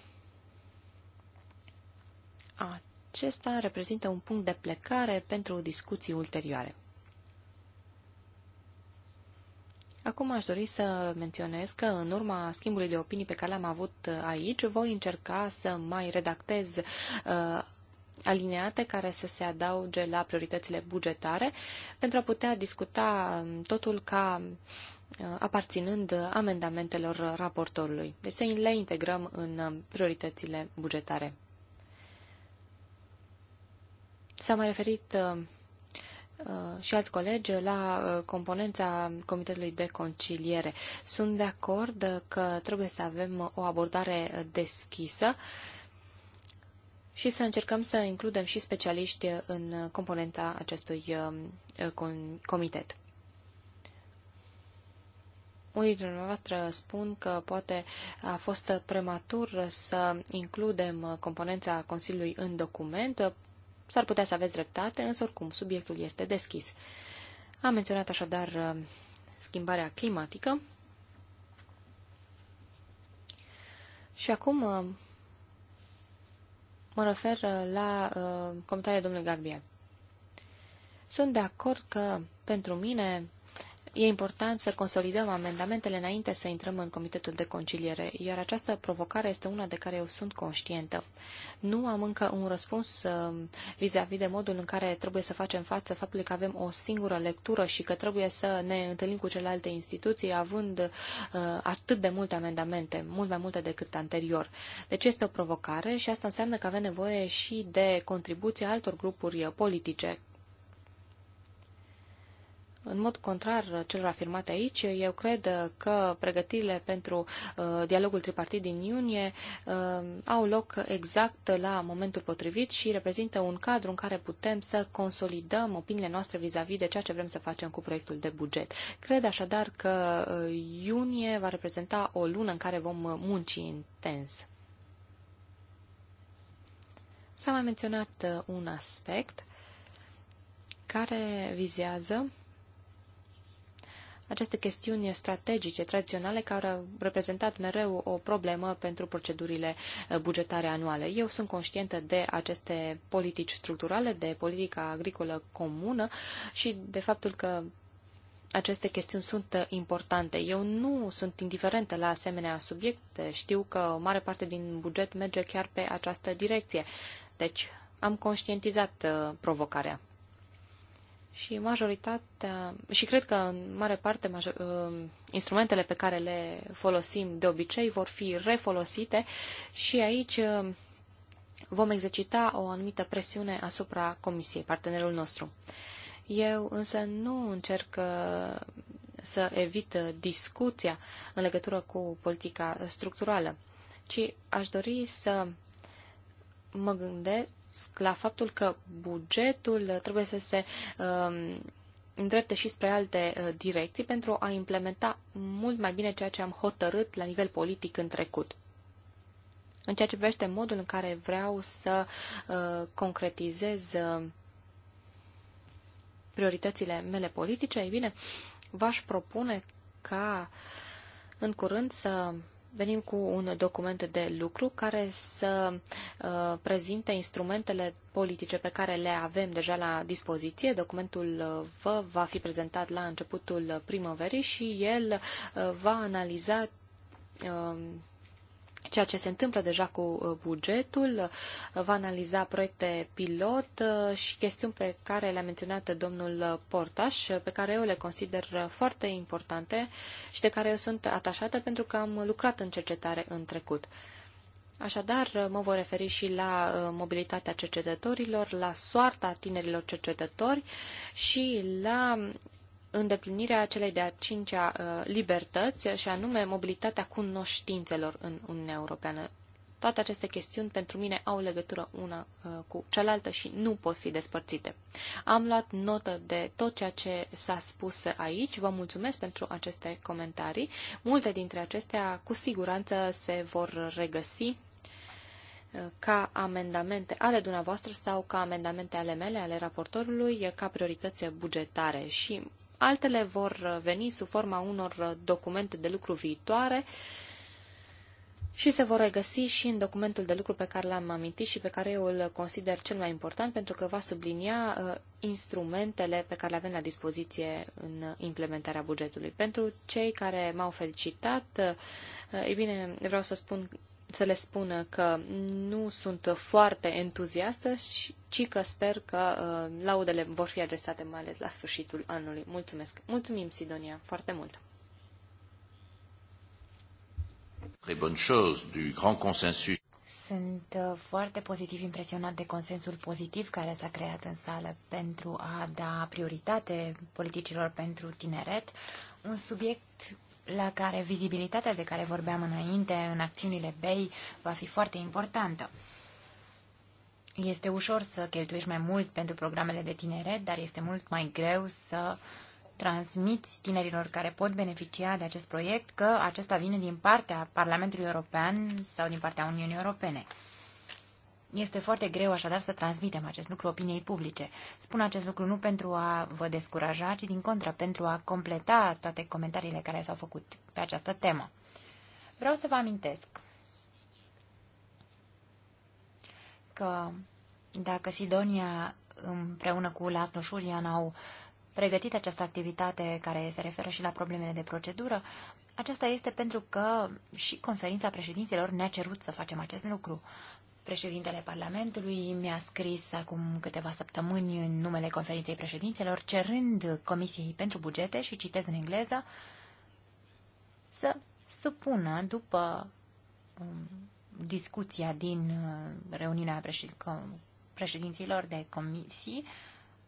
acesta reprezintă un punct de plecare pentru discuții ulterioare. Acum aș dori să menționez că în urma schimbului de opinii pe care l-am avut aici, voi încerca să mai redactez uh, alineate care să se adauge la prioritățile bugetare pentru a putea discuta um, totul ca uh, aparținând amendamentelor raportorului. Deci să le integrăm în um, prioritățile bugetare. S-a mai referit um, Uh, și alți colegi la uh, componența Comitetului de Conciliere. Sunt de acord că trebuie să avem o abordare deschisă și să încercăm să includem și specialiști în componența acestui uh, comitet. Unii dintre noastre spun că poate a fost prematur să includem componența Consiliului în document, S-ar putea să aveți dreptate, însă oricum subiectul este deschis. Am menționat așadar uh, schimbarea climatică. Și acum uh, mă refer uh, la comentariul domnului Gabriel. Sunt de acord că, pentru mine, E important să consolidăm amendamentele înainte să intrăm în Comitetul de Conciliere, iar această provocare este una de care eu sunt conștientă. Nu am încă un răspuns uh, vis-a-vis -vis de modul în care trebuie să facem față faptului că avem o singură lectură și că trebuie să ne întâlnim cu celelalte instituții, având uh, atât de multe amendamente, mult mai multe decât anterior. Deci este o provocare și asta înseamnă că avem nevoie și de contribuția altor grupuri politice, în mod contrar celor afirmate aici, eu cred că pregătirile pentru uh, dialogul tripartit din iunie uh, au loc exact la momentul potrivit și reprezintă un cadru în care putem să consolidăm opiniile noastre vis-a-vis -vis de ceea ce vrem să facem cu proiectul de buget. Cred așadar că uh, iunie va reprezenta o lună în care vom munci intens. S-a mai menționat un aspect care vizează aceste chestiuni strategice, tradiționale, care au reprezentat mereu o problemă pentru procedurile uh, bugetare anuale. Eu sunt conștientă de aceste politici structurale, de politica agricolă comună și de faptul că aceste chestiuni sunt uh, importante. Eu nu sunt indiferentă la asemenea subiecte. Știu că o mare parte din buget merge chiar pe această direcție. Deci am conștientizat uh, provocarea. Și majoritatea, și cred că în mare parte major, uh, instrumentele pe care le folosim de obicei vor fi refolosite și aici uh, vom exercita o anumită presiune asupra comisiei, partenerul nostru. Eu însă nu încerc uh, să evit discuția în legătură cu politica structurală, ci aș dori să mă gândesc, la faptul că bugetul trebuie să se um, îndrepte și spre alte uh, direcții pentru a implementa mult mai bine ceea ce am hotărât la nivel politic în trecut. În ceea ce privește modul în care vreau să uh, concretizez uh, prioritățile mele politice, ei bine, v-aș propune ca în curând să venim cu un document de lucru care să uh, prezinte instrumentele politice pe care le avem deja la dispoziție. Documentul uh, vă va fi prezentat la începutul primăverii și el uh, va analiza uh, ceea ce se întâmplă deja cu uh, bugetul, uh, va analiza proiecte pilot uh, și chestiuni pe care le-a menționat domnul Portaș, pe care eu le consider foarte importante și de care eu sunt atașată pentru că am lucrat în cercetare în trecut. Așadar, mă voi referi și la mobilitatea cercetătorilor, la soarta tinerilor cercetători și la îndeplinirea celei de-a cincea uh, libertăți, și anume mobilitatea cunoștințelor în Uniunea Europeană. Toate aceste chestiuni pentru mine au legătură una uh, cu cealaltă și nu pot fi despărțite. Am luat notă de tot ceea ce s-a spus aici. Vă mulțumesc pentru aceste comentarii. Multe dintre acestea cu siguranță se vor regăsi uh, ca amendamente ale dumneavoastră sau ca amendamente ale mele, ale raportorului, ca priorități bugetare și altele vor veni sub forma unor documente de lucru viitoare și se vor regăsi și în documentul de lucru pe care l-am amintit și pe care eu îl consider cel mai important pentru că va sublinia uh, instrumentele pe care le avem la dispoziție în implementarea bugetului. Pentru cei care m-au felicitat, uh, ei bine, vreau să spun să le spună că nu sunt foarte entuziastă, ci că sper că uh, laudele vor fi adresate mai ales la sfârșitul anului. Mulțumesc! Mulțumim, Sidonia, foarte mult! Sunt uh, foarte pozitiv impresionat de consensul pozitiv care s-a creat în sală pentru a da prioritate politicilor pentru tineret, un subiect la care vizibilitatea de care vorbeam înainte în acțiunile BEI va fi foarte importantă. Este ușor să cheltuiești mai mult pentru programele de tineret, dar este mult mai greu să transmiți tinerilor care pot beneficia de acest proiect că acesta vine din partea Parlamentului European sau din partea Uniunii Europene. Este foarte greu așadar să transmitem acest lucru opiniei publice. Spun acest lucru nu pentru a vă descuraja, ci din contră, pentru a completa toate comentariile care s-au făcut pe această temă. Vreau să vă amintesc că dacă Sidonia împreună cu Laszlo Șurian au pregătit această activitate care se referă și la problemele de procedură, aceasta este pentru că și conferința președinților ne-a cerut să facem acest lucru. Președintele Parlamentului mi-a scris acum câteva săptămâni în numele conferinței președinților, cerând Comisiei pentru Bugete, și citez în engleză, să supună după um, discuția din uh, reuniunea președinților de comisii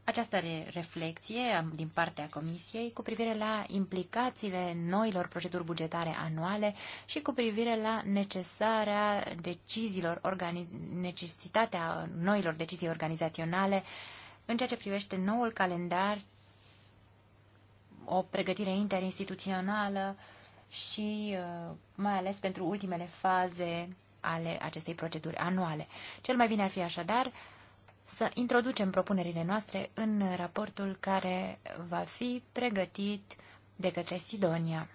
această reflexie din partea Comisiei cu privire la implicațiile noilor proceduri bugetare anuale și cu privire la necesarea deciziilor, necesitatea noilor decizii organizaționale în ceea ce privește noul calendar, o pregătire interinstituțională și uh, mai ales pentru ultimele faze ale acestei proceduri anuale. Cel mai bine ar fi așadar să introducem propunerile noastre în raportul care va fi pregătit de către Sidonia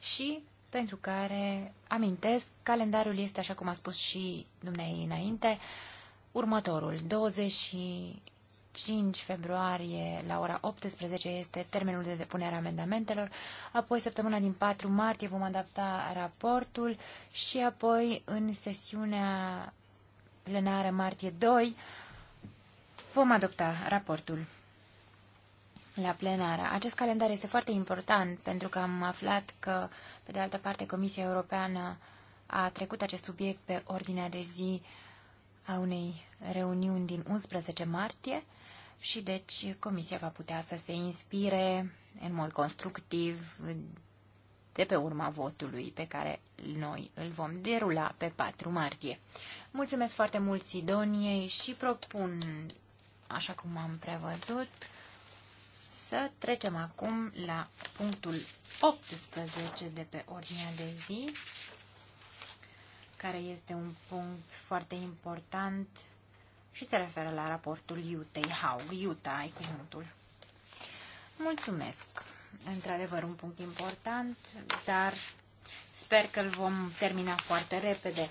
și pentru care, amintesc, calendarul este, așa cum a spus și dumneai înainte, următorul. 25 februarie la ora 18 este termenul de depunere a amendamentelor, apoi săptămâna din 4 martie vom adapta raportul și apoi în sesiunea plenară martie 2 vom adopta raportul la plenară. Acest calendar este foarte important pentru că am aflat că, pe de altă parte, Comisia Europeană a trecut acest subiect pe ordinea de zi a unei reuniuni din 11 martie și deci Comisia va putea să se inspire în mod constructiv de pe urma votului pe care noi îl vom derula pe 4 martie. Mulțumesc foarte mult Sidoniei și propun, așa cum am prevăzut, să trecem acum la punctul 18 de pe ordinea de zi, care este un punct foarte important și se referă la raportul Utah. Utah, ai cuvântul. Mulțumesc! într-adevăr un punct important, dar sper că îl vom termina foarte repede.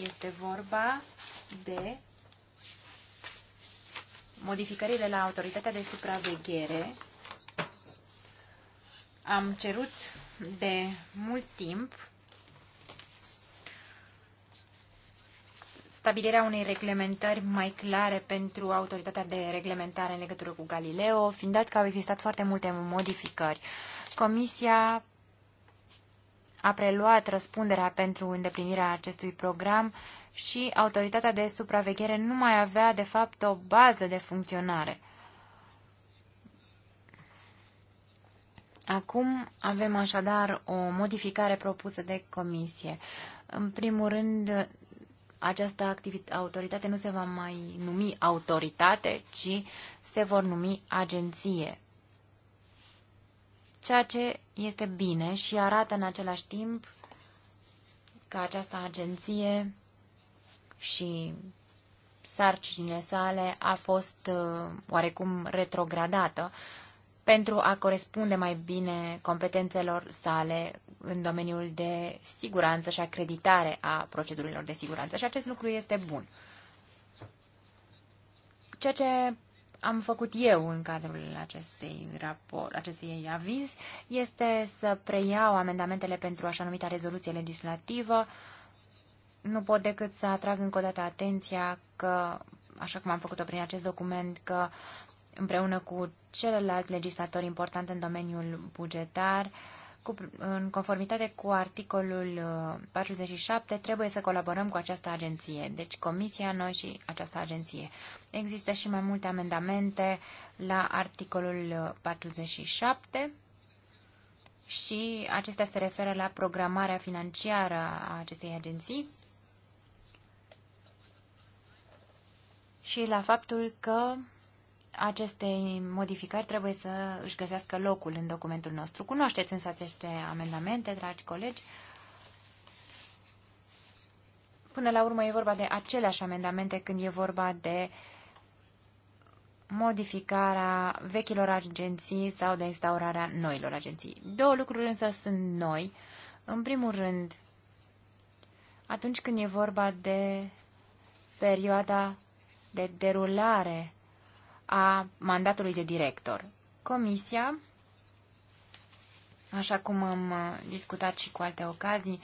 Este vorba de modificările la autoritatea de supraveghere. Am cerut de mult timp stabilirea unei reglementări mai clare pentru autoritatea de reglementare în legătură cu Galileo, fiind dat că au existat foarte multe modificări. Comisia a preluat răspunderea pentru îndeplinirea acestui program și autoritatea de supraveghere nu mai avea, de fapt, o bază de funcționare. Acum avem așadar o modificare propusă de comisie. În primul rând, această autoritate nu se va mai numi autoritate, ci se vor numi agenție. Ceea ce este bine și arată în același timp că această agenție și sarcinile sale a fost uh, oarecum retrogradată pentru a corespunde mai bine competențelor sale în domeniul de siguranță și acreditare a procedurilor de siguranță. Și acest lucru este bun. Ceea ce am făcut eu în cadrul acestei raport, acestei aviz este să preiau amendamentele pentru așa numita rezoluție legislativă. Nu pot decât să atrag încă o dată atenția că, așa cum am făcut-o prin acest document, că uh, împreună cu celălalt legislator important în domeniul bugetar, cu, în conformitate cu articolul 47, uh, trebuie să colaborăm cu această agenție, deci Comisia, noi și această agenție. Există și mai multe amendamente la articolul 47 uh, și acestea se referă la programarea financiară a acestei agenții și la faptul că aceste modificări trebuie să își găsească locul în documentul nostru. Cunoașteți însă aceste amendamente, dragi colegi. Până la urmă e vorba de aceleași amendamente când e vorba de modificarea vechilor agenții sau de instaurarea noilor agenții. Două lucruri însă sunt noi. În primul rând, atunci când e vorba de perioada de derulare a mandatului de director. Comisia, așa cum am uh, discutat și cu alte ocazii,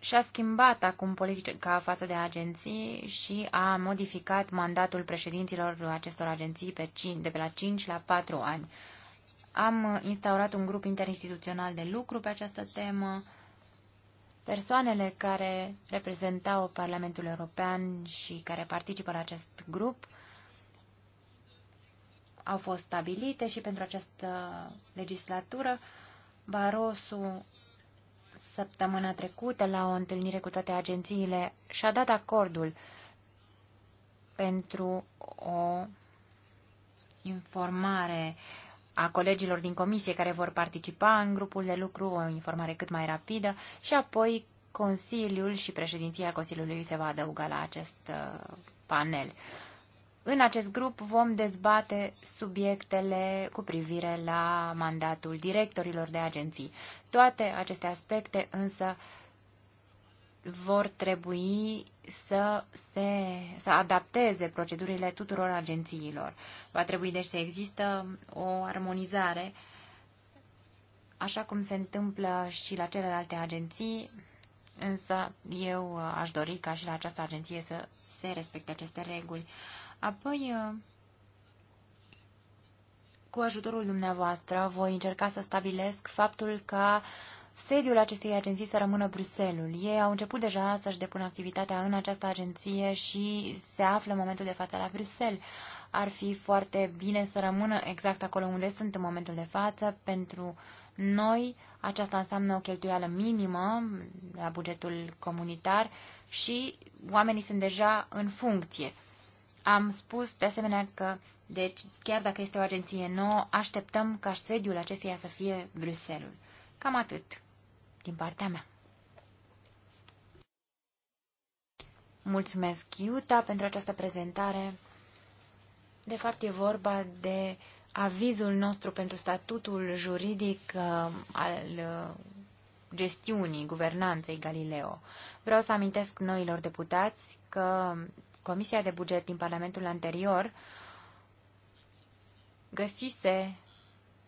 și-a schimbat acum politica față de agenții și a modificat mandatul președinților acestor agenții pe 5, de pe la 5 la 4 ani. Am instaurat un grup interinstituțional de lucru pe această temă Persoanele care reprezentau Parlamentul European și care participă la acest grup au fost stabilite și pentru această legislatură. Barosu, săptămâna trecută, la o întâlnire cu toate agențiile, și-a dat acordul pentru o informare uh, a colegilor din comisie care vor participa în grupul de lucru, o informare cât mai rapidă și apoi Consiliul și președinția Consiliului se va adăuga la acest uh, panel. În acest grup vom dezbate subiectele cu privire la mandatul directorilor de agenții. Toate aceste aspecte însă uh, vor trebui să, se, să adapteze procedurile tuturor agențiilor. Va trebui deci să există o armonizare, așa cum se întâmplă și la celelalte agenții, însă eu aș dori ca și la această agenție să se respecte aceste reguli. Apoi, cu ajutorul dumneavoastră, voi încerca să stabilesc faptul că uh, sediul acestei agenții să rămână Bruselul. Ei au început deja să-și depună activitatea în această agenție și se află în momentul de față la Bruxelles. Ar fi foarte bine să rămână exact acolo unde sunt în momentul de față. Pentru noi aceasta înseamnă o cheltuială minimă la bugetul comunitar și oamenii sunt deja în funcție. Am spus de asemenea că, deci, chiar dacă este o agenție nouă, așteptăm ca sediul acesteia să fie Bruselul. Cam atât din partea mea. Mulțumesc, Iuta, pentru această prezentare. De fapt, e vorba de avizul nostru pentru statutul juridic uh, al uh, gestiunii, guvernanței Galileo. Vreau să amintesc noilor deputați că Comisia de Buget din Parlamentul anterior găsise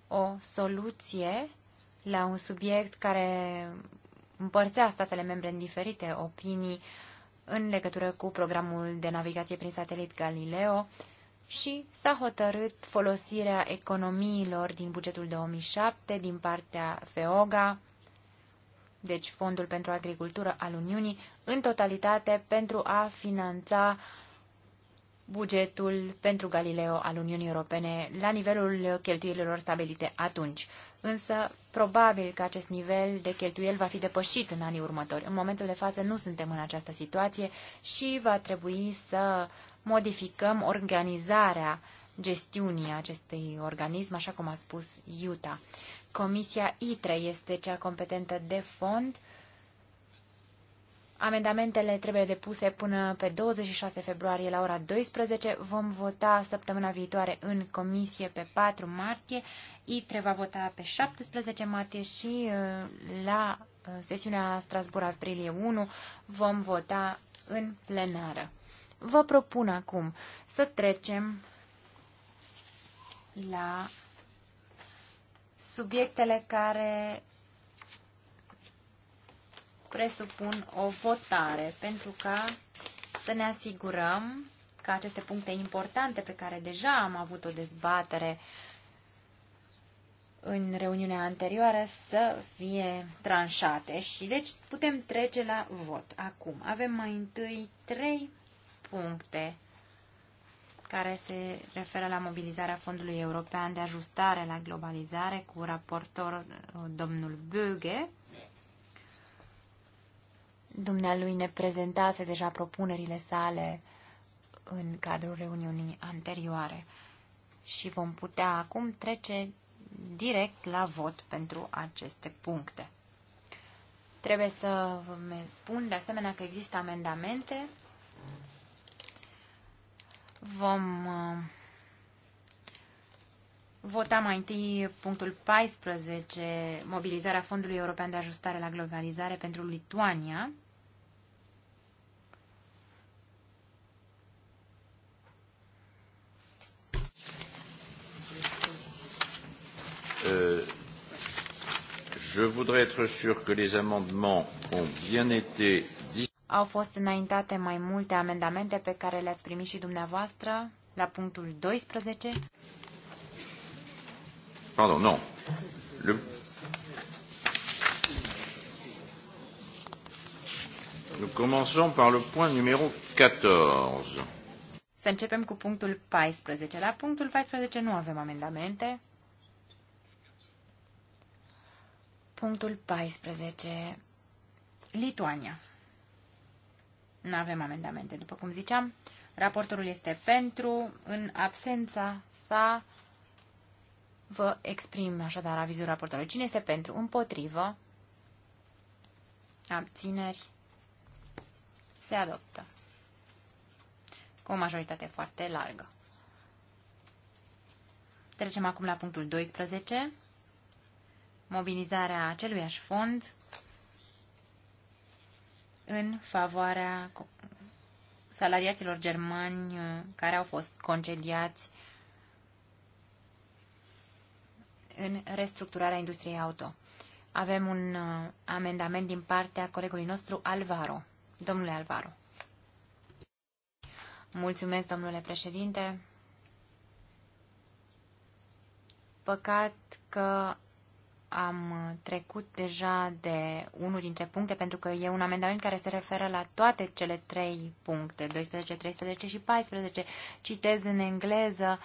o soluție la un subiect care împărțea statele membre în diferite opinii în legătură cu programul de navigație prin satelit Galileo și s-a hotărât folosirea economiilor din bugetul 2007 din partea FEOGA, deci Fondul pentru Agricultură al Uniunii, în totalitate pentru a finanța uh, bugetul pentru Galileo al Uniunii Europene la nivelul cheltuielilor stabilite atunci. Însă, probabil că acest nivel de cheltuiel va fi depășit în anii următori. În momentul de față nu suntem în această situație și va trebui să modificăm organizarea gestiunii acestui organism, așa cum a spus Iuta. Comisia ITRE este cea competentă de fond Amendamentele trebuie depuse până pe 26 februarie la ora 12. Vom vota săptămâna viitoare în comisie pe 4 martie. ITRE va vota pe 17 martie și uh, la uh, sesiunea Strasbourg aprilie 1 vom vota în plenară. Vă propun acum să trecem la subiectele care presupun o votare pentru ca să ne asigurăm că aceste puncte importante pe care deja am avut o dezbatere în reuniunea anterioară să fie tranșate și deci putem trece la vot acum. Avem mai întâi trei puncte care se referă la mobilizarea Fondului European de Ajustare la Globalizare cu raportor domnul Böge Dumnealui ne prezentase deja propunerile sale în cadrul reuniunii anterioare și vom putea acum trece direct la vot pentru aceste puncte. Trebuie să vă spun de asemenea că există amendamente. Vom uh, vota mai întâi punctul 14, mobilizarea Fondului European de Ajustare la Globalizare pentru Lituania. Euh, je voudrais être sûr que les amendements ont bien été au fost înaintate mai multe amendamente pe care le-ați primit și dumneavoastră la punctul 12. Pardon, non. Le... Nous commençons par le point numéro 14. Să începem cu punctul 14. La punctul 14 nu avem amendamente. Punctul 14. Lituania. Nu avem amendamente, după cum ziceam. Raportorul este pentru, în absența sa vă exprim așadar avizul raportorului. Cine este pentru? Împotrivă. Abțineri. Se adoptă. Cu o majoritate foarte largă. Trecem acum la punctul 12 mobilizarea aceluiași fond în favoarea salariaților germani uh, care au fost concediați în restructurarea industriei auto. Avem un uh, amendament din partea colegului nostru Alvaro. Domnule Alvaro. Mulțumesc, domnule președinte. Păcat că am trecut deja de unul dintre puncte, pentru că e un amendament care se referă la toate cele trei puncte, 12, 13 și 14. Citez în engleză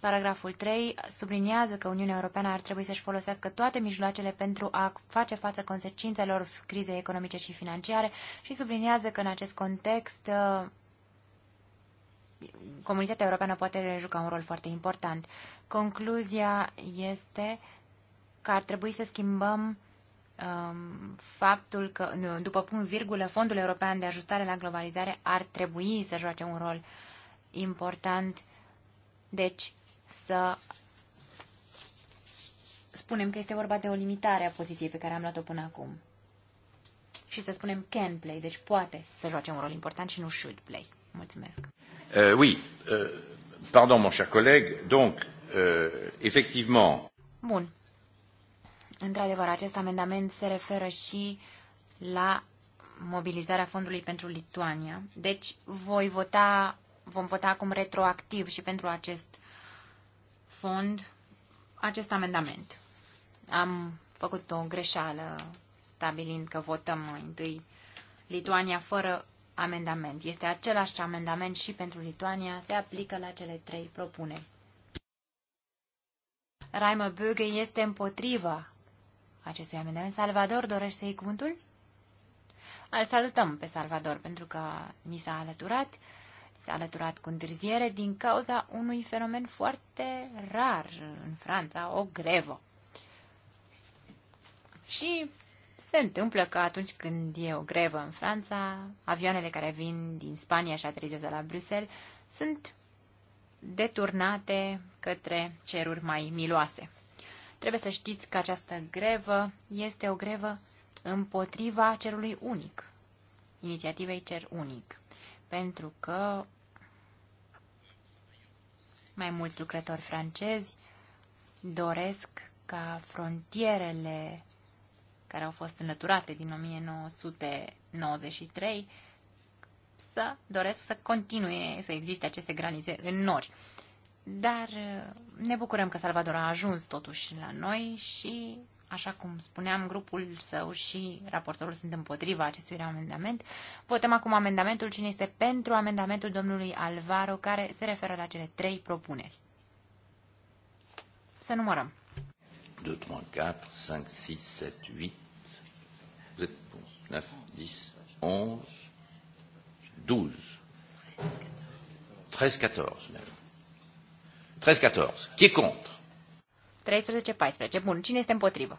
Paragraful 3 subliniază că Uniunea Europeană ar trebui să-și folosească toate mijloacele pentru a face față consecințelor crizei economice și financiare și subliniază că în acest context uh, comunitatea europeană poate juca un rol foarte important. Concluzia este că ar trebui să schimbăm um, faptul că, după punct virgulă, Fondul European de Ajustare la Globalizare ar trebui să joace un rol important. Deci, să spunem că este vorba de o limitare a poziției pe care am luat-o până acum. Și să spunem can play, deci poate să joace un rol important și nu should play. Mulțumesc. Uh, oui, uh, pardon, mon cher collègue. Donc, uh, effectivement. Bun. Într-adevăr, acest amendament se referă și la mobilizarea fondului pentru Lituania. Deci voi vota, vom vota acum retroactiv și pentru acest fond acest amendament. Am făcut o greșeală stabilind că votăm mai întâi Lituania fără amendament. Este același amendament și pentru Lituania, se aplică la cele trei propuneri. Raimă Böge este împotriva acestui amendament. Salvador, dorești să iei cuvântul? Îl salutăm pe Salvador pentru că ni s-a alăturat. S-a alăturat cu întârziere din cauza unui fenomen foarte rar în Franța, o grevă. Și se întâmplă că atunci când e o grevă în Franța, avioanele care vin din Spania și aterizează la Bruxelles sunt deturnate către ceruri mai miloase. Trebuie să știți că această grevă este o grevă împotriva cerului unic, inițiativei cer unic, pentru că mai mulți lucrători francezi doresc ca frontierele care au fost înlăturate din 1993 să doresc să continue să existe aceste granițe în nori. Dar uh, ne bucurăm că Salvador a ajuns totuși la noi și, așa cum spuneam, grupul său și raportorul sunt împotriva acestui amendament. Votăm acum amendamentul. Cine este pentru amendamentul domnului Alvaro, care se referă la cele trei propuneri? Să numărăm. 2, 3, 4, 5, 6, 7, 8, 7, 9, 10, 11, 12, 13, 14 13-14. Qui est contre 13-14. Bun. Cine este împotrivă?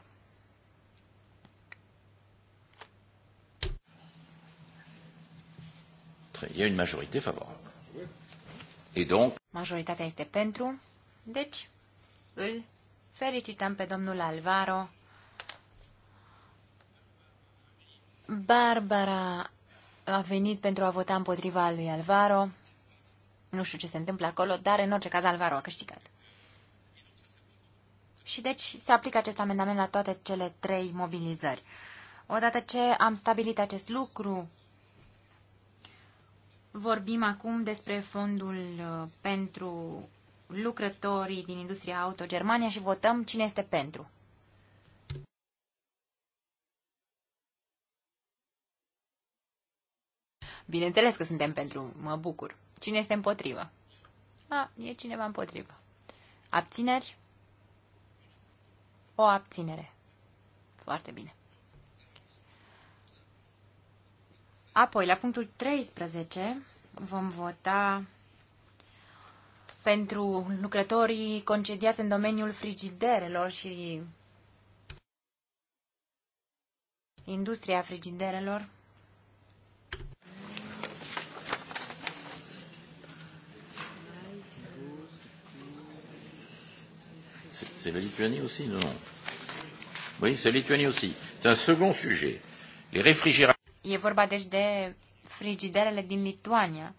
Il y a une majorité favorable. Et donc... Majoritatea este pentru, deci îl felicităm pe domnul Alvaro. Barbara a venit pentru a vota împotriva lui Alvaro. Nu știu ce se întâmplă acolo, dar în orice caz Alvaro a câștigat. Și deci se aplică acest amendament la toate cele trei mobilizări. Odată ce am stabilit acest lucru, vorbim acum despre fondul uh, pentru lucrătorii din industria auto Germania și votăm cine este pentru. Bineînțeles că suntem pentru, mă bucur. Cine este împotrivă? A, e cineva împotrivă. Abțineri? O abținere. Foarte bine. Apoi, la punctul 13, vom vota pentru lucrătorii concediați în domeniul frigiderelor și industria frigiderelor. C'est la Lituanie aussi, non Oui, c'est Lituanie aussi. C'est un second sujet. Les réfrigérateurs. E vorba deci de frigiderele din Lituania.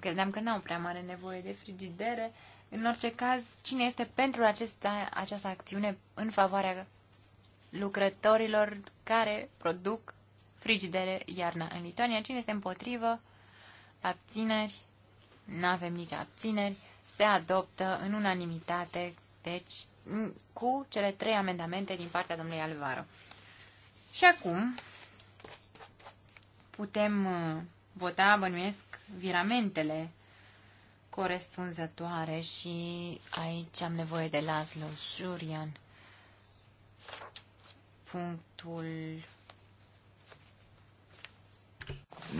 Credeam că n-au prea mare nevoie de frigidere. În orice caz, cine este pentru aceasta, această acțiune în favoarea lucrătorilor care produc frigidere iarna în Lituania? Cine este împotrivă? Abțineri? Nu avem nici abțineri. Se adoptă în unanimitate deci, cu cele trei amendamente din partea domnului Alvaro. Și acum putem uh, vota, bănuiesc, viramentele corespunzătoare și aici am nevoie de Laszlo Jurian. Punctul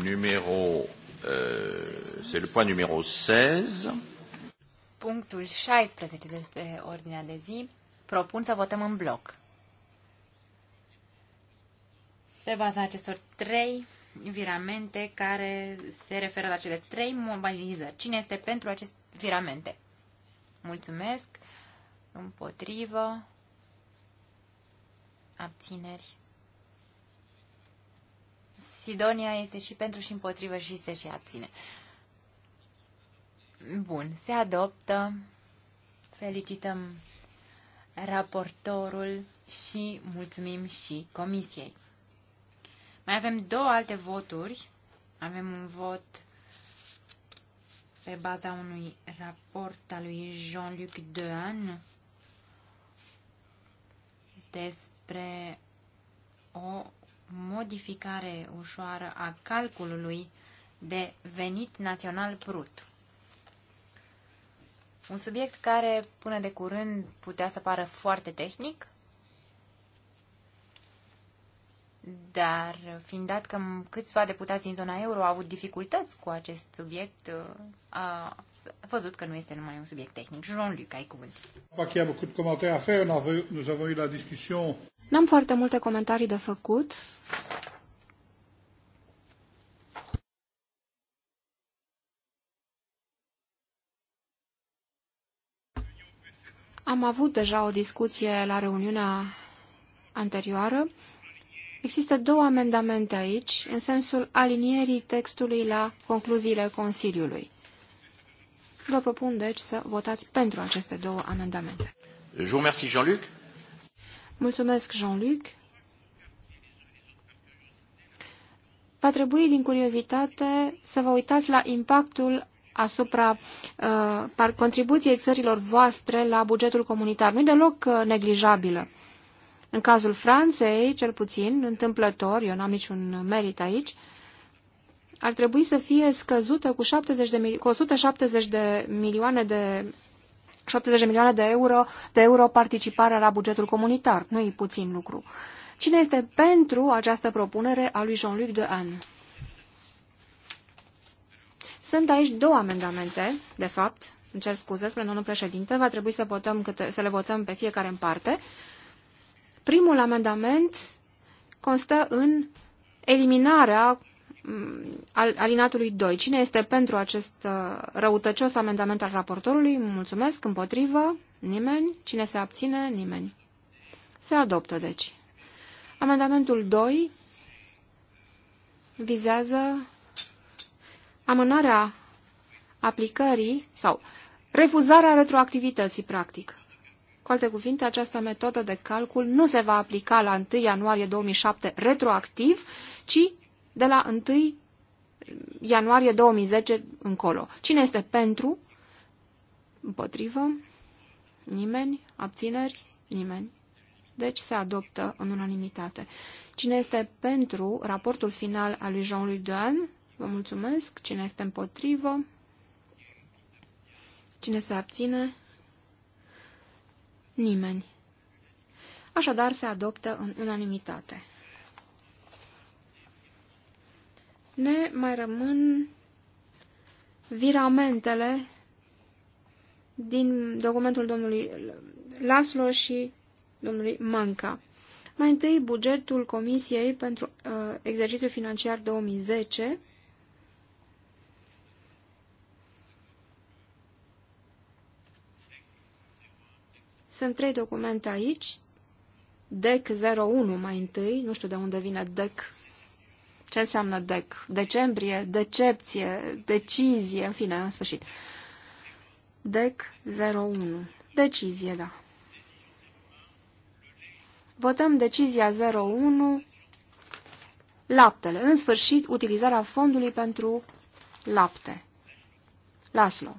numero euh, c'est le point numéro 16 punctul 16 despre ordinea de zi, propun să votăm în bloc. Pe baza acestor trei viramente care se referă la cele trei mobilizări. Cine este pentru aceste viramente? Mulțumesc. Împotrivă. Abțineri. Sidonia este și pentru și împotrivă și se și abține. Bun, se adoptă. Felicităm raportorul și mulțumim și comisiei. Mai avem două alte voturi. Avem un vot pe baza unui raport al lui Jean-Luc Dehan despre o modificare ușoară a calculului de venit național brut. Un subiect care până de curând putea să pară foarte tehnic, dar fiind dat că câțiva deputați din zona euro au avut dificultăți cu acest subiect, uh, a văzut că nu este numai un subiect tehnic. Jean-Luc, ai cuvânt. N-am foarte multe comentarii de făcut. Am avut deja o discuție la reuniunea anterioară. Există două amendamente aici, în sensul alinierii textului la concluziile Consiliului. Vă propun, deci, să votați pentru aceste două amendamente. Jean-Luc. Mulțumesc, Jean-Luc. Va trebui, din curiozitate, să vă uitați la impactul asupra uh, contribuției țărilor voastre la bugetul comunitar. Nu-i deloc uh, neglijabilă. În cazul Franței, cel puțin, întâmplător, eu n-am niciun merit aici, ar trebui să fie scăzută cu, 70 de, cu 170 de milioane de 70 de milioane de euro, de euro participare la bugetul comunitar. Nu e puțin lucru. Cine este pentru această propunere a lui Jean-Luc Anne? Sunt aici două amendamente, de fapt, îmi cer scuze, spre domnul președinte, va trebui să, votăm câte, să le votăm pe fiecare în parte. Primul amendament constă în eliminarea mm, alinatului 2. Cine este pentru acest uh, răutăcios amendament al raportorului? Mulțumesc. Împotrivă? Nimeni. Cine se abține? Nimeni. Se adoptă, deci. Amendamentul 2 vizează amânarea aplicării sau refuzarea retroactivității, practic. Cu alte cuvinte, această metodă de calcul nu se va aplica la 1 ianuarie 2007 retroactiv, ci de la 1 ianuarie 2010 încolo. Cine este pentru? Împotrivă? Nimeni? Abțineri? Nimeni. Deci se adoptă în unanimitate. Cine este pentru raportul final al lui Jean-Louis Vă mulțumesc. Cine este împotrivă? Cine se abține? Nimeni. Așadar, se adoptă în unanimitate. Ne mai rămân viramentele din documentul domnului Laslo și domnului Manca. Mai întâi, bugetul Comisiei pentru uh, exercițiul financiar 2010 Sunt trei documente aici. DEC 01 mai întâi, nu știu de unde vine DEC. Ce înseamnă DEC? Decembrie, decepție, decizie, în fine, în sfârșit. DEC 01. Decizie, da. Votăm decizia 01, laptele. În sfârșit, utilizarea fondului pentru lapte. Laslo.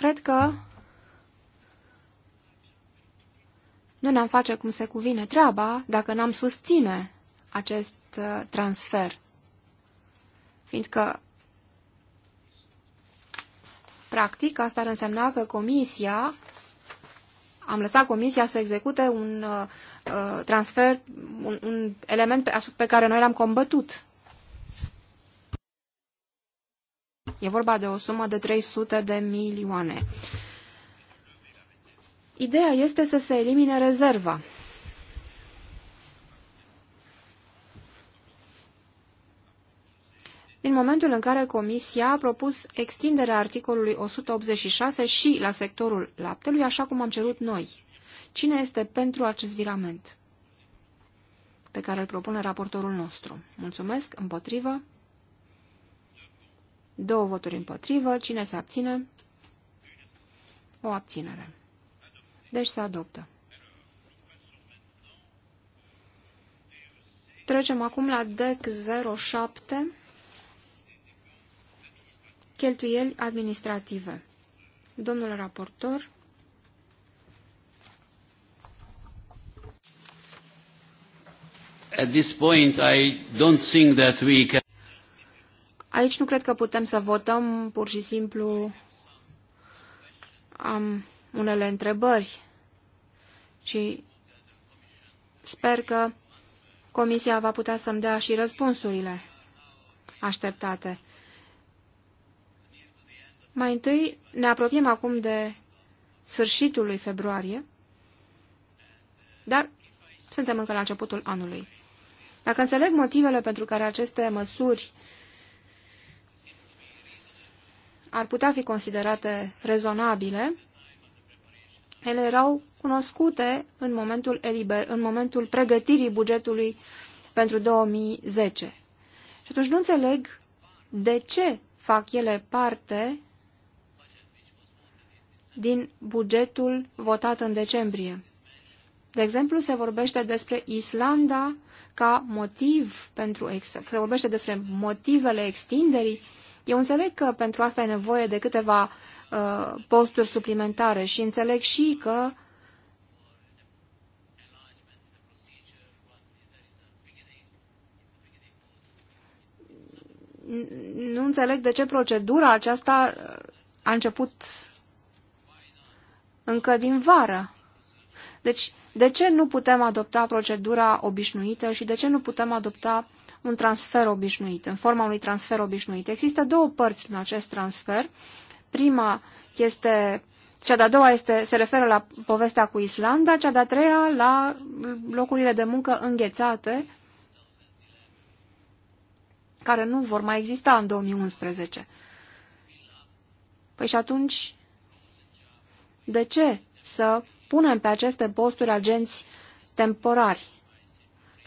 Cred că nu ne-am face cum se cuvine treaba dacă n-am susține acest uh, transfer. Fiindcă, practic, asta ar însemna că comisia, am lăsat comisia să execute un uh, uh transfer, un, un element pe, pe care noi l-am combătut E vorba de o sumă de 300 de milioane. Ideea este să se elimine rezerva. Din momentul în care Comisia a propus extinderea articolului 186 și la sectorul laptelui, așa cum am cerut noi. Cine este pentru acest virament pe care îl propune raportorul nostru? Mulțumesc, împotrivă. Două voturi împotrivă. Cine se abține? O abținere. Deci se adoptă. Trecem acum la DEC 07, cheltuieli administrative. Domnul raportor. At this point, I don't think that we can Aici nu cred că putem să votăm, pur și simplu am unele întrebări și sper că Comisia va putea să-mi dea și răspunsurile așteptate. Mai întâi ne apropiem acum de sfârșitul lui februarie, dar suntem încă la începutul anului. Dacă înțeleg motivele pentru care aceste măsuri ar putea fi considerate rezonabile, ele erau cunoscute în momentul, eliber, în momentul pregătirii bugetului pentru 2010. Și atunci nu înțeleg de ce fac ele parte din bugetul votat în decembrie. De exemplu, se vorbește despre Islanda ca motiv pentru, se vorbește despre motivele extinderii eu înțeleg că pentru asta e nevoie de câteva uh, posturi suplimentare și înțeleg și că nu înțeleg de ce procedura aceasta uh, a început încă din vară. Deci, de ce nu putem adopta procedura obișnuită și de ce nu putem adopta un transfer obișnuit, în forma unui transfer obișnuit. Există două părți în acest transfer. Prima este cea de-a doua este, se referă la povestea cu Islanda, cea de-a treia la locurile de muncă înghețate, care nu vor mai exista în 2011. Păi și atunci, de ce să punem pe aceste posturi agenți temporari?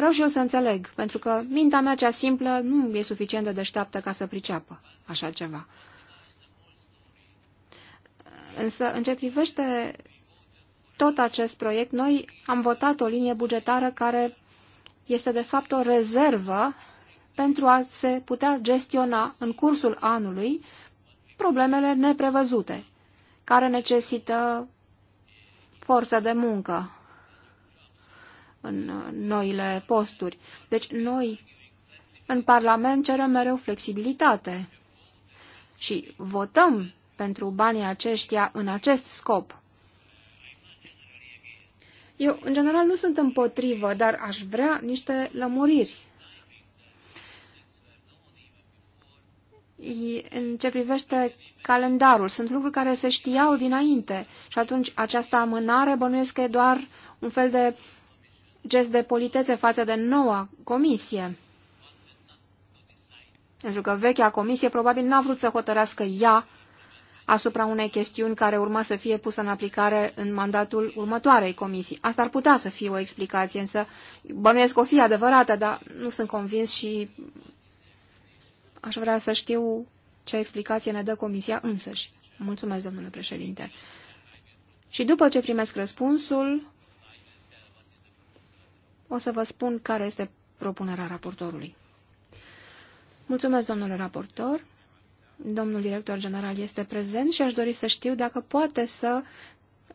Vreau și eu să înțeleg, pentru că mintea mea cea simplă nu e suficient de deșteaptă ca să priceapă așa ceva. Însă, în ce privește tot acest proiect, noi am votat o linie bugetară care este de fapt o rezervă pentru a se putea gestiona în cursul anului problemele neprevăzute, care necesită forță de muncă în uh, noile posturi. Deci noi în Parlament cerem mereu flexibilitate și votăm pentru banii aceștia în acest scop. Eu, în general, nu sunt împotrivă, dar aș vrea niște lămuriri. În ce privește calendarul, sunt lucruri care se știau dinainte și atunci această amânare bănuiesc că e doar un fel de gest de politețe față de noua comisie. Pentru că vechea comisie probabil n-a vrut să hotărească ea asupra unei chestiuni care urma să fie pusă în aplicare în mandatul următoarei comisii. Asta ar putea să fie o explicație, însă bănuiesc o fi adevărată, dar nu sunt convins și aș vrea să știu ce explicație ne dă comisia însăși. Mulțumesc, domnule președinte. Și după ce primesc răspunsul, o să vă spun care este propunerea raportorului. Mulțumesc, domnule raportor. Domnul director general este prezent și aș dori să știu dacă poate să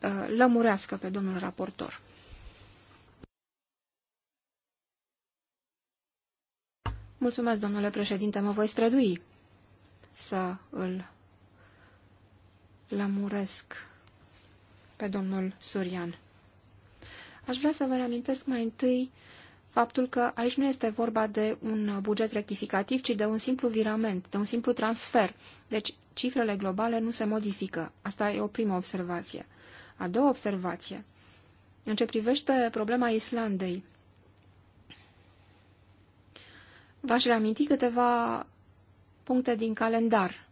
uh, lămurească pe domnul raportor. Mulțumesc, domnule președinte, mă voi strădui să îl lămuresc pe domnul Surian. Aș vrea să vă reamintesc mai întâi faptul că aici nu este vorba de un buget rectificativ, ci de un simplu virament, de un simplu transfer. Deci cifrele globale nu se modifică. Asta e o primă observație. A doua observație. În ce privește problema Islandei, v-aș reaminti câteva puncte din calendar.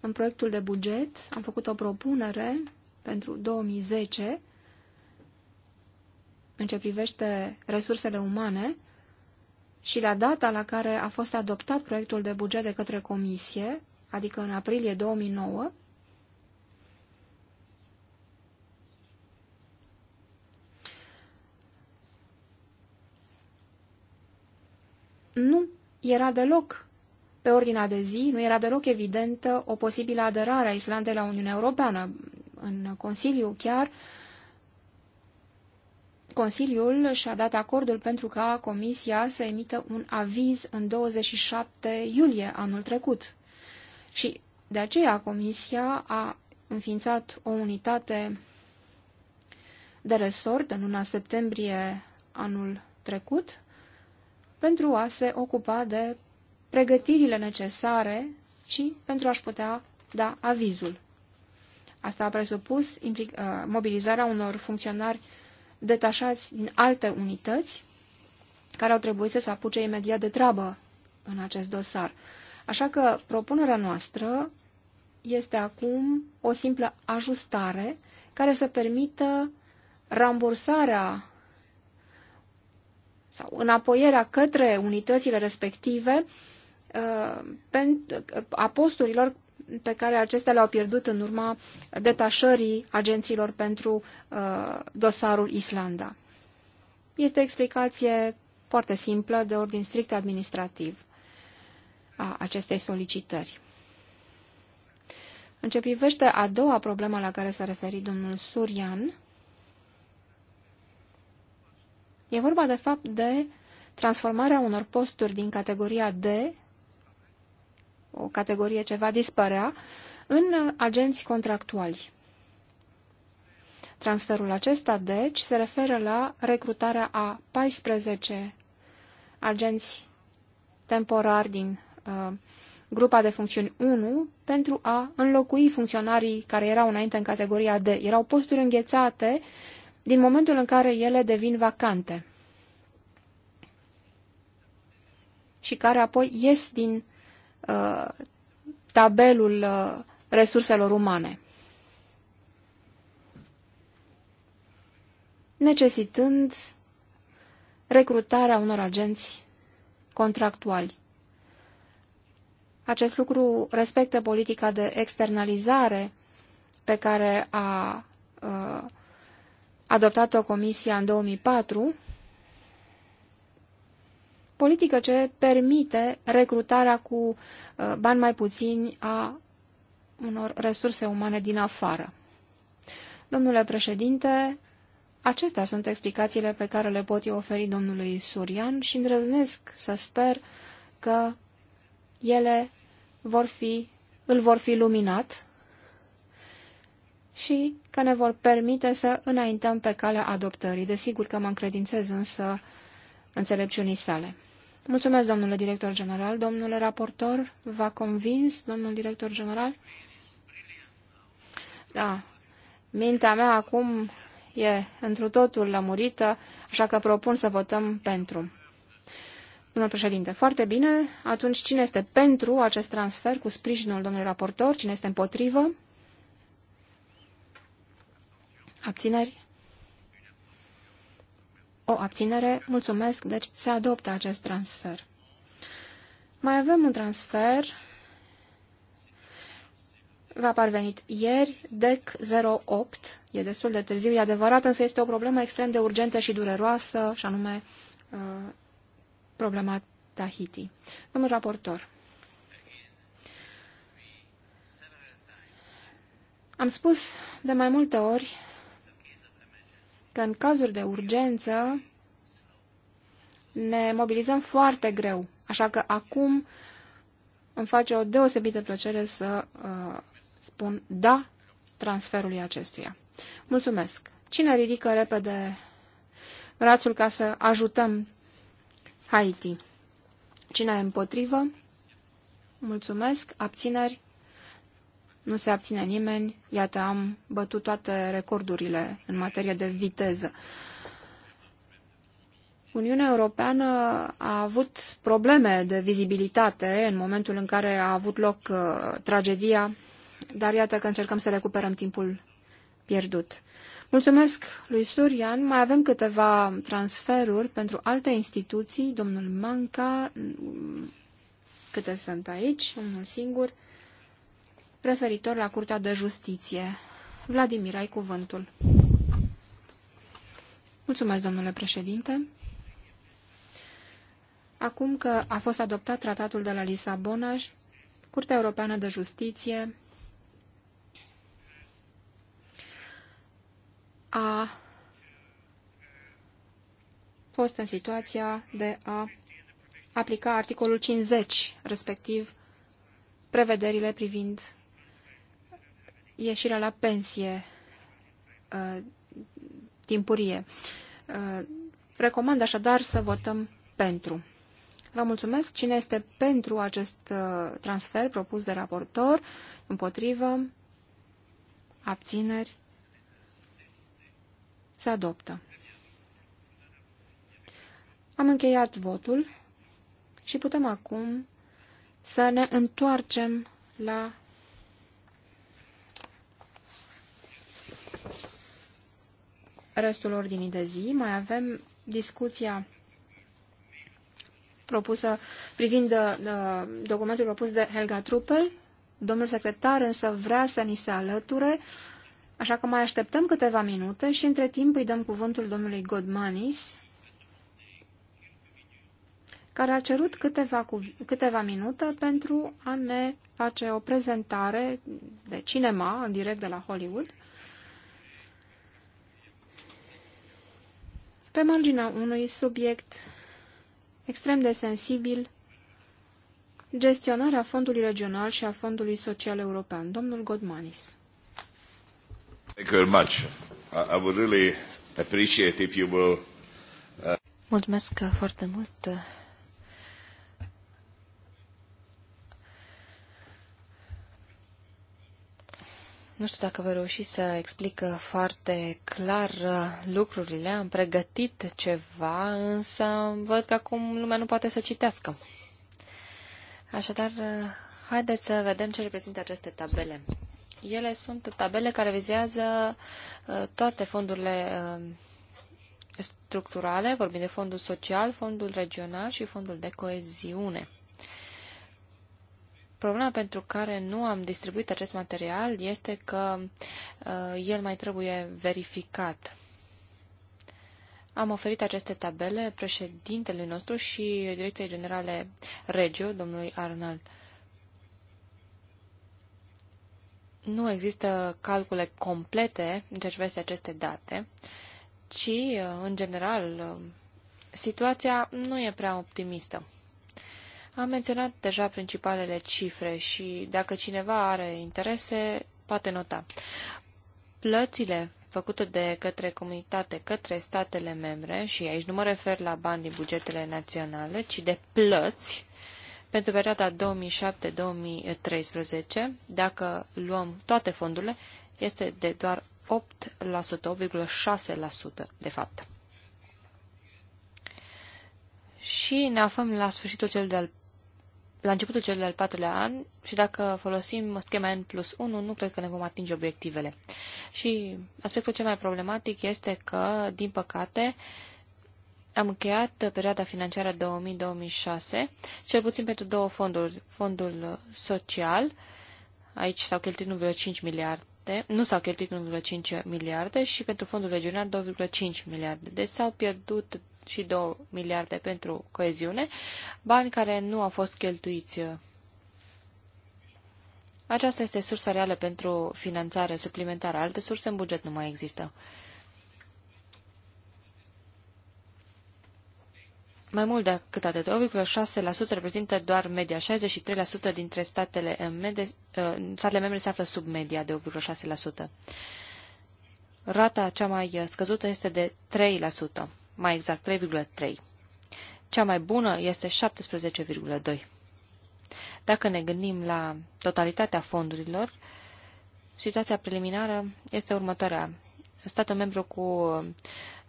În proiectul de buget am făcut o propunere pentru 2010 în ce privește resursele umane și la data la care a fost adoptat proiectul de buget de către comisie, adică în aprilie 2009, nu era deloc pe ordinea de zi, nu era deloc evidentă o posibilă aderare a Islandei la Uniunea Europeană. În Consiliu chiar uh, Consiliul și-a dat acordul pentru ca Comisia să emită un aviz în 27 iulie anul trecut. Și de aceea Comisia a înființat o unitate de resort în luna septembrie anul trecut pentru a se ocupa de pregătirile necesare și pentru a-și putea da avizul. Asta a presupus uh, mobilizarea unor funcționari detașați din alte unități care au trebuit să se apuce imediat de treabă în acest dosar. Așa că propunerea noastră este acum o simplă ajustare care să permită rambursarea sau înapoierea către unitățile respective uh, uh, a posturilor pe care acestea le-au pierdut în urma detașării agenților pentru uh, dosarul Islanda. Este o explicație foarte simplă, de ordin strict administrativ a acestei solicitări. În ce privește a doua problemă la care s-a referit domnul Surian, e vorba de fapt de transformarea unor posturi din categoria D o categorie ce va dispărea, în agenți contractuali. Transferul acesta, deci, se referă la recrutarea a 14 agenți temporari din uh, grupa de funcțiuni 1 pentru a înlocui funcționarii care erau înainte în categoria D. Erau posturi înghețate din momentul în care ele devin vacante și care apoi ies din Uh, tabelul uh, resurselor umane. necesitând recrutarea unor agenți contractuali. Acest lucru respectă politica de externalizare pe care a uh, adoptat-o Comisia în 2004 politică ce permite recrutarea cu uh, bani mai puțini a unor resurse umane din afară. Domnule președinte, acestea sunt explicațiile pe care le pot eu oferi domnului Surian și îndrăznesc să sper că ele vor fi, îl vor fi luminat și că ne vor permite să înaintăm pe calea adoptării. Desigur că mă încredințez însă înțelepciunii sale. Mulțumesc, domnule director general. Domnule raportor, v-a convins, domnul director general? Da. Mintea mea acum e întru totul lămurită, așa că propun să votăm pentru. Domnul președinte, foarte bine. Atunci, cine este pentru acest transfer cu sprijinul domnului raportor? Cine este împotrivă? Abțineri? O abținere? Mulțumesc, deci se adoptă acest transfer. Mai avem un transfer v-a parvenit ieri, DEC 08, e destul de târziu, e adevărat, însă este o problemă extrem de urgentă și dureroasă, și anume uh, problema Tahiti. Domnul raportor, am spus de mai multe ori că în cazuri de urgență ne mobilizăm foarte greu. Așa că acum îmi face o deosebită plăcere să uh, spun da transferului acestuia. Mulțumesc! Cine ridică repede brațul ca să ajutăm Haiti? Cine e împotrivă? Mulțumesc! Abțineri? nu se abține nimeni, iată, am bătut toate recordurile în materie de viteză. Uniunea Europeană a avut probleme de vizibilitate în momentul în care a avut loc uh, tragedia, dar iată că încercăm să recuperăm timpul pierdut. Mulțumesc lui Surian. Mai avem câteva transferuri pentru alte instituții. Domnul Manca, mm, câte sunt aici, unul singur referitor la Curtea de Justiție. Vladimir, ai cuvântul. Mulțumesc, domnule președinte. Acum că a fost adoptat tratatul de la Lisabona, Curtea Europeană de Justiție a fost în situația de a aplica articolul 50, respectiv prevederile privind ieșirea la pensie uh, timpurie. Uh, recomand așadar să votăm pentru. Vă mulțumesc. Cine este pentru acest uh, transfer propus de raportor? Împotrivă? Abțineri? Se adoptă. Am încheiat votul și putem acum să ne întoarcem la restul ordinii de zi. Mai avem discuția propusă privind de, uh, uh, documentul propus de Helga Truppel. Domnul secretar însă vrea să ni se alăture, așa că mai așteptăm câteva minute și între timp îi dăm cuvântul domnului Godmanis, care a cerut câteva, câteva minute pentru a ne face o prezentare de cinema în direct de la Hollywood pe marginea unui subiect extrem de sensibil, gestionarea Fondului Regional și a Fondului Social European. Domnul Godmanis. Thank you very much. I would really appreciate if you will... Uh, Mulțumesc foarte mult Nu știu dacă vă reuși să explic uh, foarte clar uh, lucrurile. Am pregătit ceva, însă văd că acum lumea nu poate să citească. Așadar, uh, haideți să vedem ce reprezintă aceste tabele. Ele sunt tabele care vizează toate fondurile structurale, vorbim de fondul social, fondul regional și fondul de coeziune. Problema pentru care nu am distribuit acest material este că uh, el mai trebuie verificat. Am oferit aceste tabele președintelui nostru și Direcției Generale Regio, domnului Arnold. Nu există calcule complete în ceea ce privește aceste date, ci, uh, în general, uh, situația nu e prea optimistă. Am menționat deja principalele cifre și dacă cineva are interese, poate nota. Plățile făcute de către comunitate, către statele membre, și aici nu mă refer la bani din bugetele naționale, ci de plăți pentru perioada 2007-2013, dacă luăm toate fondurile, este de doar 8%, 8,6% de fapt. Și ne aflăm la sfârșitul cel de-al la începutul celui al patrulea an și dacă folosim schema N plus 1, nu cred că ne vom atinge obiectivele. Și aspectul cel mai problematic este că, din păcate, am încheiat perioada financiară 2000-2006, cel puțin pentru două fonduri. Fondul social, aici s-au cheltuit 1,5 miliarde miliarde, nu s-au cheltuit 1,5 miliarde și pentru fondul regional 2,5 miliarde. Deci s-au pierdut și 2 miliarde pentru coeziune, bani care nu au fost cheltuiți. Aceasta este sursa reală pentru finanțare suplimentară. Alte surse în buget nu mai există. Mai mult decât atât, 8,6% reprezintă doar media, 63% dintre statele, eh, mede, eh, statele membre se află sub media de 8,6%. Rata cea mai eh, scăzută este de 3%, mai exact 3,3%. Cea mai bună este 17,2%. Dacă ne gândim la totalitatea fondurilor, situația preliminară este următoarea. Statul membru cu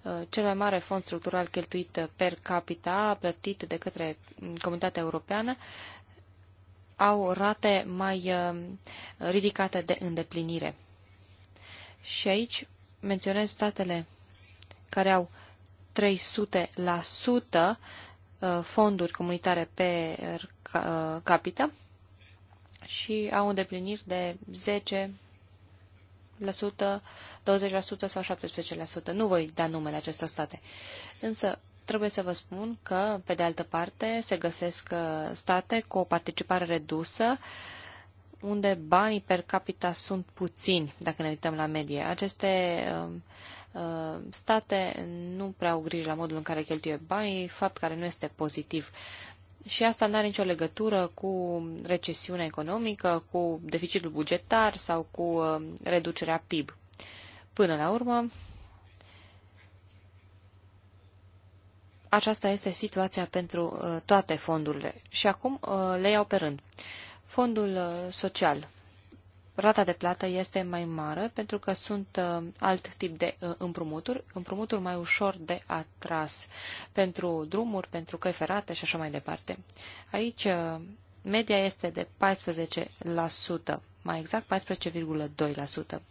Uh, cel mai mare fond structural cheltuit per capita plătit de către Comunitatea Europeană au rate mai uh, ridicate de îndeplinire. Și aici menționez statele care au 300% uh, fonduri comunitare per capita și au îndepliniri de 20% sau 17%. Nu voi da numele acestor state. Însă, trebuie să vă spun că, pe de altă parte, se găsesc uh, state cu o participare redusă, unde banii per capita sunt puțini, dacă ne uităm la medie. Aceste um, uh, state nu prea au grijă la modul în care cheltuie banii, fapt care nu este pozitiv. Și asta nu are nicio legătură cu recesiunea economică, cu deficitul bugetar sau cu uh, reducerea PIB. Până la urmă, aceasta este situația pentru uh, toate fondurile. Și acum uh, le iau pe rând. Fondul social rata de plată este mai mare pentru că sunt uh, alt tip de uh, împrumuturi, împrumuturi mai ușor de atras pentru drumuri, pentru căi ferate și așa mai departe. Aici uh, media este de 14%, mai exact 14,2%.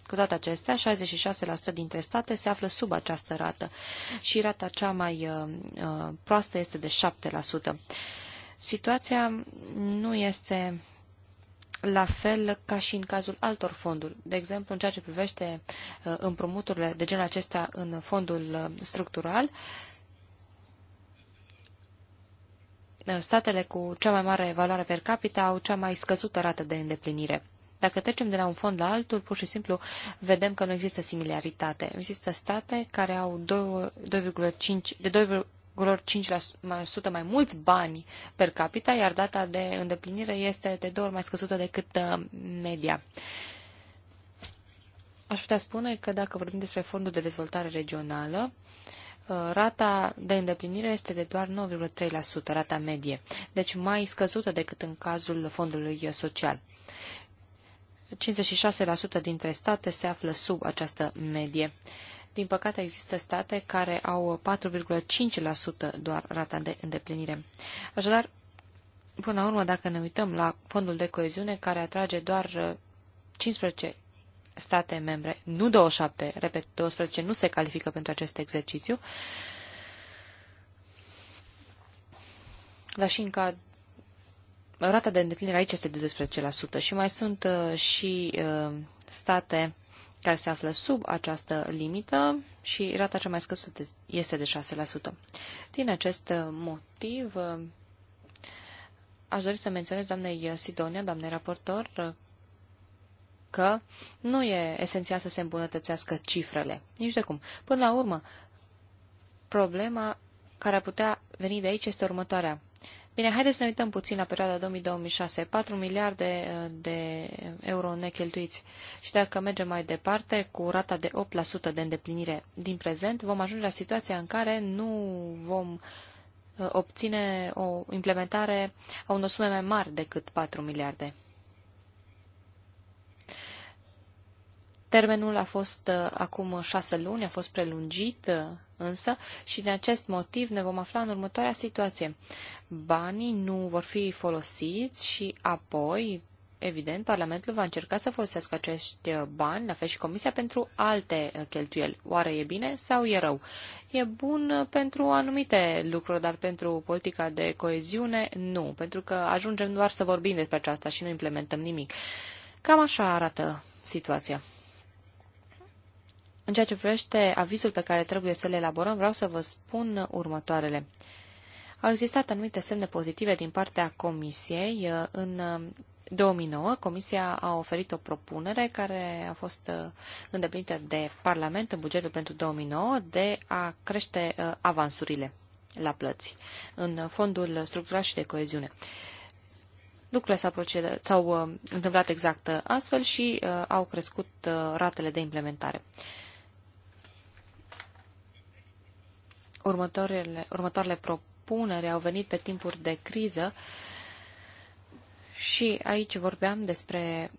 Cu toate acestea, 66% dintre state se află sub această rată și rata cea mai proastă este de 7%. Situația nu este la fel ca și în cazul altor fonduri. De exemplu, în ceea ce privește uh, împrumuturile de genul acesta în fondul uh, structural, uh, statele cu cea mai mare valoare per capita au cea mai scăzută rată de îndeplinire. Dacă trecem de la un fond la altul, pur și simplu vedem că nu există similaritate. Există state care au 2, 2,5, de lor 5% mai mulți bani per capita, iar data de îndeplinire este de două ori mai scăzută decât uh, media. Aș putea spune că dacă vorbim despre fondul de dezvoltare regională, uh, rata de îndeplinire este de doar 9,3%, rata medie, deci mai scăzută decât în cazul fondului social. 56% dintre state se află sub această medie. Din păcate, există state care au 4,5% doar rata de îndeplinire. Așadar, până la urmă, dacă ne uităm la fondul de coeziune, care atrage doar 15 uh, state membre, nu 27, repet, 12 nu se califică pentru acest exercițiu, dar și în cad rata de îndeplinire aici este de 12% și mai sunt uh, și uh, state care se află sub această limită și rata cea mai scăzută este de 6%. Din acest motiv, aș dori să menționez doamnei Sidonia, doamnei raportor, că nu e esențial să se îmbunătățească cifrele. Nici de cum. Până la urmă, problema care ar putea veni de aici este următoarea. Bine, haideți să ne uităm puțin la perioada 2006. 4 miliarde uh, de euro necheltuiți. Și dacă mergem mai departe, cu rata de 8% de îndeplinire din prezent, vom ajunge la situația în care nu vom uh, obține o implementare a unor sume mai mari decât 4 miliarde. Termenul a fost uh, acum șase luni, a fost prelungit însă și din acest motiv ne vom afla în următoarea situație banii nu vor fi folosiți și apoi, evident, Parlamentul va încerca să folosească acești uh, bani, la fel și Comisia, pentru alte uh, cheltuieli. Oare e bine sau e rău? E bun uh, pentru anumite lucruri, dar pentru politica de coeziune, nu, pentru că ajungem doar să vorbim despre aceasta și nu implementăm nimic. Cam așa arată situația. În ceea ce privește avizul pe care trebuie să-l elaborăm, vreau să vă spun următoarele. Au existat anumite semne pozitive din partea Comisiei uh, în 2009, uh, Comisia a oferit o propunere care a fost uh, îndeplinită de Parlament în bugetul pentru 2009 de a crește avansurile la plăți în fondul structural și de coeziune. Lucrurile s-au întâmplat exact astfel și au crescut ratele de implementare. Următoarele, următoarele propuneri propuneri au venit pe timpuri de criză și aici vorbeam despre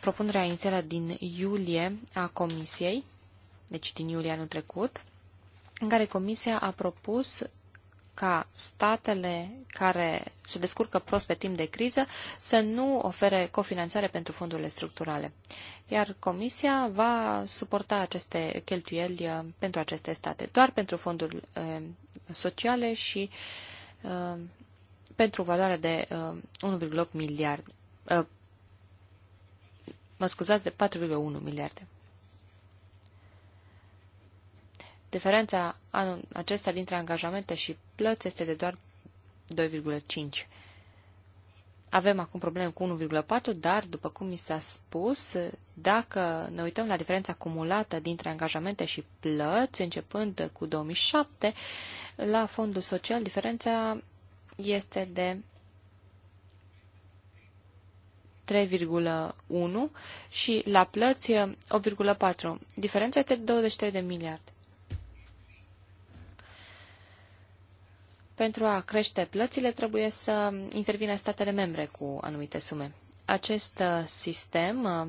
propunerea inițială din iulie a Comisiei, deci din iulie anul trecut, în care Comisia a propus ca statele care se descurcă prost pe timp de criză să nu ofere cofinanțare pentru fondurile structurale. Iar Comisia va suporta aceste cheltuieli uh, pentru aceste state, doar pentru fonduri uh, sociale și uh, pentru valoare de 1,8 miliarde. Mă scuzați, de 4,1 miliarde. Diferența anul acesta dintre angajamente și plăți este de doar 2,5. Avem acum probleme cu 1,4, dar, după cum mi s-a spus, dacă ne uităm la diferența acumulată dintre angajamente și plăți, începând cu 2007, la fondul social, diferența este de 3,1 și la plăți 8,4. Diferența este de 23 de miliarde. Pentru a crește plățile trebuie să intervină statele membre cu anumite sume. Acest uh, sistem uh,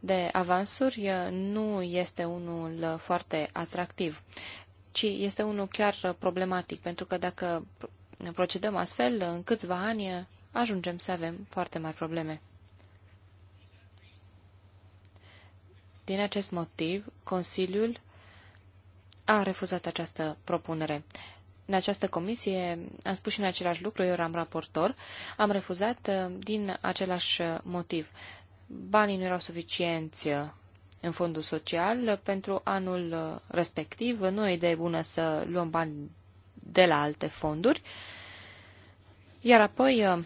de avansuri uh, nu este unul foarte atractiv, ci este unul chiar problematic, pentru că dacă procedăm astfel, în câțiva ani ajungem să avem foarte mari probleme. Din acest motiv, Consiliul a refuzat această propunere în această comisie am spus și în același lucru, eu eram raportor, am refuzat uh, din același uh, motiv. Banii nu erau suficienți uh, în fondul social pentru anul respectiv. Nu e idee bună să luăm bani de la alte fonduri. Iar apoi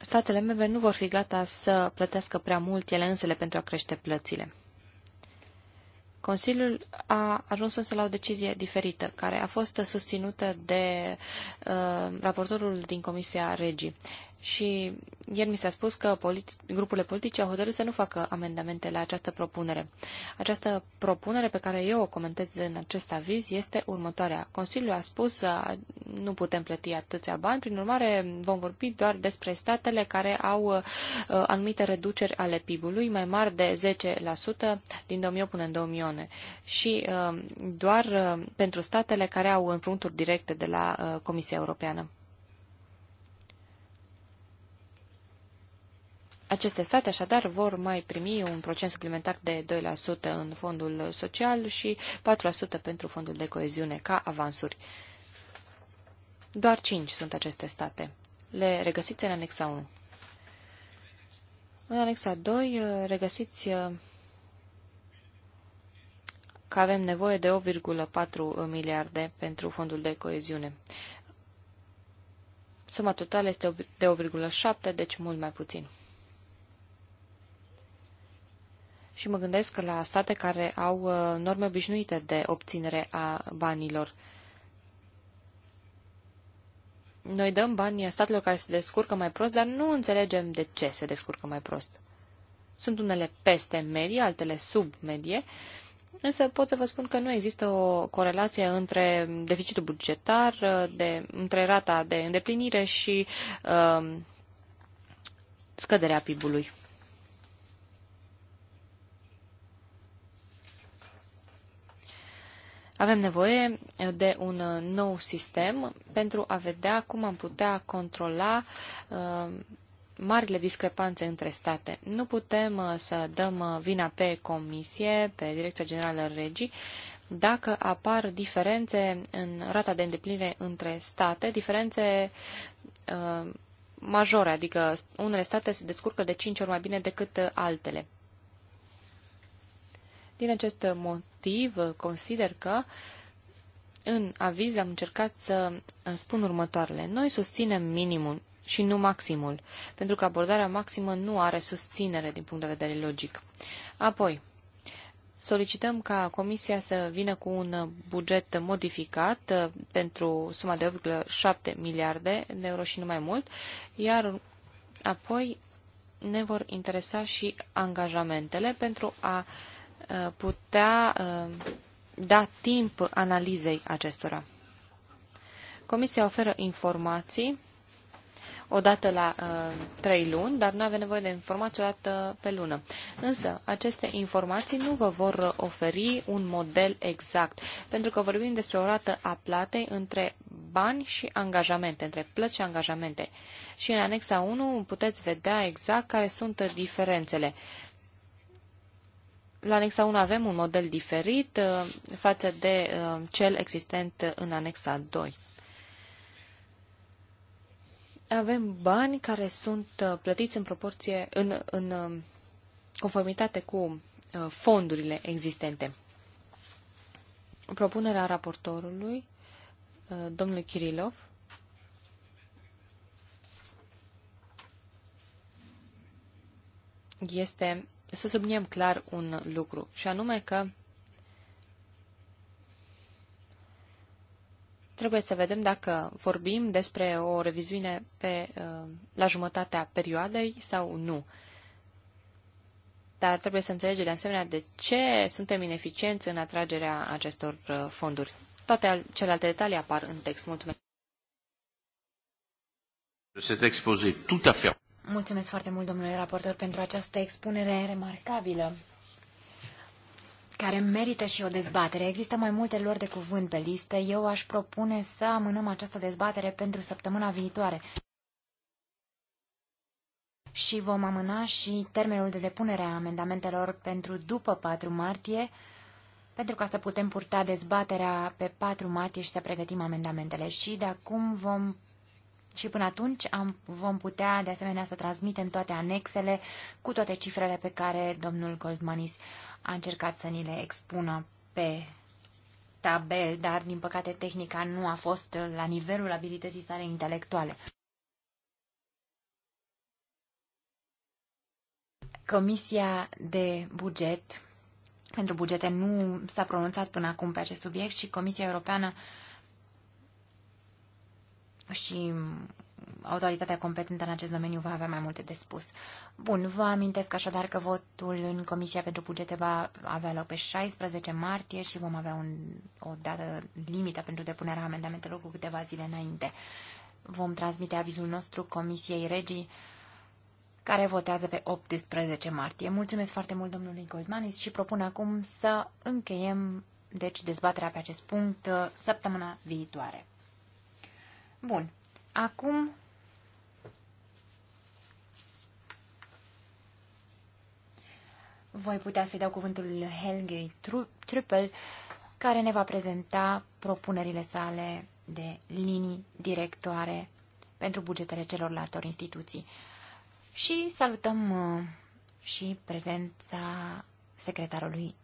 statele membre nu vor fi gata să plătească prea mult ele însele pentru a crește plățile. Consiliul a ajuns însă la o decizie diferită, care a fost susținută de uh, raportorul din Comisia Regii și ieri mi s-a spus că politi- grupurile politice au hotărât să nu facă amendamente la această propunere. Această propunere pe care eu o comentez în acest aviz este următoarea. Consiliul a spus că nu putem plăti atâția bani, prin urmare vom vorbi doar despre statele care au uh, anumite reduceri ale PIB-ului mai mari de 10% din 2008 până în 2009 și uh, doar uh, pentru statele care au împrumuturi directe de la uh, Comisia Europeană. Aceste state, așadar, vor mai primi un procent suplimentar de 2% în fondul social și 4% pentru fondul de coeziune, ca avansuri. Doar 5 sunt aceste state. Le regăsiți în anexa 1. În anexa 2 uh, regăsiți uh, că avem nevoie de 8,4 miliarde pentru fondul de coeziune. Suma totală este de 8,7, deci mult mai puțin. și mă gândesc la state care au uh, norme obișnuite de obținere a banilor. Noi dăm banii statelor care se descurcă mai prost, dar nu înțelegem de ce se descurcă mai prost. Sunt unele peste medie, altele sub medie, însă pot să vă spun că nu există o corelație între deficitul bugetar, uh, de, între rata de îndeplinire și uh, scăderea PIB-ului. Avem nevoie eh, de un eh, nou sistem pentru a vedea cum am putea controla eh, marile discrepanțe între state. Nu putem să dăm vina pe Comisie, pe Direcția Generală Regii, dacă apar diferențe în rata de îndeplinire între state, diferențe majore, adică unele state se descurcă de 5 ori mai bine decât altele. Din acest motiv, consider că în aviz am încercat să spun următoarele. Noi susținem minimul și nu maximul, pentru că abordarea maximă nu are susținere din punct de vedere logic. Apoi, solicităm ca Comisia să vină cu un buget modificat uh, pentru suma de 8,7 miliarde de euro și nu mai mult, iar apoi ne vor interesa și angajamentele pentru a uh, Uh, putea uh, da timp analizei acestora. Comisia oferă informații odată la uh, trei luni, dar nu avem nevoie de informații odată pe lună. Însă, aceste informații nu vă vor oferi un model exact, pentru că vorbim despre o rată a platei între bani și angajamente, între plăți și angajamente. Și în anexa 1 puteți vedea exact care sunt diferențele. Uh, la anexa 1 avem un model diferit uh, față de uh, cel existent în anexa 2. Avem bani care sunt uh, plătiți în proporție, în, în um, conformitate cu fondurile existente. Propunerea raportorului, domnului Kirilov, este să subliniem clar un lucru, și anume că trebuie să vedem dacă vorbim despre o revizuire pe, uh, la jumătatea perioadei sau nu. Dar trebuie să înțelegem de asemenea de ce suntem ineficienți în atragerea acestor uh, fonduri. Toate celelalte detalii apar în text. Mulțumesc. Cet exposé tout à fait. Mulțumesc foarte mult, domnule raportor, pentru această expunere remarcabilă care merită și o dezbatere. Există mai multe lor de cuvânt pe listă. Eu aș propune să amânăm această dezbatere pentru săptămâna viitoare. Și vom amâna și termenul de depunere a amendamentelor pentru după 4 martie, pentru ca să putem purta dezbaterea pe 4 martie și să pregătim amendamentele. Și de acum vom și până atunci am, vom putea, de asemenea, să transmitem toate anexele cu toate cifrele pe care domnul Goldmanis a încercat să ni le expună pe tabel, dar, din păcate, tehnica nu a fost la nivelul abilității sale intelectuale. Comisia de buget pentru bugete nu s-a pronunțat până acum pe acest subiect și Comisia Europeană uh, și autoritatea competentă în acest domeniu va avea mai multe de spus. Bun, vă amintesc așadar că votul în Comisia pentru Bugete va avea loc pe 16 martie și vom avea un, o dată limită pentru depunerea amendamentelor cu câteva zile înainte. Vom transmite avizul nostru Comisiei Regii care votează pe 18 martie. Mulțumesc foarte mult domnului Goldmanis și propun acum să încheiem deci dezbaterea pe acest punct uh, săptămâna viitoare. Bun. Acum voi putea să-i dau cuvântul Helge Triple, care ne va prezenta propunerile sale de linii directoare pentru bugetele celorlalte instituții. Și salutăm uh, și prezența secretarului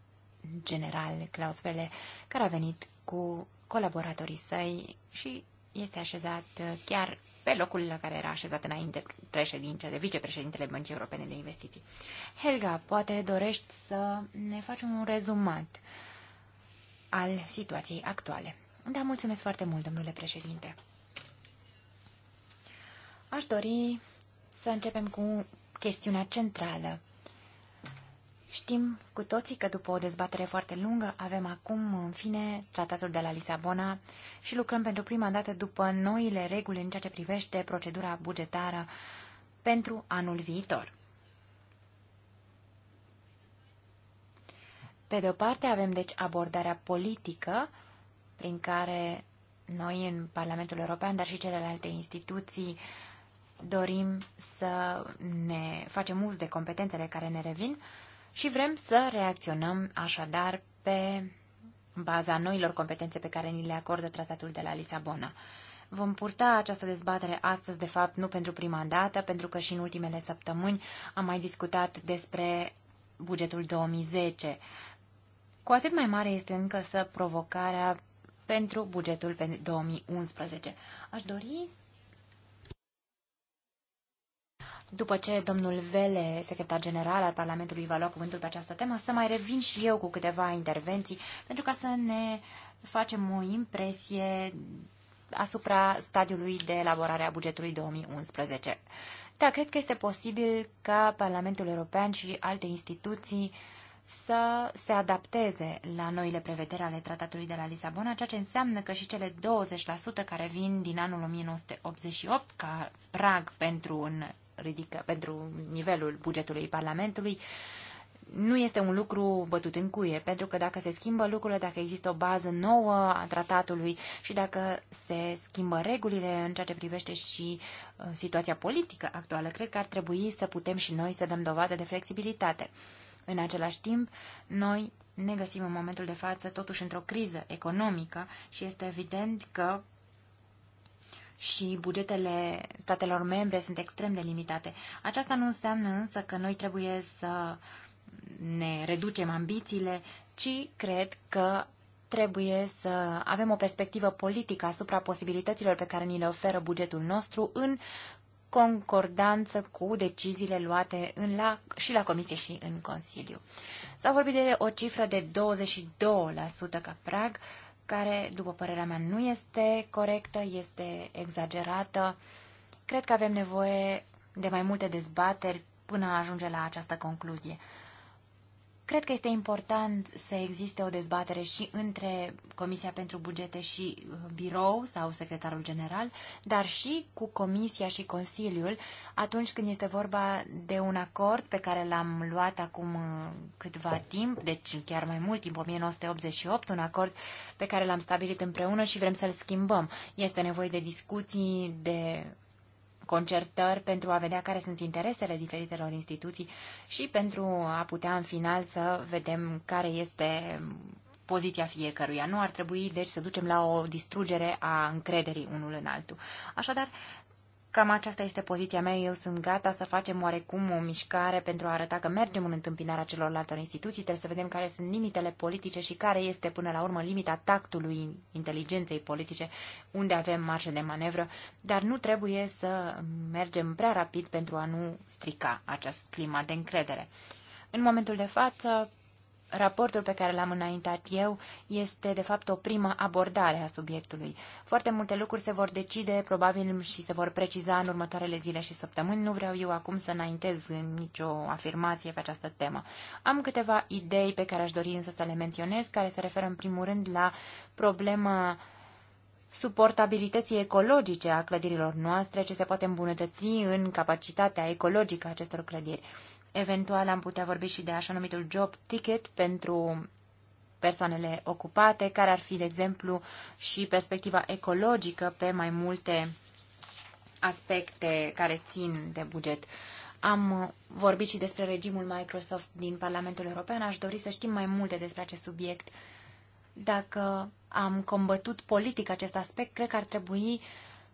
general Claus Vele, care a venit cu colaboratorii săi și este așezat uh, chiar pe locul la care era așezat înainte președintele, vicepreședintele Băncii Europene de Investiții. Helga, poate dorești să ne faci un rezumat al situației actuale. Da, mulțumesc foarte mult, domnule președinte. Aș dori să începem cu chestiunea centrală Știm cu toții că după o dezbatere foarte lungă avem acum, în fine, tratatul de la Lisabona și lucrăm pentru prima dată după noile reguli în ceea ce privește procedura bugetară pentru anul viitor. Pe de o parte avem deci abordarea politică prin care noi în Parlamentul European, dar și celelalte instituții dorim să ne facem uz de competențele care ne revin și vrem să reacționăm așadar pe baza noilor competențe pe care ni le acordă tratatul de la Lisabona. Vom purta această dezbatere astăzi, de fapt, nu pentru prima dată, pentru că și în ultimele săptămâni am mai discutat despre bugetul 2010. Cu atât mai mare este încă să provocarea pentru bugetul pe 2011. Aș dori după ce domnul Vele, secretar general al Parlamentului, va lua cuvântul pe această temă, să mai revin și eu cu câteva intervenții, pentru ca să ne facem o impresie asupra stadiului de elaborare a bugetului 2011. Da, cred că este posibil ca Parlamentul European și alte instituții să se adapteze la noile prevederi ale Tratatului de la Lisabona, ceea ce înseamnă că și cele 20% care vin din anul 1988 ca prag pentru un ridică, pentru nivelul bugetului Parlamentului, nu este un lucru bătut în cuie, pentru că dacă se schimbă lucrurile, dacă există o bază nouă a tratatului și dacă se schimbă regulile în ceea ce privește și uh, situația politică actuală, cred că ar trebui să putem și noi să dăm dovadă de flexibilitate. În același timp, noi ne găsim în momentul de față totuși într-o criză economică și este evident că și bugetele statelor membre sunt extrem de limitate. Aceasta nu înseamnă însă că noi trebuie să ne reducem ambițiile, ci cred că trebuie să avem o perspectivă politică asupra posibilităților pe care ni le oferă bugetul nostru în concordanță cu deciziile luate în la, și la Comisie și în Consiliu. S-a vorbit de o cifră de 22% ca prag. Uh, care, după părerea mea, nu este corectă, este exagerată. Cred că avem nevoie de mai multe dezbateri până a ajunge la această concluzie. Cred că este important să existe o dezbatere și între Comisia pentru Bugete și uh, Birou sau Secretarul General, dar și cu Comisia și Consiliul atunci când este vorba de un acord pe care l-am luat acum uh, câtva timp, deci chiar mai mult timp, 1988, un acord pe care l-am stabilit împreună și vrem să-l schimbăm. Este nevoie de discuții, de concertări pentru a vedea care sunt interesele diferitelor instituții și pentru a putea în final să vedem care este poziția fiecăruia. Nu ar trebui, deci, să ducem la o distrugere a încrederii unul în altul. Așadar, Cam aceasta este poziția mea. Eu sunt gata să facem oarecum o mișcare pentru a arăta că mergem în întâmpinarea celorlalte instituții. Trebuie să vedem care sunt limitele politice și care este până la urmă limita tactului inteligenței politice, unde avem marge de manevră, dar nu trebuie să mergem prea rapid pentru a nu strica acest climat de încredere. În momentul de față, Raportul pe care l-am înaintat eu este, de fapt, o primă abordare a subiectului. Foarte multe lucruri se vor decide, probabil, și se vor preciza în următoarele zile și săptămâni. Nu vreau eu acum să înaintez în nicio afirmație pe această temă. Am câteva idei pe care aș dori însă să le menționez, care se referă, în primul rând, la problema suportabilității ecologice a clădirilor noastre, ce se poate îmbunătăți în capacitatea ecologică a acestor clădiri. Eventual am putea vorbi și de așa numitul job ticket pentru persoanele ocupate, care ar fi, de exemplu, și perspectiva ecologică pe mai multe aspecte care țin de buget. Am vorbit și despre regimul Microsoft din Parlamentul European. Aș dori să știm mai multe despre acest subiect. Dacă am combătut politic acest aspect, cred că ar trebui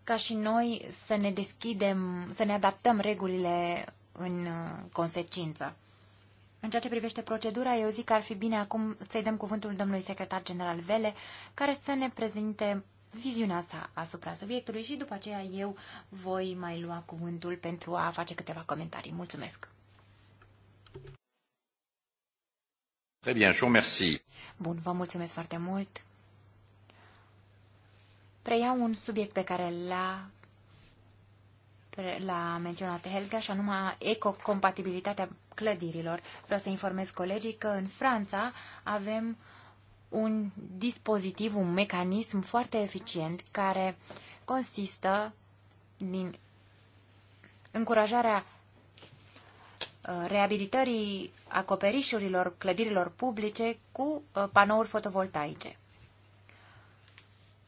ca și noi să ne deschidem, să ne adaptăm regulile în uh, consecință. În ceea ce privește procedura, eu zic că ar fi bine acum să-i dăm cuvântul domnului secretar general Vele, care să ne prezinte viziunea sa asupra subiectului și după aceea eu voi mai lua cuvântul pentru a face câteva comentarii. Mulțumesc! Très bien, je vous remercie. Bun, vă mulțumesc foarte mult. Preiau un subiect pe care l-a la menționat Helga, și anume ecocompatibilitatea clădirilor. Vreau să informez colegii că în Franța avem un dispozitiv, un mecanism foarte eficient care consistă din încurajarea uh, reabilitării acoperișurilor clădirilor publice cu uh, panouri fotovoltaice.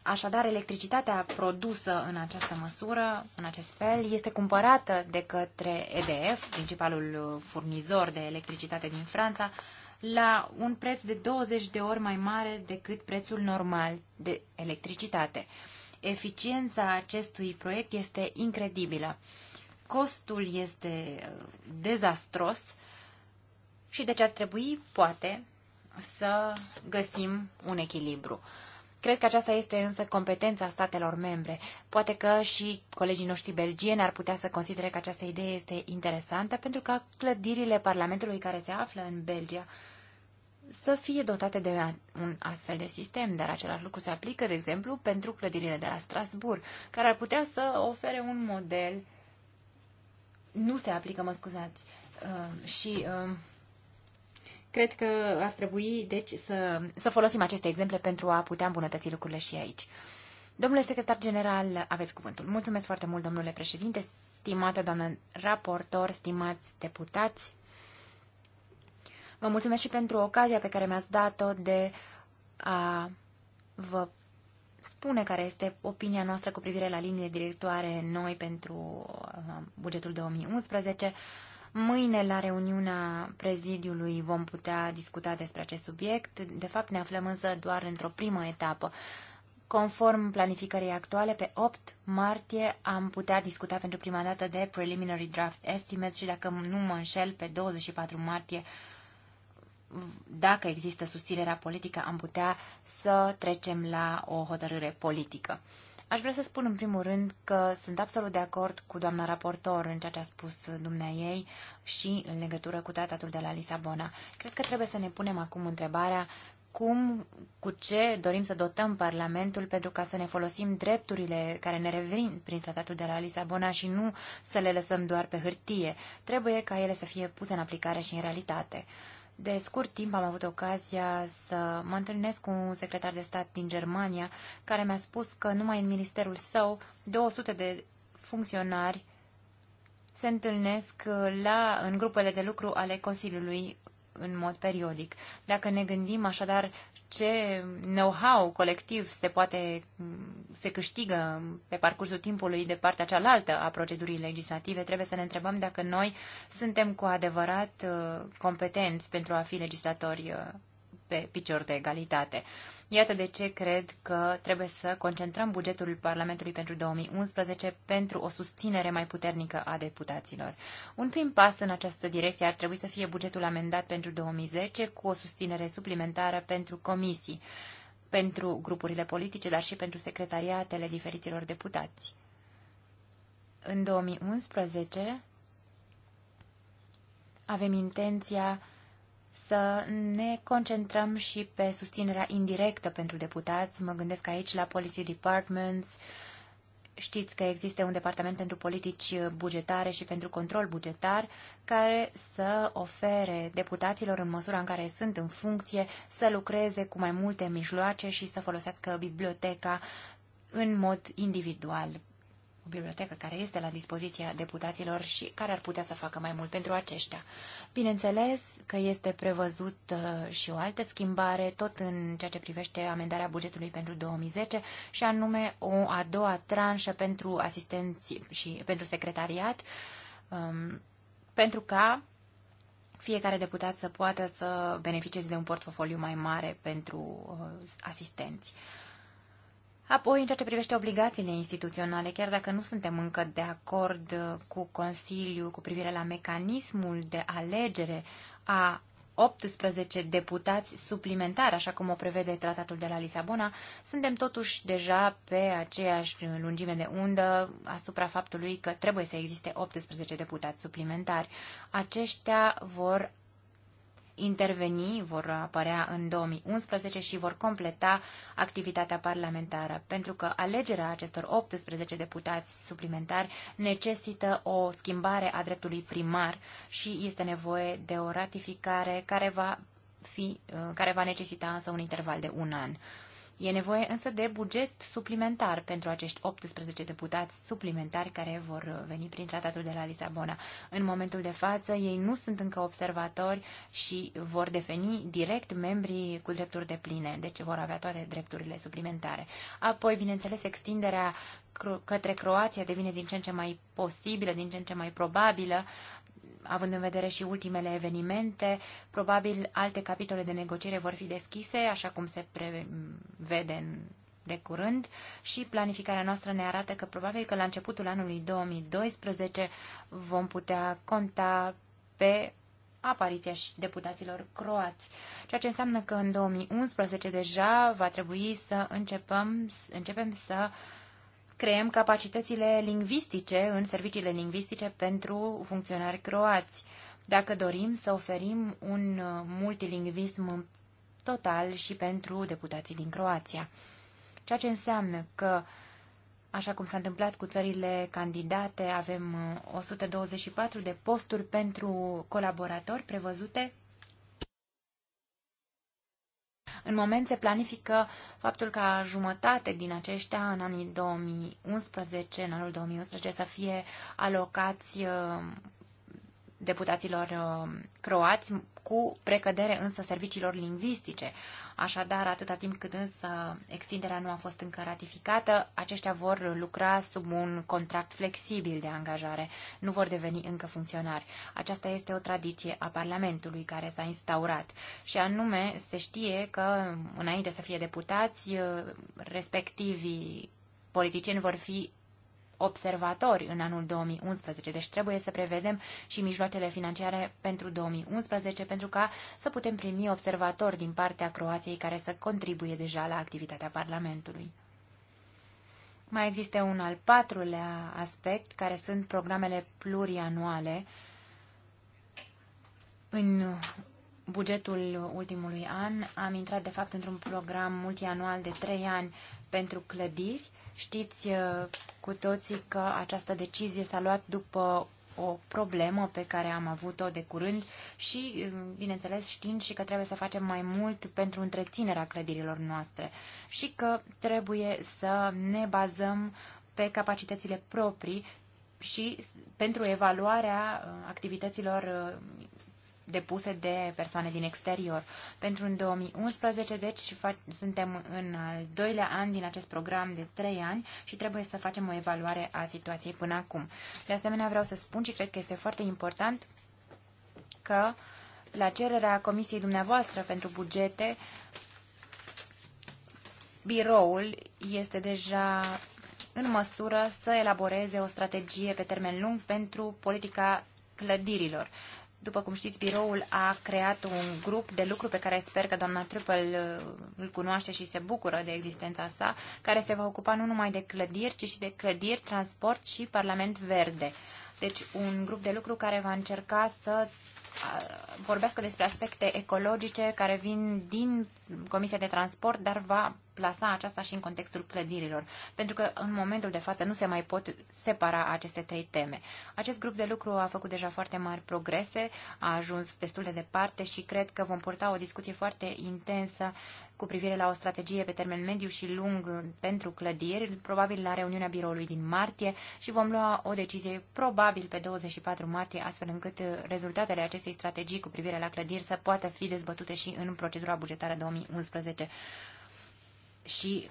Așadar, electricitatea produsă în această măsură, în acest fel, este cumpărată de către EDF, principalul furnizor de electricitate din Franța, la un preț de 20 de ori mai mare decât prețul normal de electricitate. Eficiența acestui proiect este incredibilă. Costul este uh, dezastros și deci ar trebui, poate, să găsim un echilibru. Cred că aceasta este însă competența statelor membre. Poate că și colegii noștri belgieni ar putea să considere că această idee este interesantă pentru că clădirile Parlamentului care se află în Belgia să fie dotate de un astfel de sistem, dar același lucru se aplică, de exemplu, pentru clădirile de la Strasbourg, care ar putea să ofere un model. Nu se aplică, mă scuzați, uh, și uh, Cred că ar trebui, deci, să, să folosim aceste exemple pentru a putea îmbunătăți lucrurile și aici. Domnule secretar general, aveți cuvântul. Mulțumesc foarte mult, domnule președinte, stimată doamnă raportor, stimați deputați. Vă mulțumesc și pentru ocazia pe care mi-ați dat-o de a vă spune care este opinia noastră cu privire la linie directoare noi pentru uh, bugetul 2011. Mâine, la reuniunea prezidiului, vom putea discuta despre acest subiect. De fapt, ne aflăm însă doar într-o primă etapă. Conform planificării actuale, pe 8 martie am putea discuta pentru prima dată de preliminary draft estimates și, dacă nu mă înșel, pe 24 martie, dacă există susținerea politică, am putea să trecem la o hotărâre politică. Aș vrea să spun în primul rând că sunt absolut de acord cu doamna raportor în ceea ce a spus dumnea ei și în legătură cu tratatul de la Lisabona. Cred că trebuie să ne punem acum întrebarea cum, cu ce dorim să dotăm Parlamentul pentru ca să ne folosim drepturile care ne revin prin tratatul de la Lisabona și nu să le lăsăm doar pe hârtie. Trebuie ca ele să fie puse în aplicare și în realitate. De scurt timp am avut ocazia să mă întâlnesc cu un secretar de stat din Germania care mi-a spus că numai în ministerul său 200 de funcționari se întâlnesc uh, la, în grupele de lucru ale Consiliului în mod periodic. Dacă ne gândim așadar ce know-how colectiv se poate, se câștigă pe parcursul timpului de partea cealaltă a procedurii legislative, trebuie să ne întrebăm dacă noi suntem cu adevărat uh, competenți pentru a fi legislatori uh, pe picior de egalitate. Iată de ce cred că trebuie să concentrăm bugetul Parlamentului pentru 2011 pentru o susținere mai puternică a deputaților. Un prim pas în această direcție ar trebui să fie bugetul amendat pentru 2010 cu o susținere suplimentară pentru comisii, pentru grupurile politice, dar și pentru secretariatele diferiților deputați. În 2011 avem intenția să ne concentrăm și pe susținerea indirectă pentru deputați. Mă gândesc aici la policy departments. Știți că există un departament pentru politici bugetare și pentru control bugetar care să ofere deputaților în măsura în care sunt în funcție să lucreze cu mai multe mijloace și să folosească biblioteca în mod individual o bibliotecă care este la dispoziția deputaților și care ar putea să facă mai mult pentru aceștia. Bineînțeles că este prevăzut uh, și o altă schimbare, tot în ceea ce privește amendarea bugetului pentru 2010, și anume o a doua tranșă pentru asistenți și pentru secretariat, um, pentru ca fiecare deputat să poată să beneficieze de un portofoliu mai mare pentru uh, asistenți. Uh, Apoi, în ceea ce privește obligațiile instituționale, chiar dacă nu suntem încă de acord uh, cu Consiliu cu privire la mecanismul de alegere a 18 deputați suplimentari, așa cum o prevede tratatul de la Lisabona, suntem totuși deja pe aceeași lungime de undă asupra faptului că trebuie să existe 18 deputați suplimentari. Aceștia vor interveni, vor apărea în 2011 și vor completa activitatea parlamentară, pentru că alegerea acestor 18 deputați suplimentari necesită o schimbare a dreptului primar și este nevoie de o ratificare care va, fi, uh, care va necesita însă un interval de un an. E nevoie însă de buget suplimentar pentru acești 18 deputați suplimentari care vor veni prin tratatul de la Lisabona. În momentul de față, ei nu sunt încă observatori și vor deveni direct membrii cu drepturi de pline, deci vor avea toate drepturile suplimentare. Apoi, bineînțeles, extinderea către Croația devine din ce în ce mai posibilă, din ce în ce mai probabilă, având în vedere și ultimele evenimente, probabil alte capitole de negociere vor fi deschise, așa cum se prevede în de curând și planificarea noastră ne arată că probabil că la începutul anului 2012 vom putea conta pe apariția și deputaților croați, ceea ce înseamnă că în 2011 deja va trebui să începem, începem să uh, creăm capacitățile lingvistice în serviciile lingvistice pentru funcționari croați, dacă dorim să oferim un multilingvism total și pentru deputații din Croația. Ceea ce înseamnă că, așa cum s-a întâmplat cu țările candidate, avem 124 uh, de posturi pentru colaboratori prevăzute în moment se planifică faptul ca jumătate din aceștia în anii 2011, în anul 2011, să fie alocați uh, deputaților uh, croați, cu precădere însă serviciilor lingvistice. Așadar, atâta timp cât însă extinderea nu a fost încă ratificată, aceștia vor lucra sub un contract flexibil de angajare, nu vor deveni încă funcționari. Aceasta este o tradiție a Parlamentului care s-a instaurat și anume se știe că înainte să fie deputați, uh, respectivii politicieni vor fi observatori în anul 2011, deci trebuie să prevedem și mijloacele financiare pentru 2011 pentru ca să putem primi observatori din partea Croației care să contribuie deja la activitatea Parlamentului. Mai există un al patrulea aspect, care sunt programele plurianuale. În bugetul ultimului an am intrat, de fapt, într-un program multianual de trei ani pentru clădiri, Știți uh, cu toții că această decizie s-a luat după o problemă pe care am avut-o de curând și, uh, bineînțeles, știind și că trebuie să facem mai mult pentru întreținerea clădirilor noastre și că trebuie să ne bazăm pe capacitățile proprii și pentru evaluarea uh, activităților depuse de persoane din exterior. Pentru în 2011, deci, suntem în al doilea an din acest program de trei ani și trebuie să facem o evaluare a situației până acum. De asemenea, vreau să spun și cred că este foarte important că la cererea Comisiei dumneavoastră pentru bugete, biroul este deja în măsură să elaboreze o strategie pe termen lung pentru politica clădirilor. După cum știți, biroul a creat un grup de lucru pe care sper că doamna Trupel uh, îl cunoaște și se bucură de existența sa, care se va ocupa nu numai de clădiri, ci și de clădiri, transport și Parlament Verde. Deci un grup de lucru care va încerca să uh, vorbească despre aspecte ecologice care vin din Comisia de Transport, dar va plasa aceasta și în contextul clădirilor, pentru că în momentul de față nu se mai pot separa aceste trei teme. Acest grup de lucru a făcut deja foarte mari progrese, a ajuns destul de departe și cred că vom purta o discuție foarte intensă cu privire la o strategie pe termen mediu și lung pentru clădiri, probabil la reuniunea biroului din martie și vom lua o decizie probabil pe 24 martie, astfel încât rezultatele acestei strategii cu privire la clădiri să poată fi dezbătute și în procedura bugetară 2011 și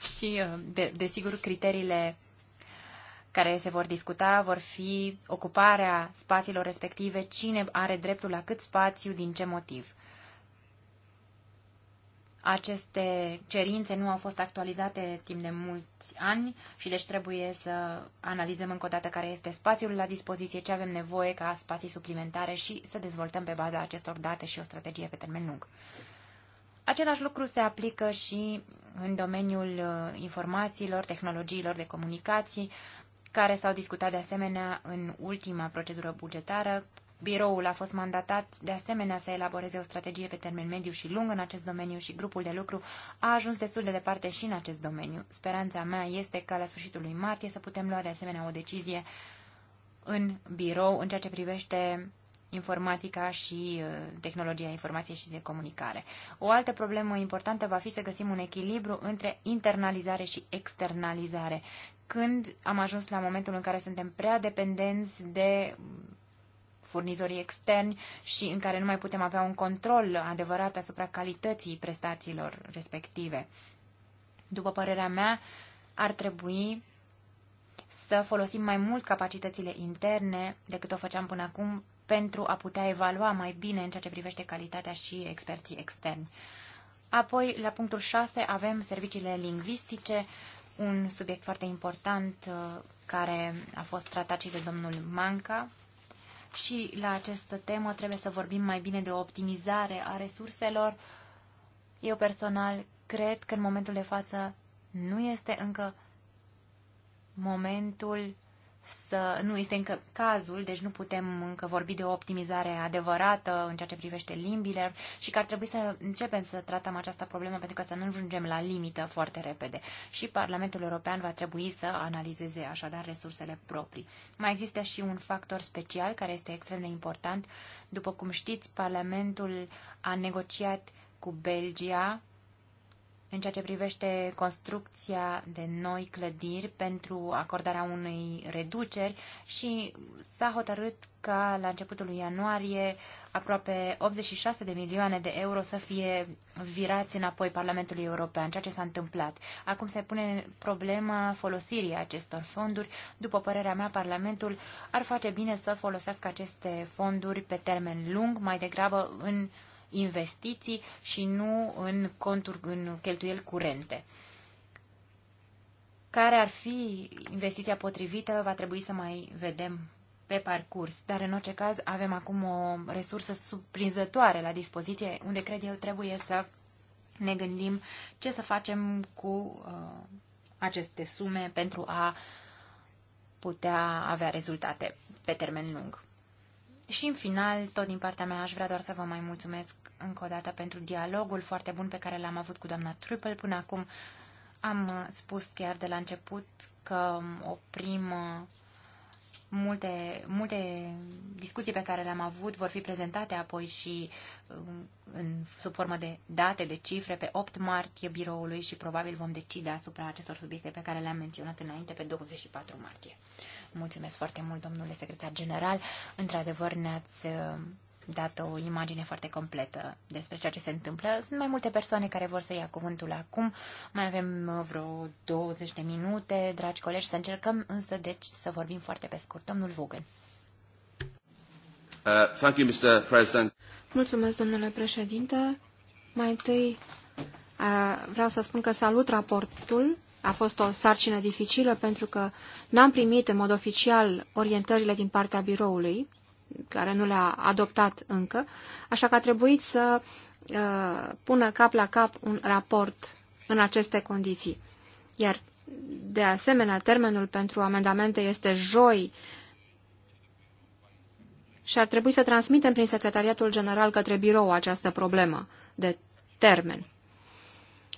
și, uh, de, desigur, criteriile care se vor discuta vor fi ocuparea spațiilor respective, cine are dreptul la cât spațiu, din ce motiv. Aceste cerințe nu au fost actualizate timp de mulți ani și deci trebuie să analizăm încă o dată care este spațiul la dispoziție, ce avem nevoie ca spații suplimentare și să dezvoltăm pe baza acestor date și o strategie pe termen lung. Același lucru se aplică și în domeniul uh, informațiilor, tehnologiilor de comunicații, care s-au discutat de asemenea în ultima procedură bugetară. Biroul a fost mandatat de asemenea să elaboreze o strategie pe termen mediu și lung în acest domeniu și grupul de lucru a ajuns destul de departe și în acest domeniu. Speranța mea este ca la sfârșitul lui martie să putem lua de asemenea o decizie în birou în ceea ce privește informatica și uh, tehnologia informației și de comunicare. O altă problemă importantă va fi să găsim un echilibru între internalizare și externalizare. Când am ajuns la momentul în care suntem prea dependenți de furnizorii externi și în care nu mai putem avea un control adevărat asupra calității prestațiilor respective. După părerea mea, ar trebui să folosim mai mult capacitățile interne decât o făceam până acum pentru a putea evalua mai bine în ceea ce privește calitatea și experții externi. Apoi, la punctul 6, avem serviciile lingvistice, un subiect foarte important uh, care a fost tratat și de domnul Manca. Și la această temă trebuie să vorbim mai bine de o optimizare a resurselor. Eu personal cred că în momentul de față nu este încă momentul să nu este încă cazul, deci nu putem încă vorbi de o optimizare adevărată în ceea ce privește limbile și că ar trebui să începem să tratăm această problemă pentru că să nu ajungem la limită foarte repede. Și Parlamentul European va trebui să analizeze așadar resursele proprii. Mai există și un factor special care este extrem de important. După cum știți, Parlamentul a negociat cu Belgia în ceea ce privește construcția de noi clădiri pentru acordarea unei reduceri și s-a hotărât ca la începutul lui ianuarie aproape 86 de milioane de euro să fie virați înapoi Parlamentului European, ceea ce s-a întâmplat. Acum se pune problema folosirii acestor fonduri. După părerea mea, Parlamentul ar face bine să folosească aceste fonduri pe termen lung, mai degrabă în investiții și nu în conturi, în cheltuieli curente. Care ar fi investiția potrivită, va trebui să mai vedem pe parcurs, dar în orice caz avem acum o resursă surprinzătoare la dispoziție, unde cred eu trebuie să ne gândim ce să facem cu uh, aceste sume pentru a putea avea rezultate pe termen lung. Și în final, tot din partea mea, aș vrea doar să vă mai mulțumesc încă o dată pentru dialogul foarte bun pe care l-am avut cu doamna Triple până acum. Am uh, spus chiar de la început că um, oprim uh, multe, multe discuții pe care le-am avut vor fi prezentate apoi și um, în, sub formă de date, de cifre, pe 8 martie biroului și probabil vom decide asupra acestor subiecte pe care le-am menționat înainte pe 24 martie. Mulțumesc foarte mult, domnule secretar general. Într-adevăr, ne-ați uh, dată o imagine foarte completă despre ceea ce se întâmplă. Sunt mai multe persoane care vor să ia cuvântul acum. Mai avem uh, vreo 20 de minute, dragi colegi, să încercăm însă, deci, să vorbim foarte pe scurt. Domnul Vogel. Uh, thank you, Mr. President. Mulțumesc, domnule președinte. Mai întâi uh, vreau să spun că salut raportul a fost o sarcină dificilă pentru că n-am primit în mod oficial orientările din partea biroului care nu le-a adoptat încă, așa că a trebuit să uh, pună cap la cap un raport în aceste condiții. Iar, de asemenea, termenul pentru amendamente este joi și ar trebui să transmitem prin Secretariatul General către birou această problemă de termen.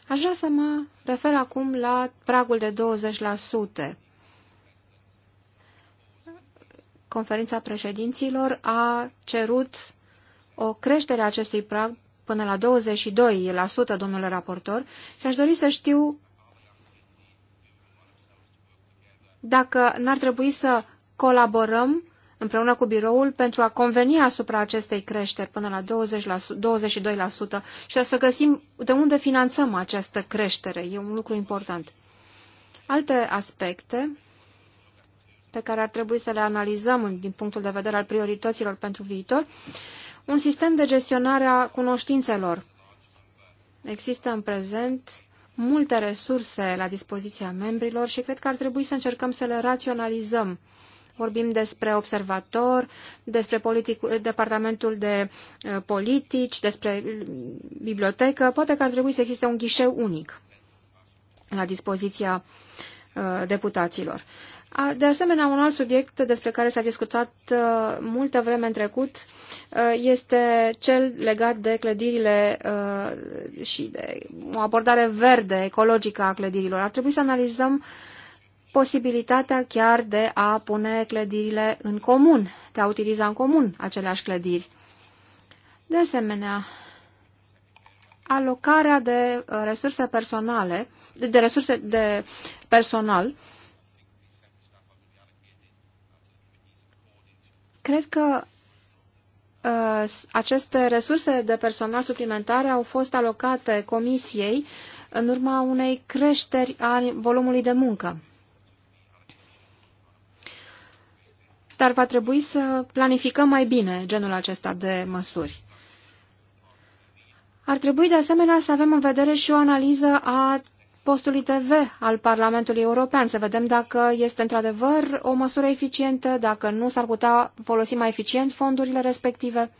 Aș vrea să mă refer acum la pragul de 20% conferința președinților a cerut o creștere a acestui prag până la 22%, domnule raportor, și aș dori să știu dacă n-ar trebui să colaborăm împreună cu biroul pentru a conveni asupra acestei creșteri până la 20 la, 22% și să găsim de unde finanțăm această creștere. E un lucru important. Alte aspecte pe care ar trebui să le analizăm din punctul de vedere al priorităților pentru viitor, un sistem de gestionare a cunoștințelor. Există în prezent multe resurse la dispoziția membrilor și cred că ar trebui să încercăm să le raționalizăm. Vorbim despre observator, despre politic, departamentul de uh, politici, despre uh, bibliotecă. Poate că ar trebui să existe un ghișeu unic la dispoziția uh, deputaților. De asemenea, un alt subiect despre care s-a discutat uh, multă vreme în trecut uh, este cel legat de clădirile uh, și de o abordare verde, ecologică a clădirilor. Ar trebui să analizăm posibilitatea chiar de a pune clădirile în comun, de a utiliza în comun aceleași clădiri. De asemenea, alocarea de resurse personale, de, resurse de personal, uh, Cred că uh, aceste resurse de personal suplimentare au fost alocate comisiei în urma unei creșteri a volumului de muncă. Dar va trebui să planificăm mai bine genul acesta de măsuri. Ar trebui de asemenea să avem în vedere și o analiză a postului TV al Parlamentului European, să vedem dacă este într-adevăr o măsură eficientă, dacă nu s-ar putea folosi mai eficient fondurile respective.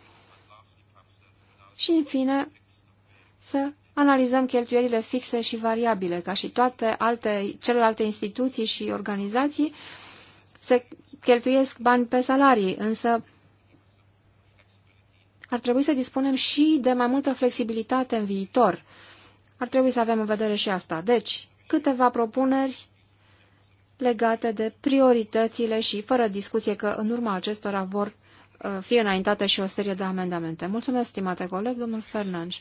Și, în fine, să analizăm cheltuielile fixe și variabile, ca și toate alte, celelalte instituții și organizații, se cheltuiesc bani pe salarii, însă ar trebui să dispunem și de mai multă flexibilitate în viitor, ar trebui să avem în vedere și asta. Deci, câteva propuneri legate de prioritățile și fără discuție că în urma acestora vor uh, fi înaintate și o serie de amendamente. Mulțumesc, stimate coleg, domnul Fernandes.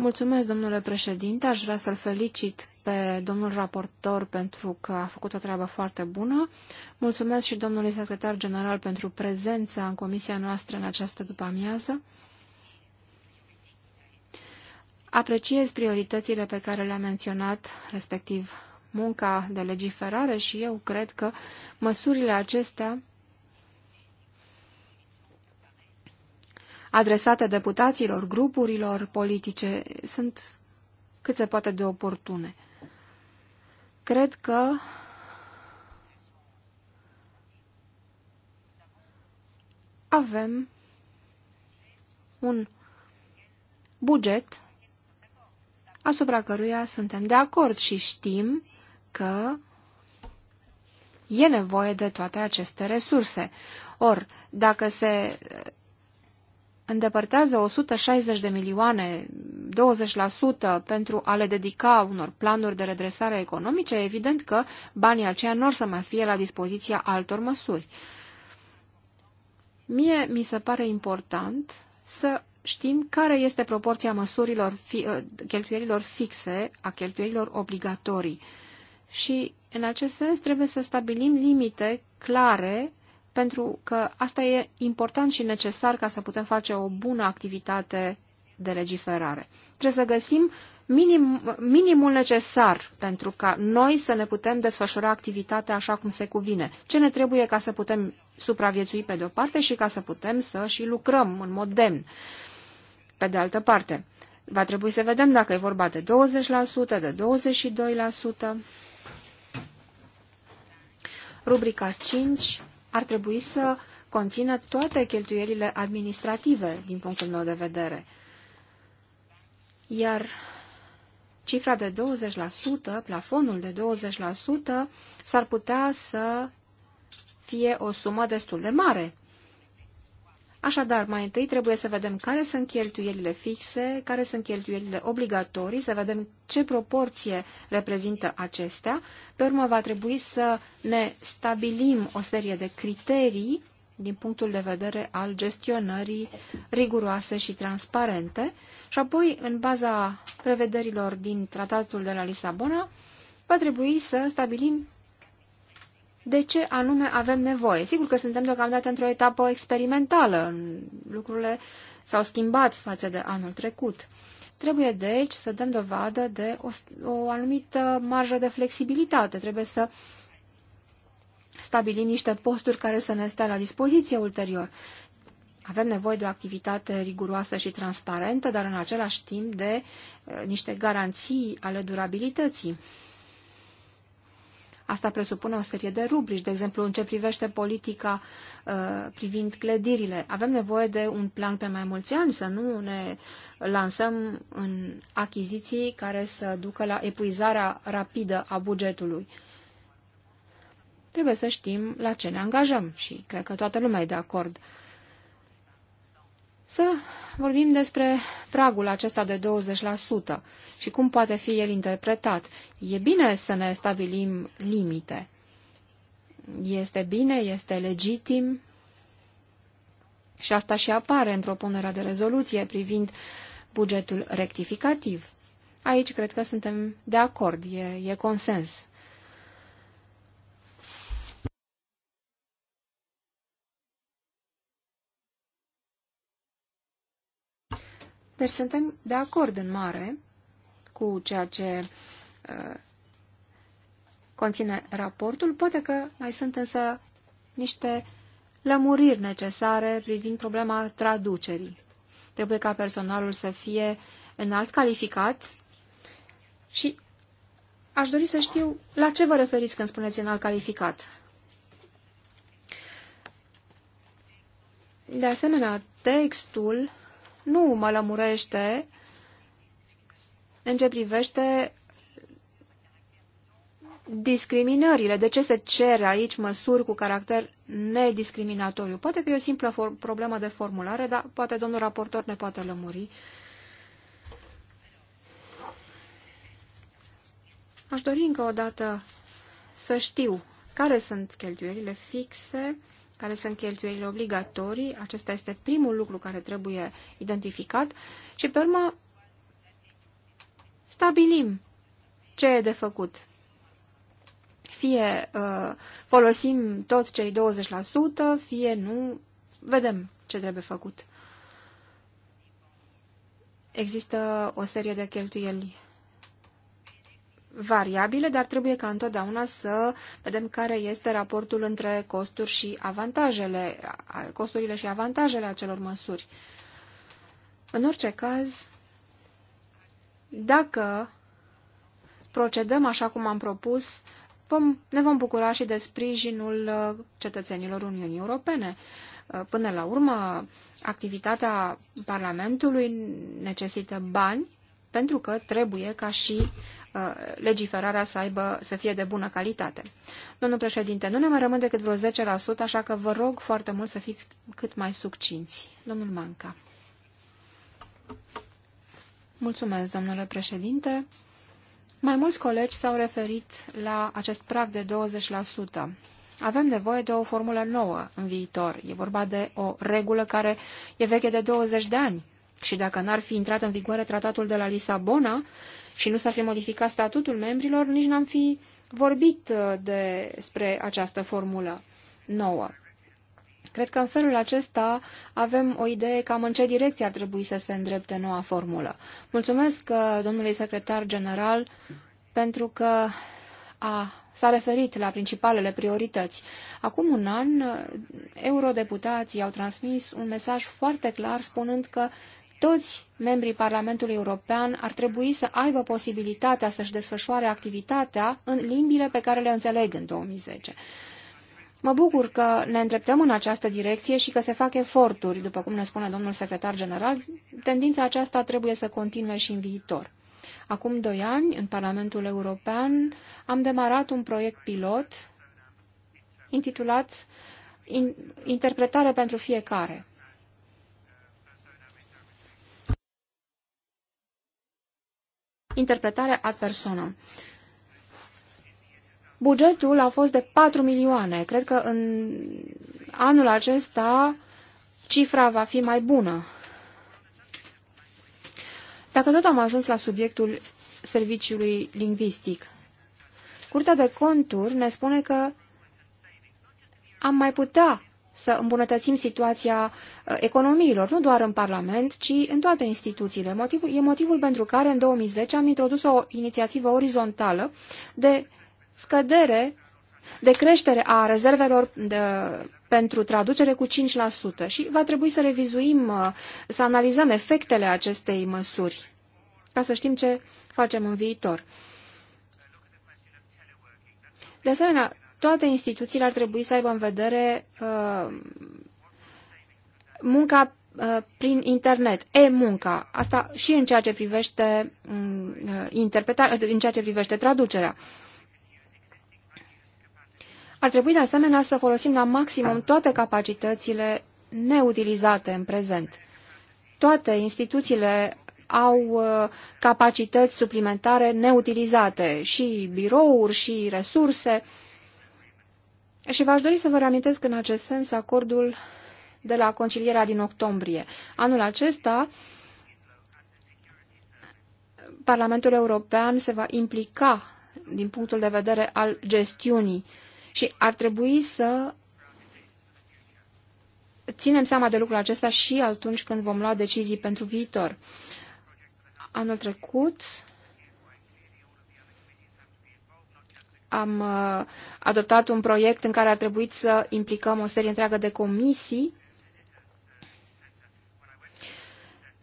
Mulțumesc, domnule președinte. Aș vrea să-l felicit pe domnul raportor pentru că a făcut o treabă foarte bună. Mulțumesc și domnului secretar general pentru prezența în comisia noastră în această după-amiază. Apreciez prioritățile pe care le-a menționat, respectiv munca de legiferare și eu cred că măsurile acestea adresate deputaților, grupurilor politice, sunt cât se poate de oportune. Cred că avem un buget asupra căruia suntem de acord și știm că e nevoie de toate aceste resurse. Or, dacă se îndepărtează 160 de milioane, 20% pentru a le dedica unor planuri de redresare economice, evident că banii aceia nu or să mai fie la dispoziția altor măsuri. Mie mi se pare important să știm care este proporția măsurilor fi, ă, cheltuielilor fixe a cheltuielilor obligatorii. Și, în acest sens, trebuie să stabilim limite clare pentru că asta e important și necesar ca să putem face o bună activitate de legiferare. Trebuie să găsim minim, minimul necesar pentru ca noi să ne putem desfășura activitatea așa cum se cuvine. Ce ne trebuie ca să putem supraviețui pe de-o parte și ca să putem să și lucrăm în mod demn pe de altă parte. Va trebui să vedem dacă e vorba de 20%, de 22%. Rubrica 5 ar trebui să conțină toate cheltuielile administrative, din punctul meu de vedere. Iar cifra de 20%, plafonul de 20%, s-ar putea să fie o sumă destul de mare. Așadar, mai întâi trebuie să vedem care sunt cheltuielile fixe, care sunt cheltuielile obligatorii, să vedem ce proporție reprezintă acestea. Pe urmă, va trebui să ne stabilim o serie de criterii din punctul de vedere al gestionării riguroase și transparente și apoi, în baza prevederilor din Tratatul de la Lisabona, va trebui să stabilim de ce anume avem nevoie. Sigur că suntem deocamdată într-o etapă experimentală. Lucrurile s-au schimbat față de anul trecut. Trebuie, deci, să dăm dovadă de o, o anumită marjă de flexibilitate. Trebuie să stabilim niște posturi care să ne stea la dispoziție ulterior. Avem nevoie de o activitate riguroasă și transparentă, dar în același timp de eh, niște garanții ale durabilității. Asta presupune o serie de rubrici, de exemplu, în ce privește politica uh, privind clădirile. Avem nevoie de un plan pe mai mulți ani, să nu ne lansăm în achiziții care să ducă la epuizarea rapidă a bugetului. Trebuie să știm la ce ne angajăm și cred că toată lumea e de acord să vorbim despre pragul acesta de 20% și cum poate fi el interpretat. E bine să ne stabilim limite. Este bine, este legitim și asta și apare în propunerea de rezoluție privind bugetul rectificativ. Aici cred că suntem de acord, e, e consens. Deci suntem de acord în mare cu ceea ce uh, conține raportul. Poate că mai sunt însă niște lămuriri necesare privind problema traducerii. Trebuie ca personalul să fie înalt calificat și aș dori să știu la ce vă referiți când spuneți înalt calificat. De asemenea, textul nu mă lămurește în ce privește discriminările. De ce se cere aici măsuri cu caracter nediscriminatoriu? Poate că e o simplă problemă de formulare, dar poate domnul raportor ne poate lămuri. Aș dori încă o dată să știu care sunt cheltuielile fixe care sunt cheltuielile obligatorii. Acesta este primul lucru care trebuie identificat și, pe urmă, stabilim ce e de făcut. Fie uh, folosim tot cei 20%, fie nu, vedem ce trebuie făcut. Există o serie de cheltuieli variabile, dar trebuie ca întotdeauna să vedem care este raportul între costuri și avantajele, costurile și avantajele acelor măsuri. În orice caz, dacă procedăm așa cum am propus, vom, ne vom bucura și de sprijinul uh, cetățenilor Uniunii Europene. Uh, până la urmă, activitatea Parlamentului necesită bani pentru că trebuie ca și Uh, legiferarea să, aibă, să fie de bună calitate. Domnul președinte, nu ne mai rămân decât vreo 10%, așa că vă rog foarte mult să fiți cât mai succinți. Domnul Manca. Mulțumesc, domnule președinte. Mai mulți colegi s-au referit la acest prag de 20%. Avem nevoie de o formulă nouă în viitor. E vorba de o regulă care e veche de 20 de ani. Și dacă n-ar fi intrat în vigoare tratatul de la Lisabona, și nu s-ar fi modificat statutul membrilor, nici n-am fi vorbit uh, despre această formulă nouă. Cred că în felul acesta avem o idee cam în ce direcție ar trebui să se îndrepte noua formulă. Mulțumesc uh, domnului secretar general pentru că a, s-a referit la principalele priorități. Acum un an, uh, eurodeputații au transmis un mesaj foarte clar spunând că toți membrii Parlamentului European ar trebui să aibă posibilitatea să-și desfășoare activitatea în limbile pe care le înțeleg în 2010. Mă bucur că ne îndreptăm în această direcție și că se fac eforturi, după cum ne spune domnul secretar general, tendința aceasta trebuie să continue și în viitor. Acum doi ani, în Parlamentul European, am demarat un proiect pilot intitulat Interpretare pentru fiecare. interpretare ad personam. Bugetul a fost de 4 milioane. Cred că în anul acesta cifra va fi mai bună. Dacă tot am ajuns la subiectul serviciului lingvistic, Curtea de conturi ne spune că am mai putea să îmbunătățim situația uh, economiilor, nu doar în Parlament, ci în toate instituțiile. Motivul, e motivul pentru care în 2010 am introdus o inițiativă orizontală de scădere, de creștere a rezervelor de, pentru traducere cu 5% și va trebui să revizuim, uh, să analizăm efectele acestei măsuri ca să știm ce facem în viitor. De asemenea, toate instituțiile ar trebui să aibă în vedere uh, munca uh, prin internet, e-munca, asta și în ceea ce privește mm, uh, interpretarea, uh, în ceea ce privește traducerea. Ar trebui de asemenea să folosim la maximum toate capacitățile neutilizate în prezent. Toate instituțiile au capacități suplimentare neutilizate, și birouri, și resurse, și v-aș dori să vă reamintesc în acest sens acordul de la concilierea din octombrie. Anul acesta, Parlamentul European se va implica din punctul de vedere al gestiunii și ar trebui să ținem seama de lucrul acesta și atunci când vom lua decizii pentru viitor. Anul trecut, am uh, adoptat un proiect în care ar trebui să implicăm o serie întreagă de comisii.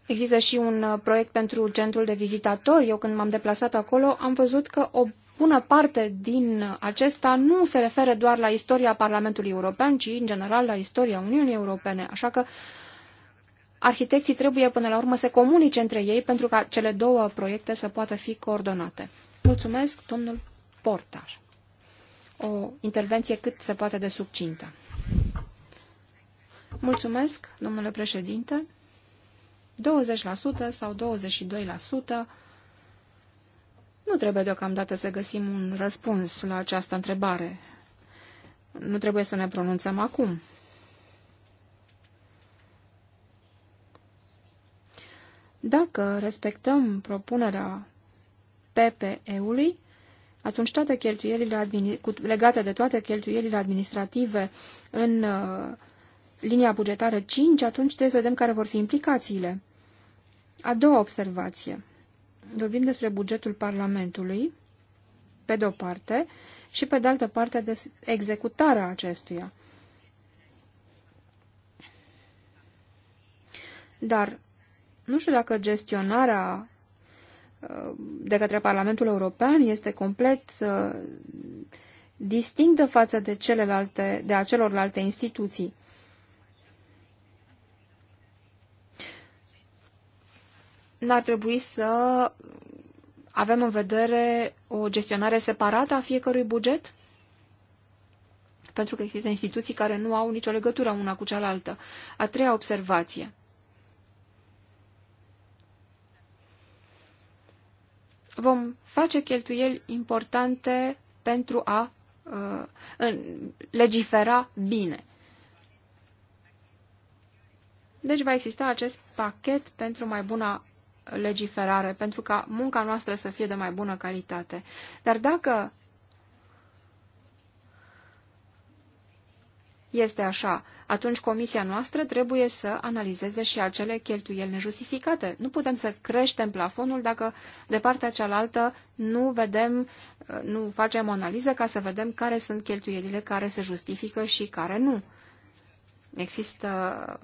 Există și un uh, proiect pentru centrul de vizitatori. Eu când m-am deplasat acolo am văzut că o bună parte din acesta nu se referă doar la istoria Parlamentului European, ci în general la istoria Uniunii Europene. Așa că arhitecții trebuie până la urmă să comunice între ei pentru ca cele două proiecte să poată fi coordonate. Mulțumesc, domnul Portar. O intervenție cât se poate de succintă. Mulțumesc, domnule președinte. 20% sau 22% nu trebuie deocamdată să găsim un răspuns la această întrebare. Nu trebuie să ne pronunțăm acum. Dacă respectăm propunerea PPE-ului, atunci toate cheltuielile legate de toate cheltuielile administrative în uh, linia bugetară 5, atunci trebuie să vedem care vor fi implicațiile. A doua observație. Vorbim despre bugetul Parlamentului, pe de-o parte, și pe de altă parte de executarea acestuia. Dar nu știu dacă gestionarea de către Parlamentul European este complet uh, distinctă față de celelalte, de a celorlalte instituții. N-ar trebui să avem în vedere o gestionare separată a fiecărui buget? Pentru că există instituții care nu au nicio legătură una cu cealaltă. A treia observație. vom face cheltuieli importante pentru a uh, legifera bine. Deci va exista acest pachet pentru mai bună legiferare, pentru ca munca noastră să fie de mai bună calitate. Dar dacă este așa, atunci comisia noastră trebuie să analizeze și acele cheltuieli nejustificate. Nu putem să creștem plafonul dacă de partea cealaltă nu vedem, nu facem o analiză ca să vedem care sunt cheltuielile care se justifică și care nu. Există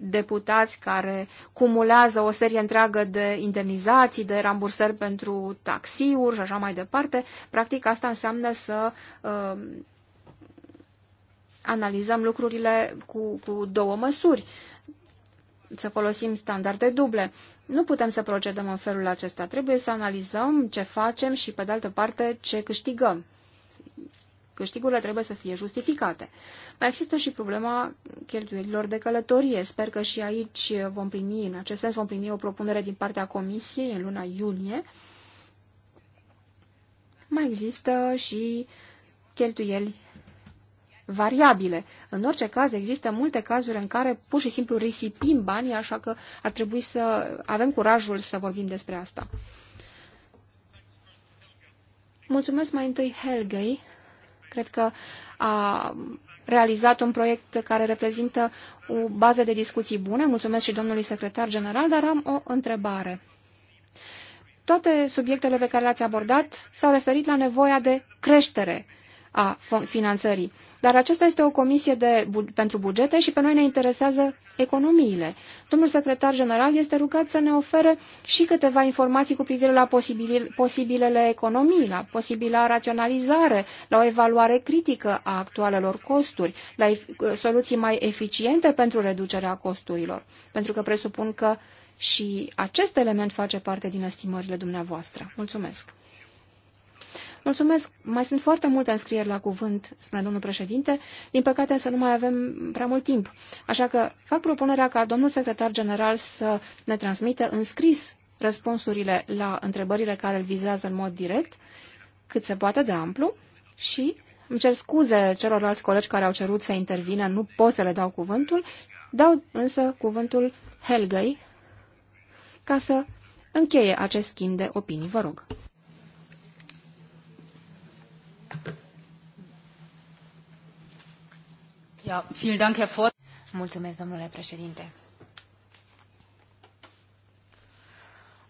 deputați care cumulează o serie întreagă de indemnizații, de rambursări pentru taxiuri și așa mai departe. Practic, asta înseamnă să uh, analizăm lucrurile cu, cu două măsuri, să folosim standarde duble. Nu putem să procedăm în felul acesta. Trebuie să analizăm ce facem și, pe de altă parte, ce câștigăm. Câștigurile trebuie să fie justificate. Mai există și problema cheltuielilor de călătorie. Sper că și aici vom primi, în acest sens, vom primi o propunere din partea Comisiei în luna iunie. Mai există și cheltuieli variabile. În orice caz, există multe cazuri în care pur și simplu risipim banii, așa că ar trebui să avem curajul să vorbim despre asta. Mulțumesc mai întâi Helgei. Cred că a realizat un proiect care reprezintă o bază de discuții bune. Mulțumesc și domnului secretar general, dar am o întrebare. Toate subiectele pe care le-ați abordat s-au referit la nevoia de creștere a finanțării. Dar aceasta este o comisie de, bu pentru bugete și pe noi ne interesează economiile. Domnul secretar general este rugat să ne ofere și câteva informații cu privire la posibil, posibilele economii, la posibila raționalizare, la o evaluare critică a actualelor costuri, la soluții mai eficiente pentru reducerea costurilor. Pentru că presupun că și acest element face parte din estimările dumneavoastră. Mulțumesc! Mulțumesc. Mai sunt foarte multe înscrieri la cuvânt, spune domnul președinte. Din păcate să nu mai avem prea mult timp. Așa că fac propunerea ca domnul secretar general să ne transmită în scris răspunsurile la întrebările care îl vizează în mod direct, cât se poate de amplu și îmi cer scuze celorlalți colegi care au cerut să intervină, nu pot să le dau cuvântul, dau însă cuvântul Helgăi ca să încheie acest schimb de opinii, vă rog. Mulțumesc, domnule președinte.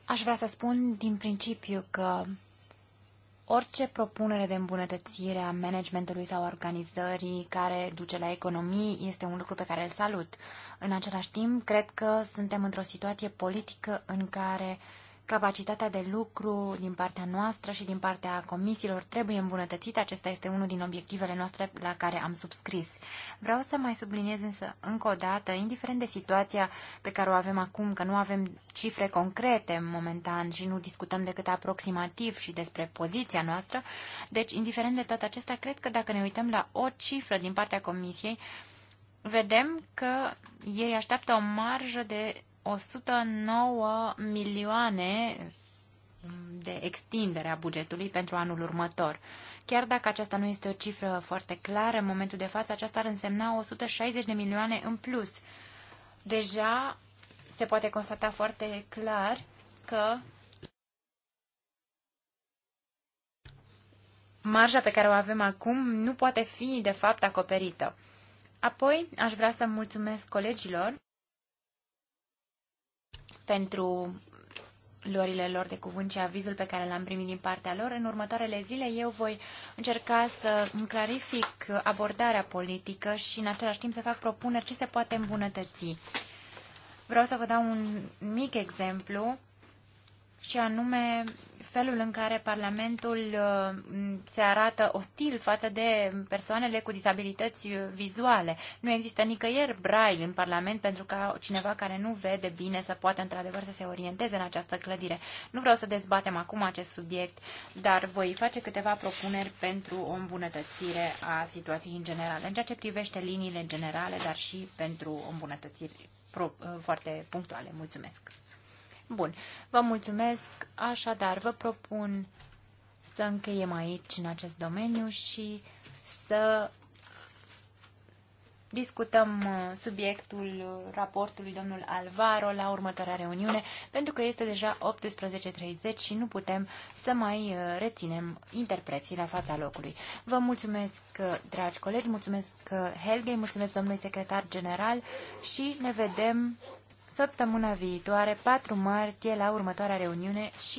Aș vrea să spun din principiu că orice propunere de îmbunătățire a managementului sau organizării care duce la economii este un lucru pe care îl salut. În același timp, cred că suntem într-o situație politică în care uh, Capacitatea de lucru din partea noastră și din partea comisiilor trebuie îmbunătățită. Acesta este unul din obiectivele noastre la care am subscris. Vreau să mai subliniez însă încă o dată, indiferent de situația pe care o avem acum, că nu avem cifre concrete momentan și nu discutăm decât aproximativ și despre poziția noastră, deci indiferent de tot acesta, cred că dacă ne uităm la o cifră din partea comisiei, vedem că ei așteaptă o marjă de 109 milioane de extindere a bugetului pentru anul următor. Chiar dacă aceasta nu este o cifră foarte clară, în momentul de față aceasta ar însemna 160 de milioane în plus. Deja se poate constata foarte clar că marja pe care o avem acum nu poate fi, de fapt, acoperită. Apoi, aș vrea să mulțumesc colegilor pentru luările lor de cuvânt și avizul pe care l-am primit din partea lor. În următoarele zile eu voi încerca să îmi clarific abordarea politică și în același timp să fac propuneri ce se poate îmbunătăți. Vreau să vă dau un mic exemplu și anume felul în care Parlamentul uh, se arată ostil față de persoanele cu disabilități uh, vizuale. Nu există nicăieri braille în Parlament pentru ca cineva care nu vede bine să poată într-adevăr să se orienteze în această clădire. Nu vreau să dezbatem acum acest subiect, dar voi face câteva propuneri pentru o îmbunătățire a situației în general, în ceea ce privește liniile generale, dar și pentru îmbunătățiri uh, foarte punctuale. Mulțumesc! Bun, vă mulțumesc, așadar vă propun să încheiem aici în acest domeniu și să discutăm uh, subiectul raportului domnul Alvaro la următoarea reuniune, pentru că este deja 18.30 și nu putem să mai uh, reținem interpreții la fața locului. Vă mulțumesc, uh, dragi colegi, mulțumesc Helge, mulțumesc domnului secretar general și ne vedem săptămâna viitoare, 4 martie, la următoarea reuniune și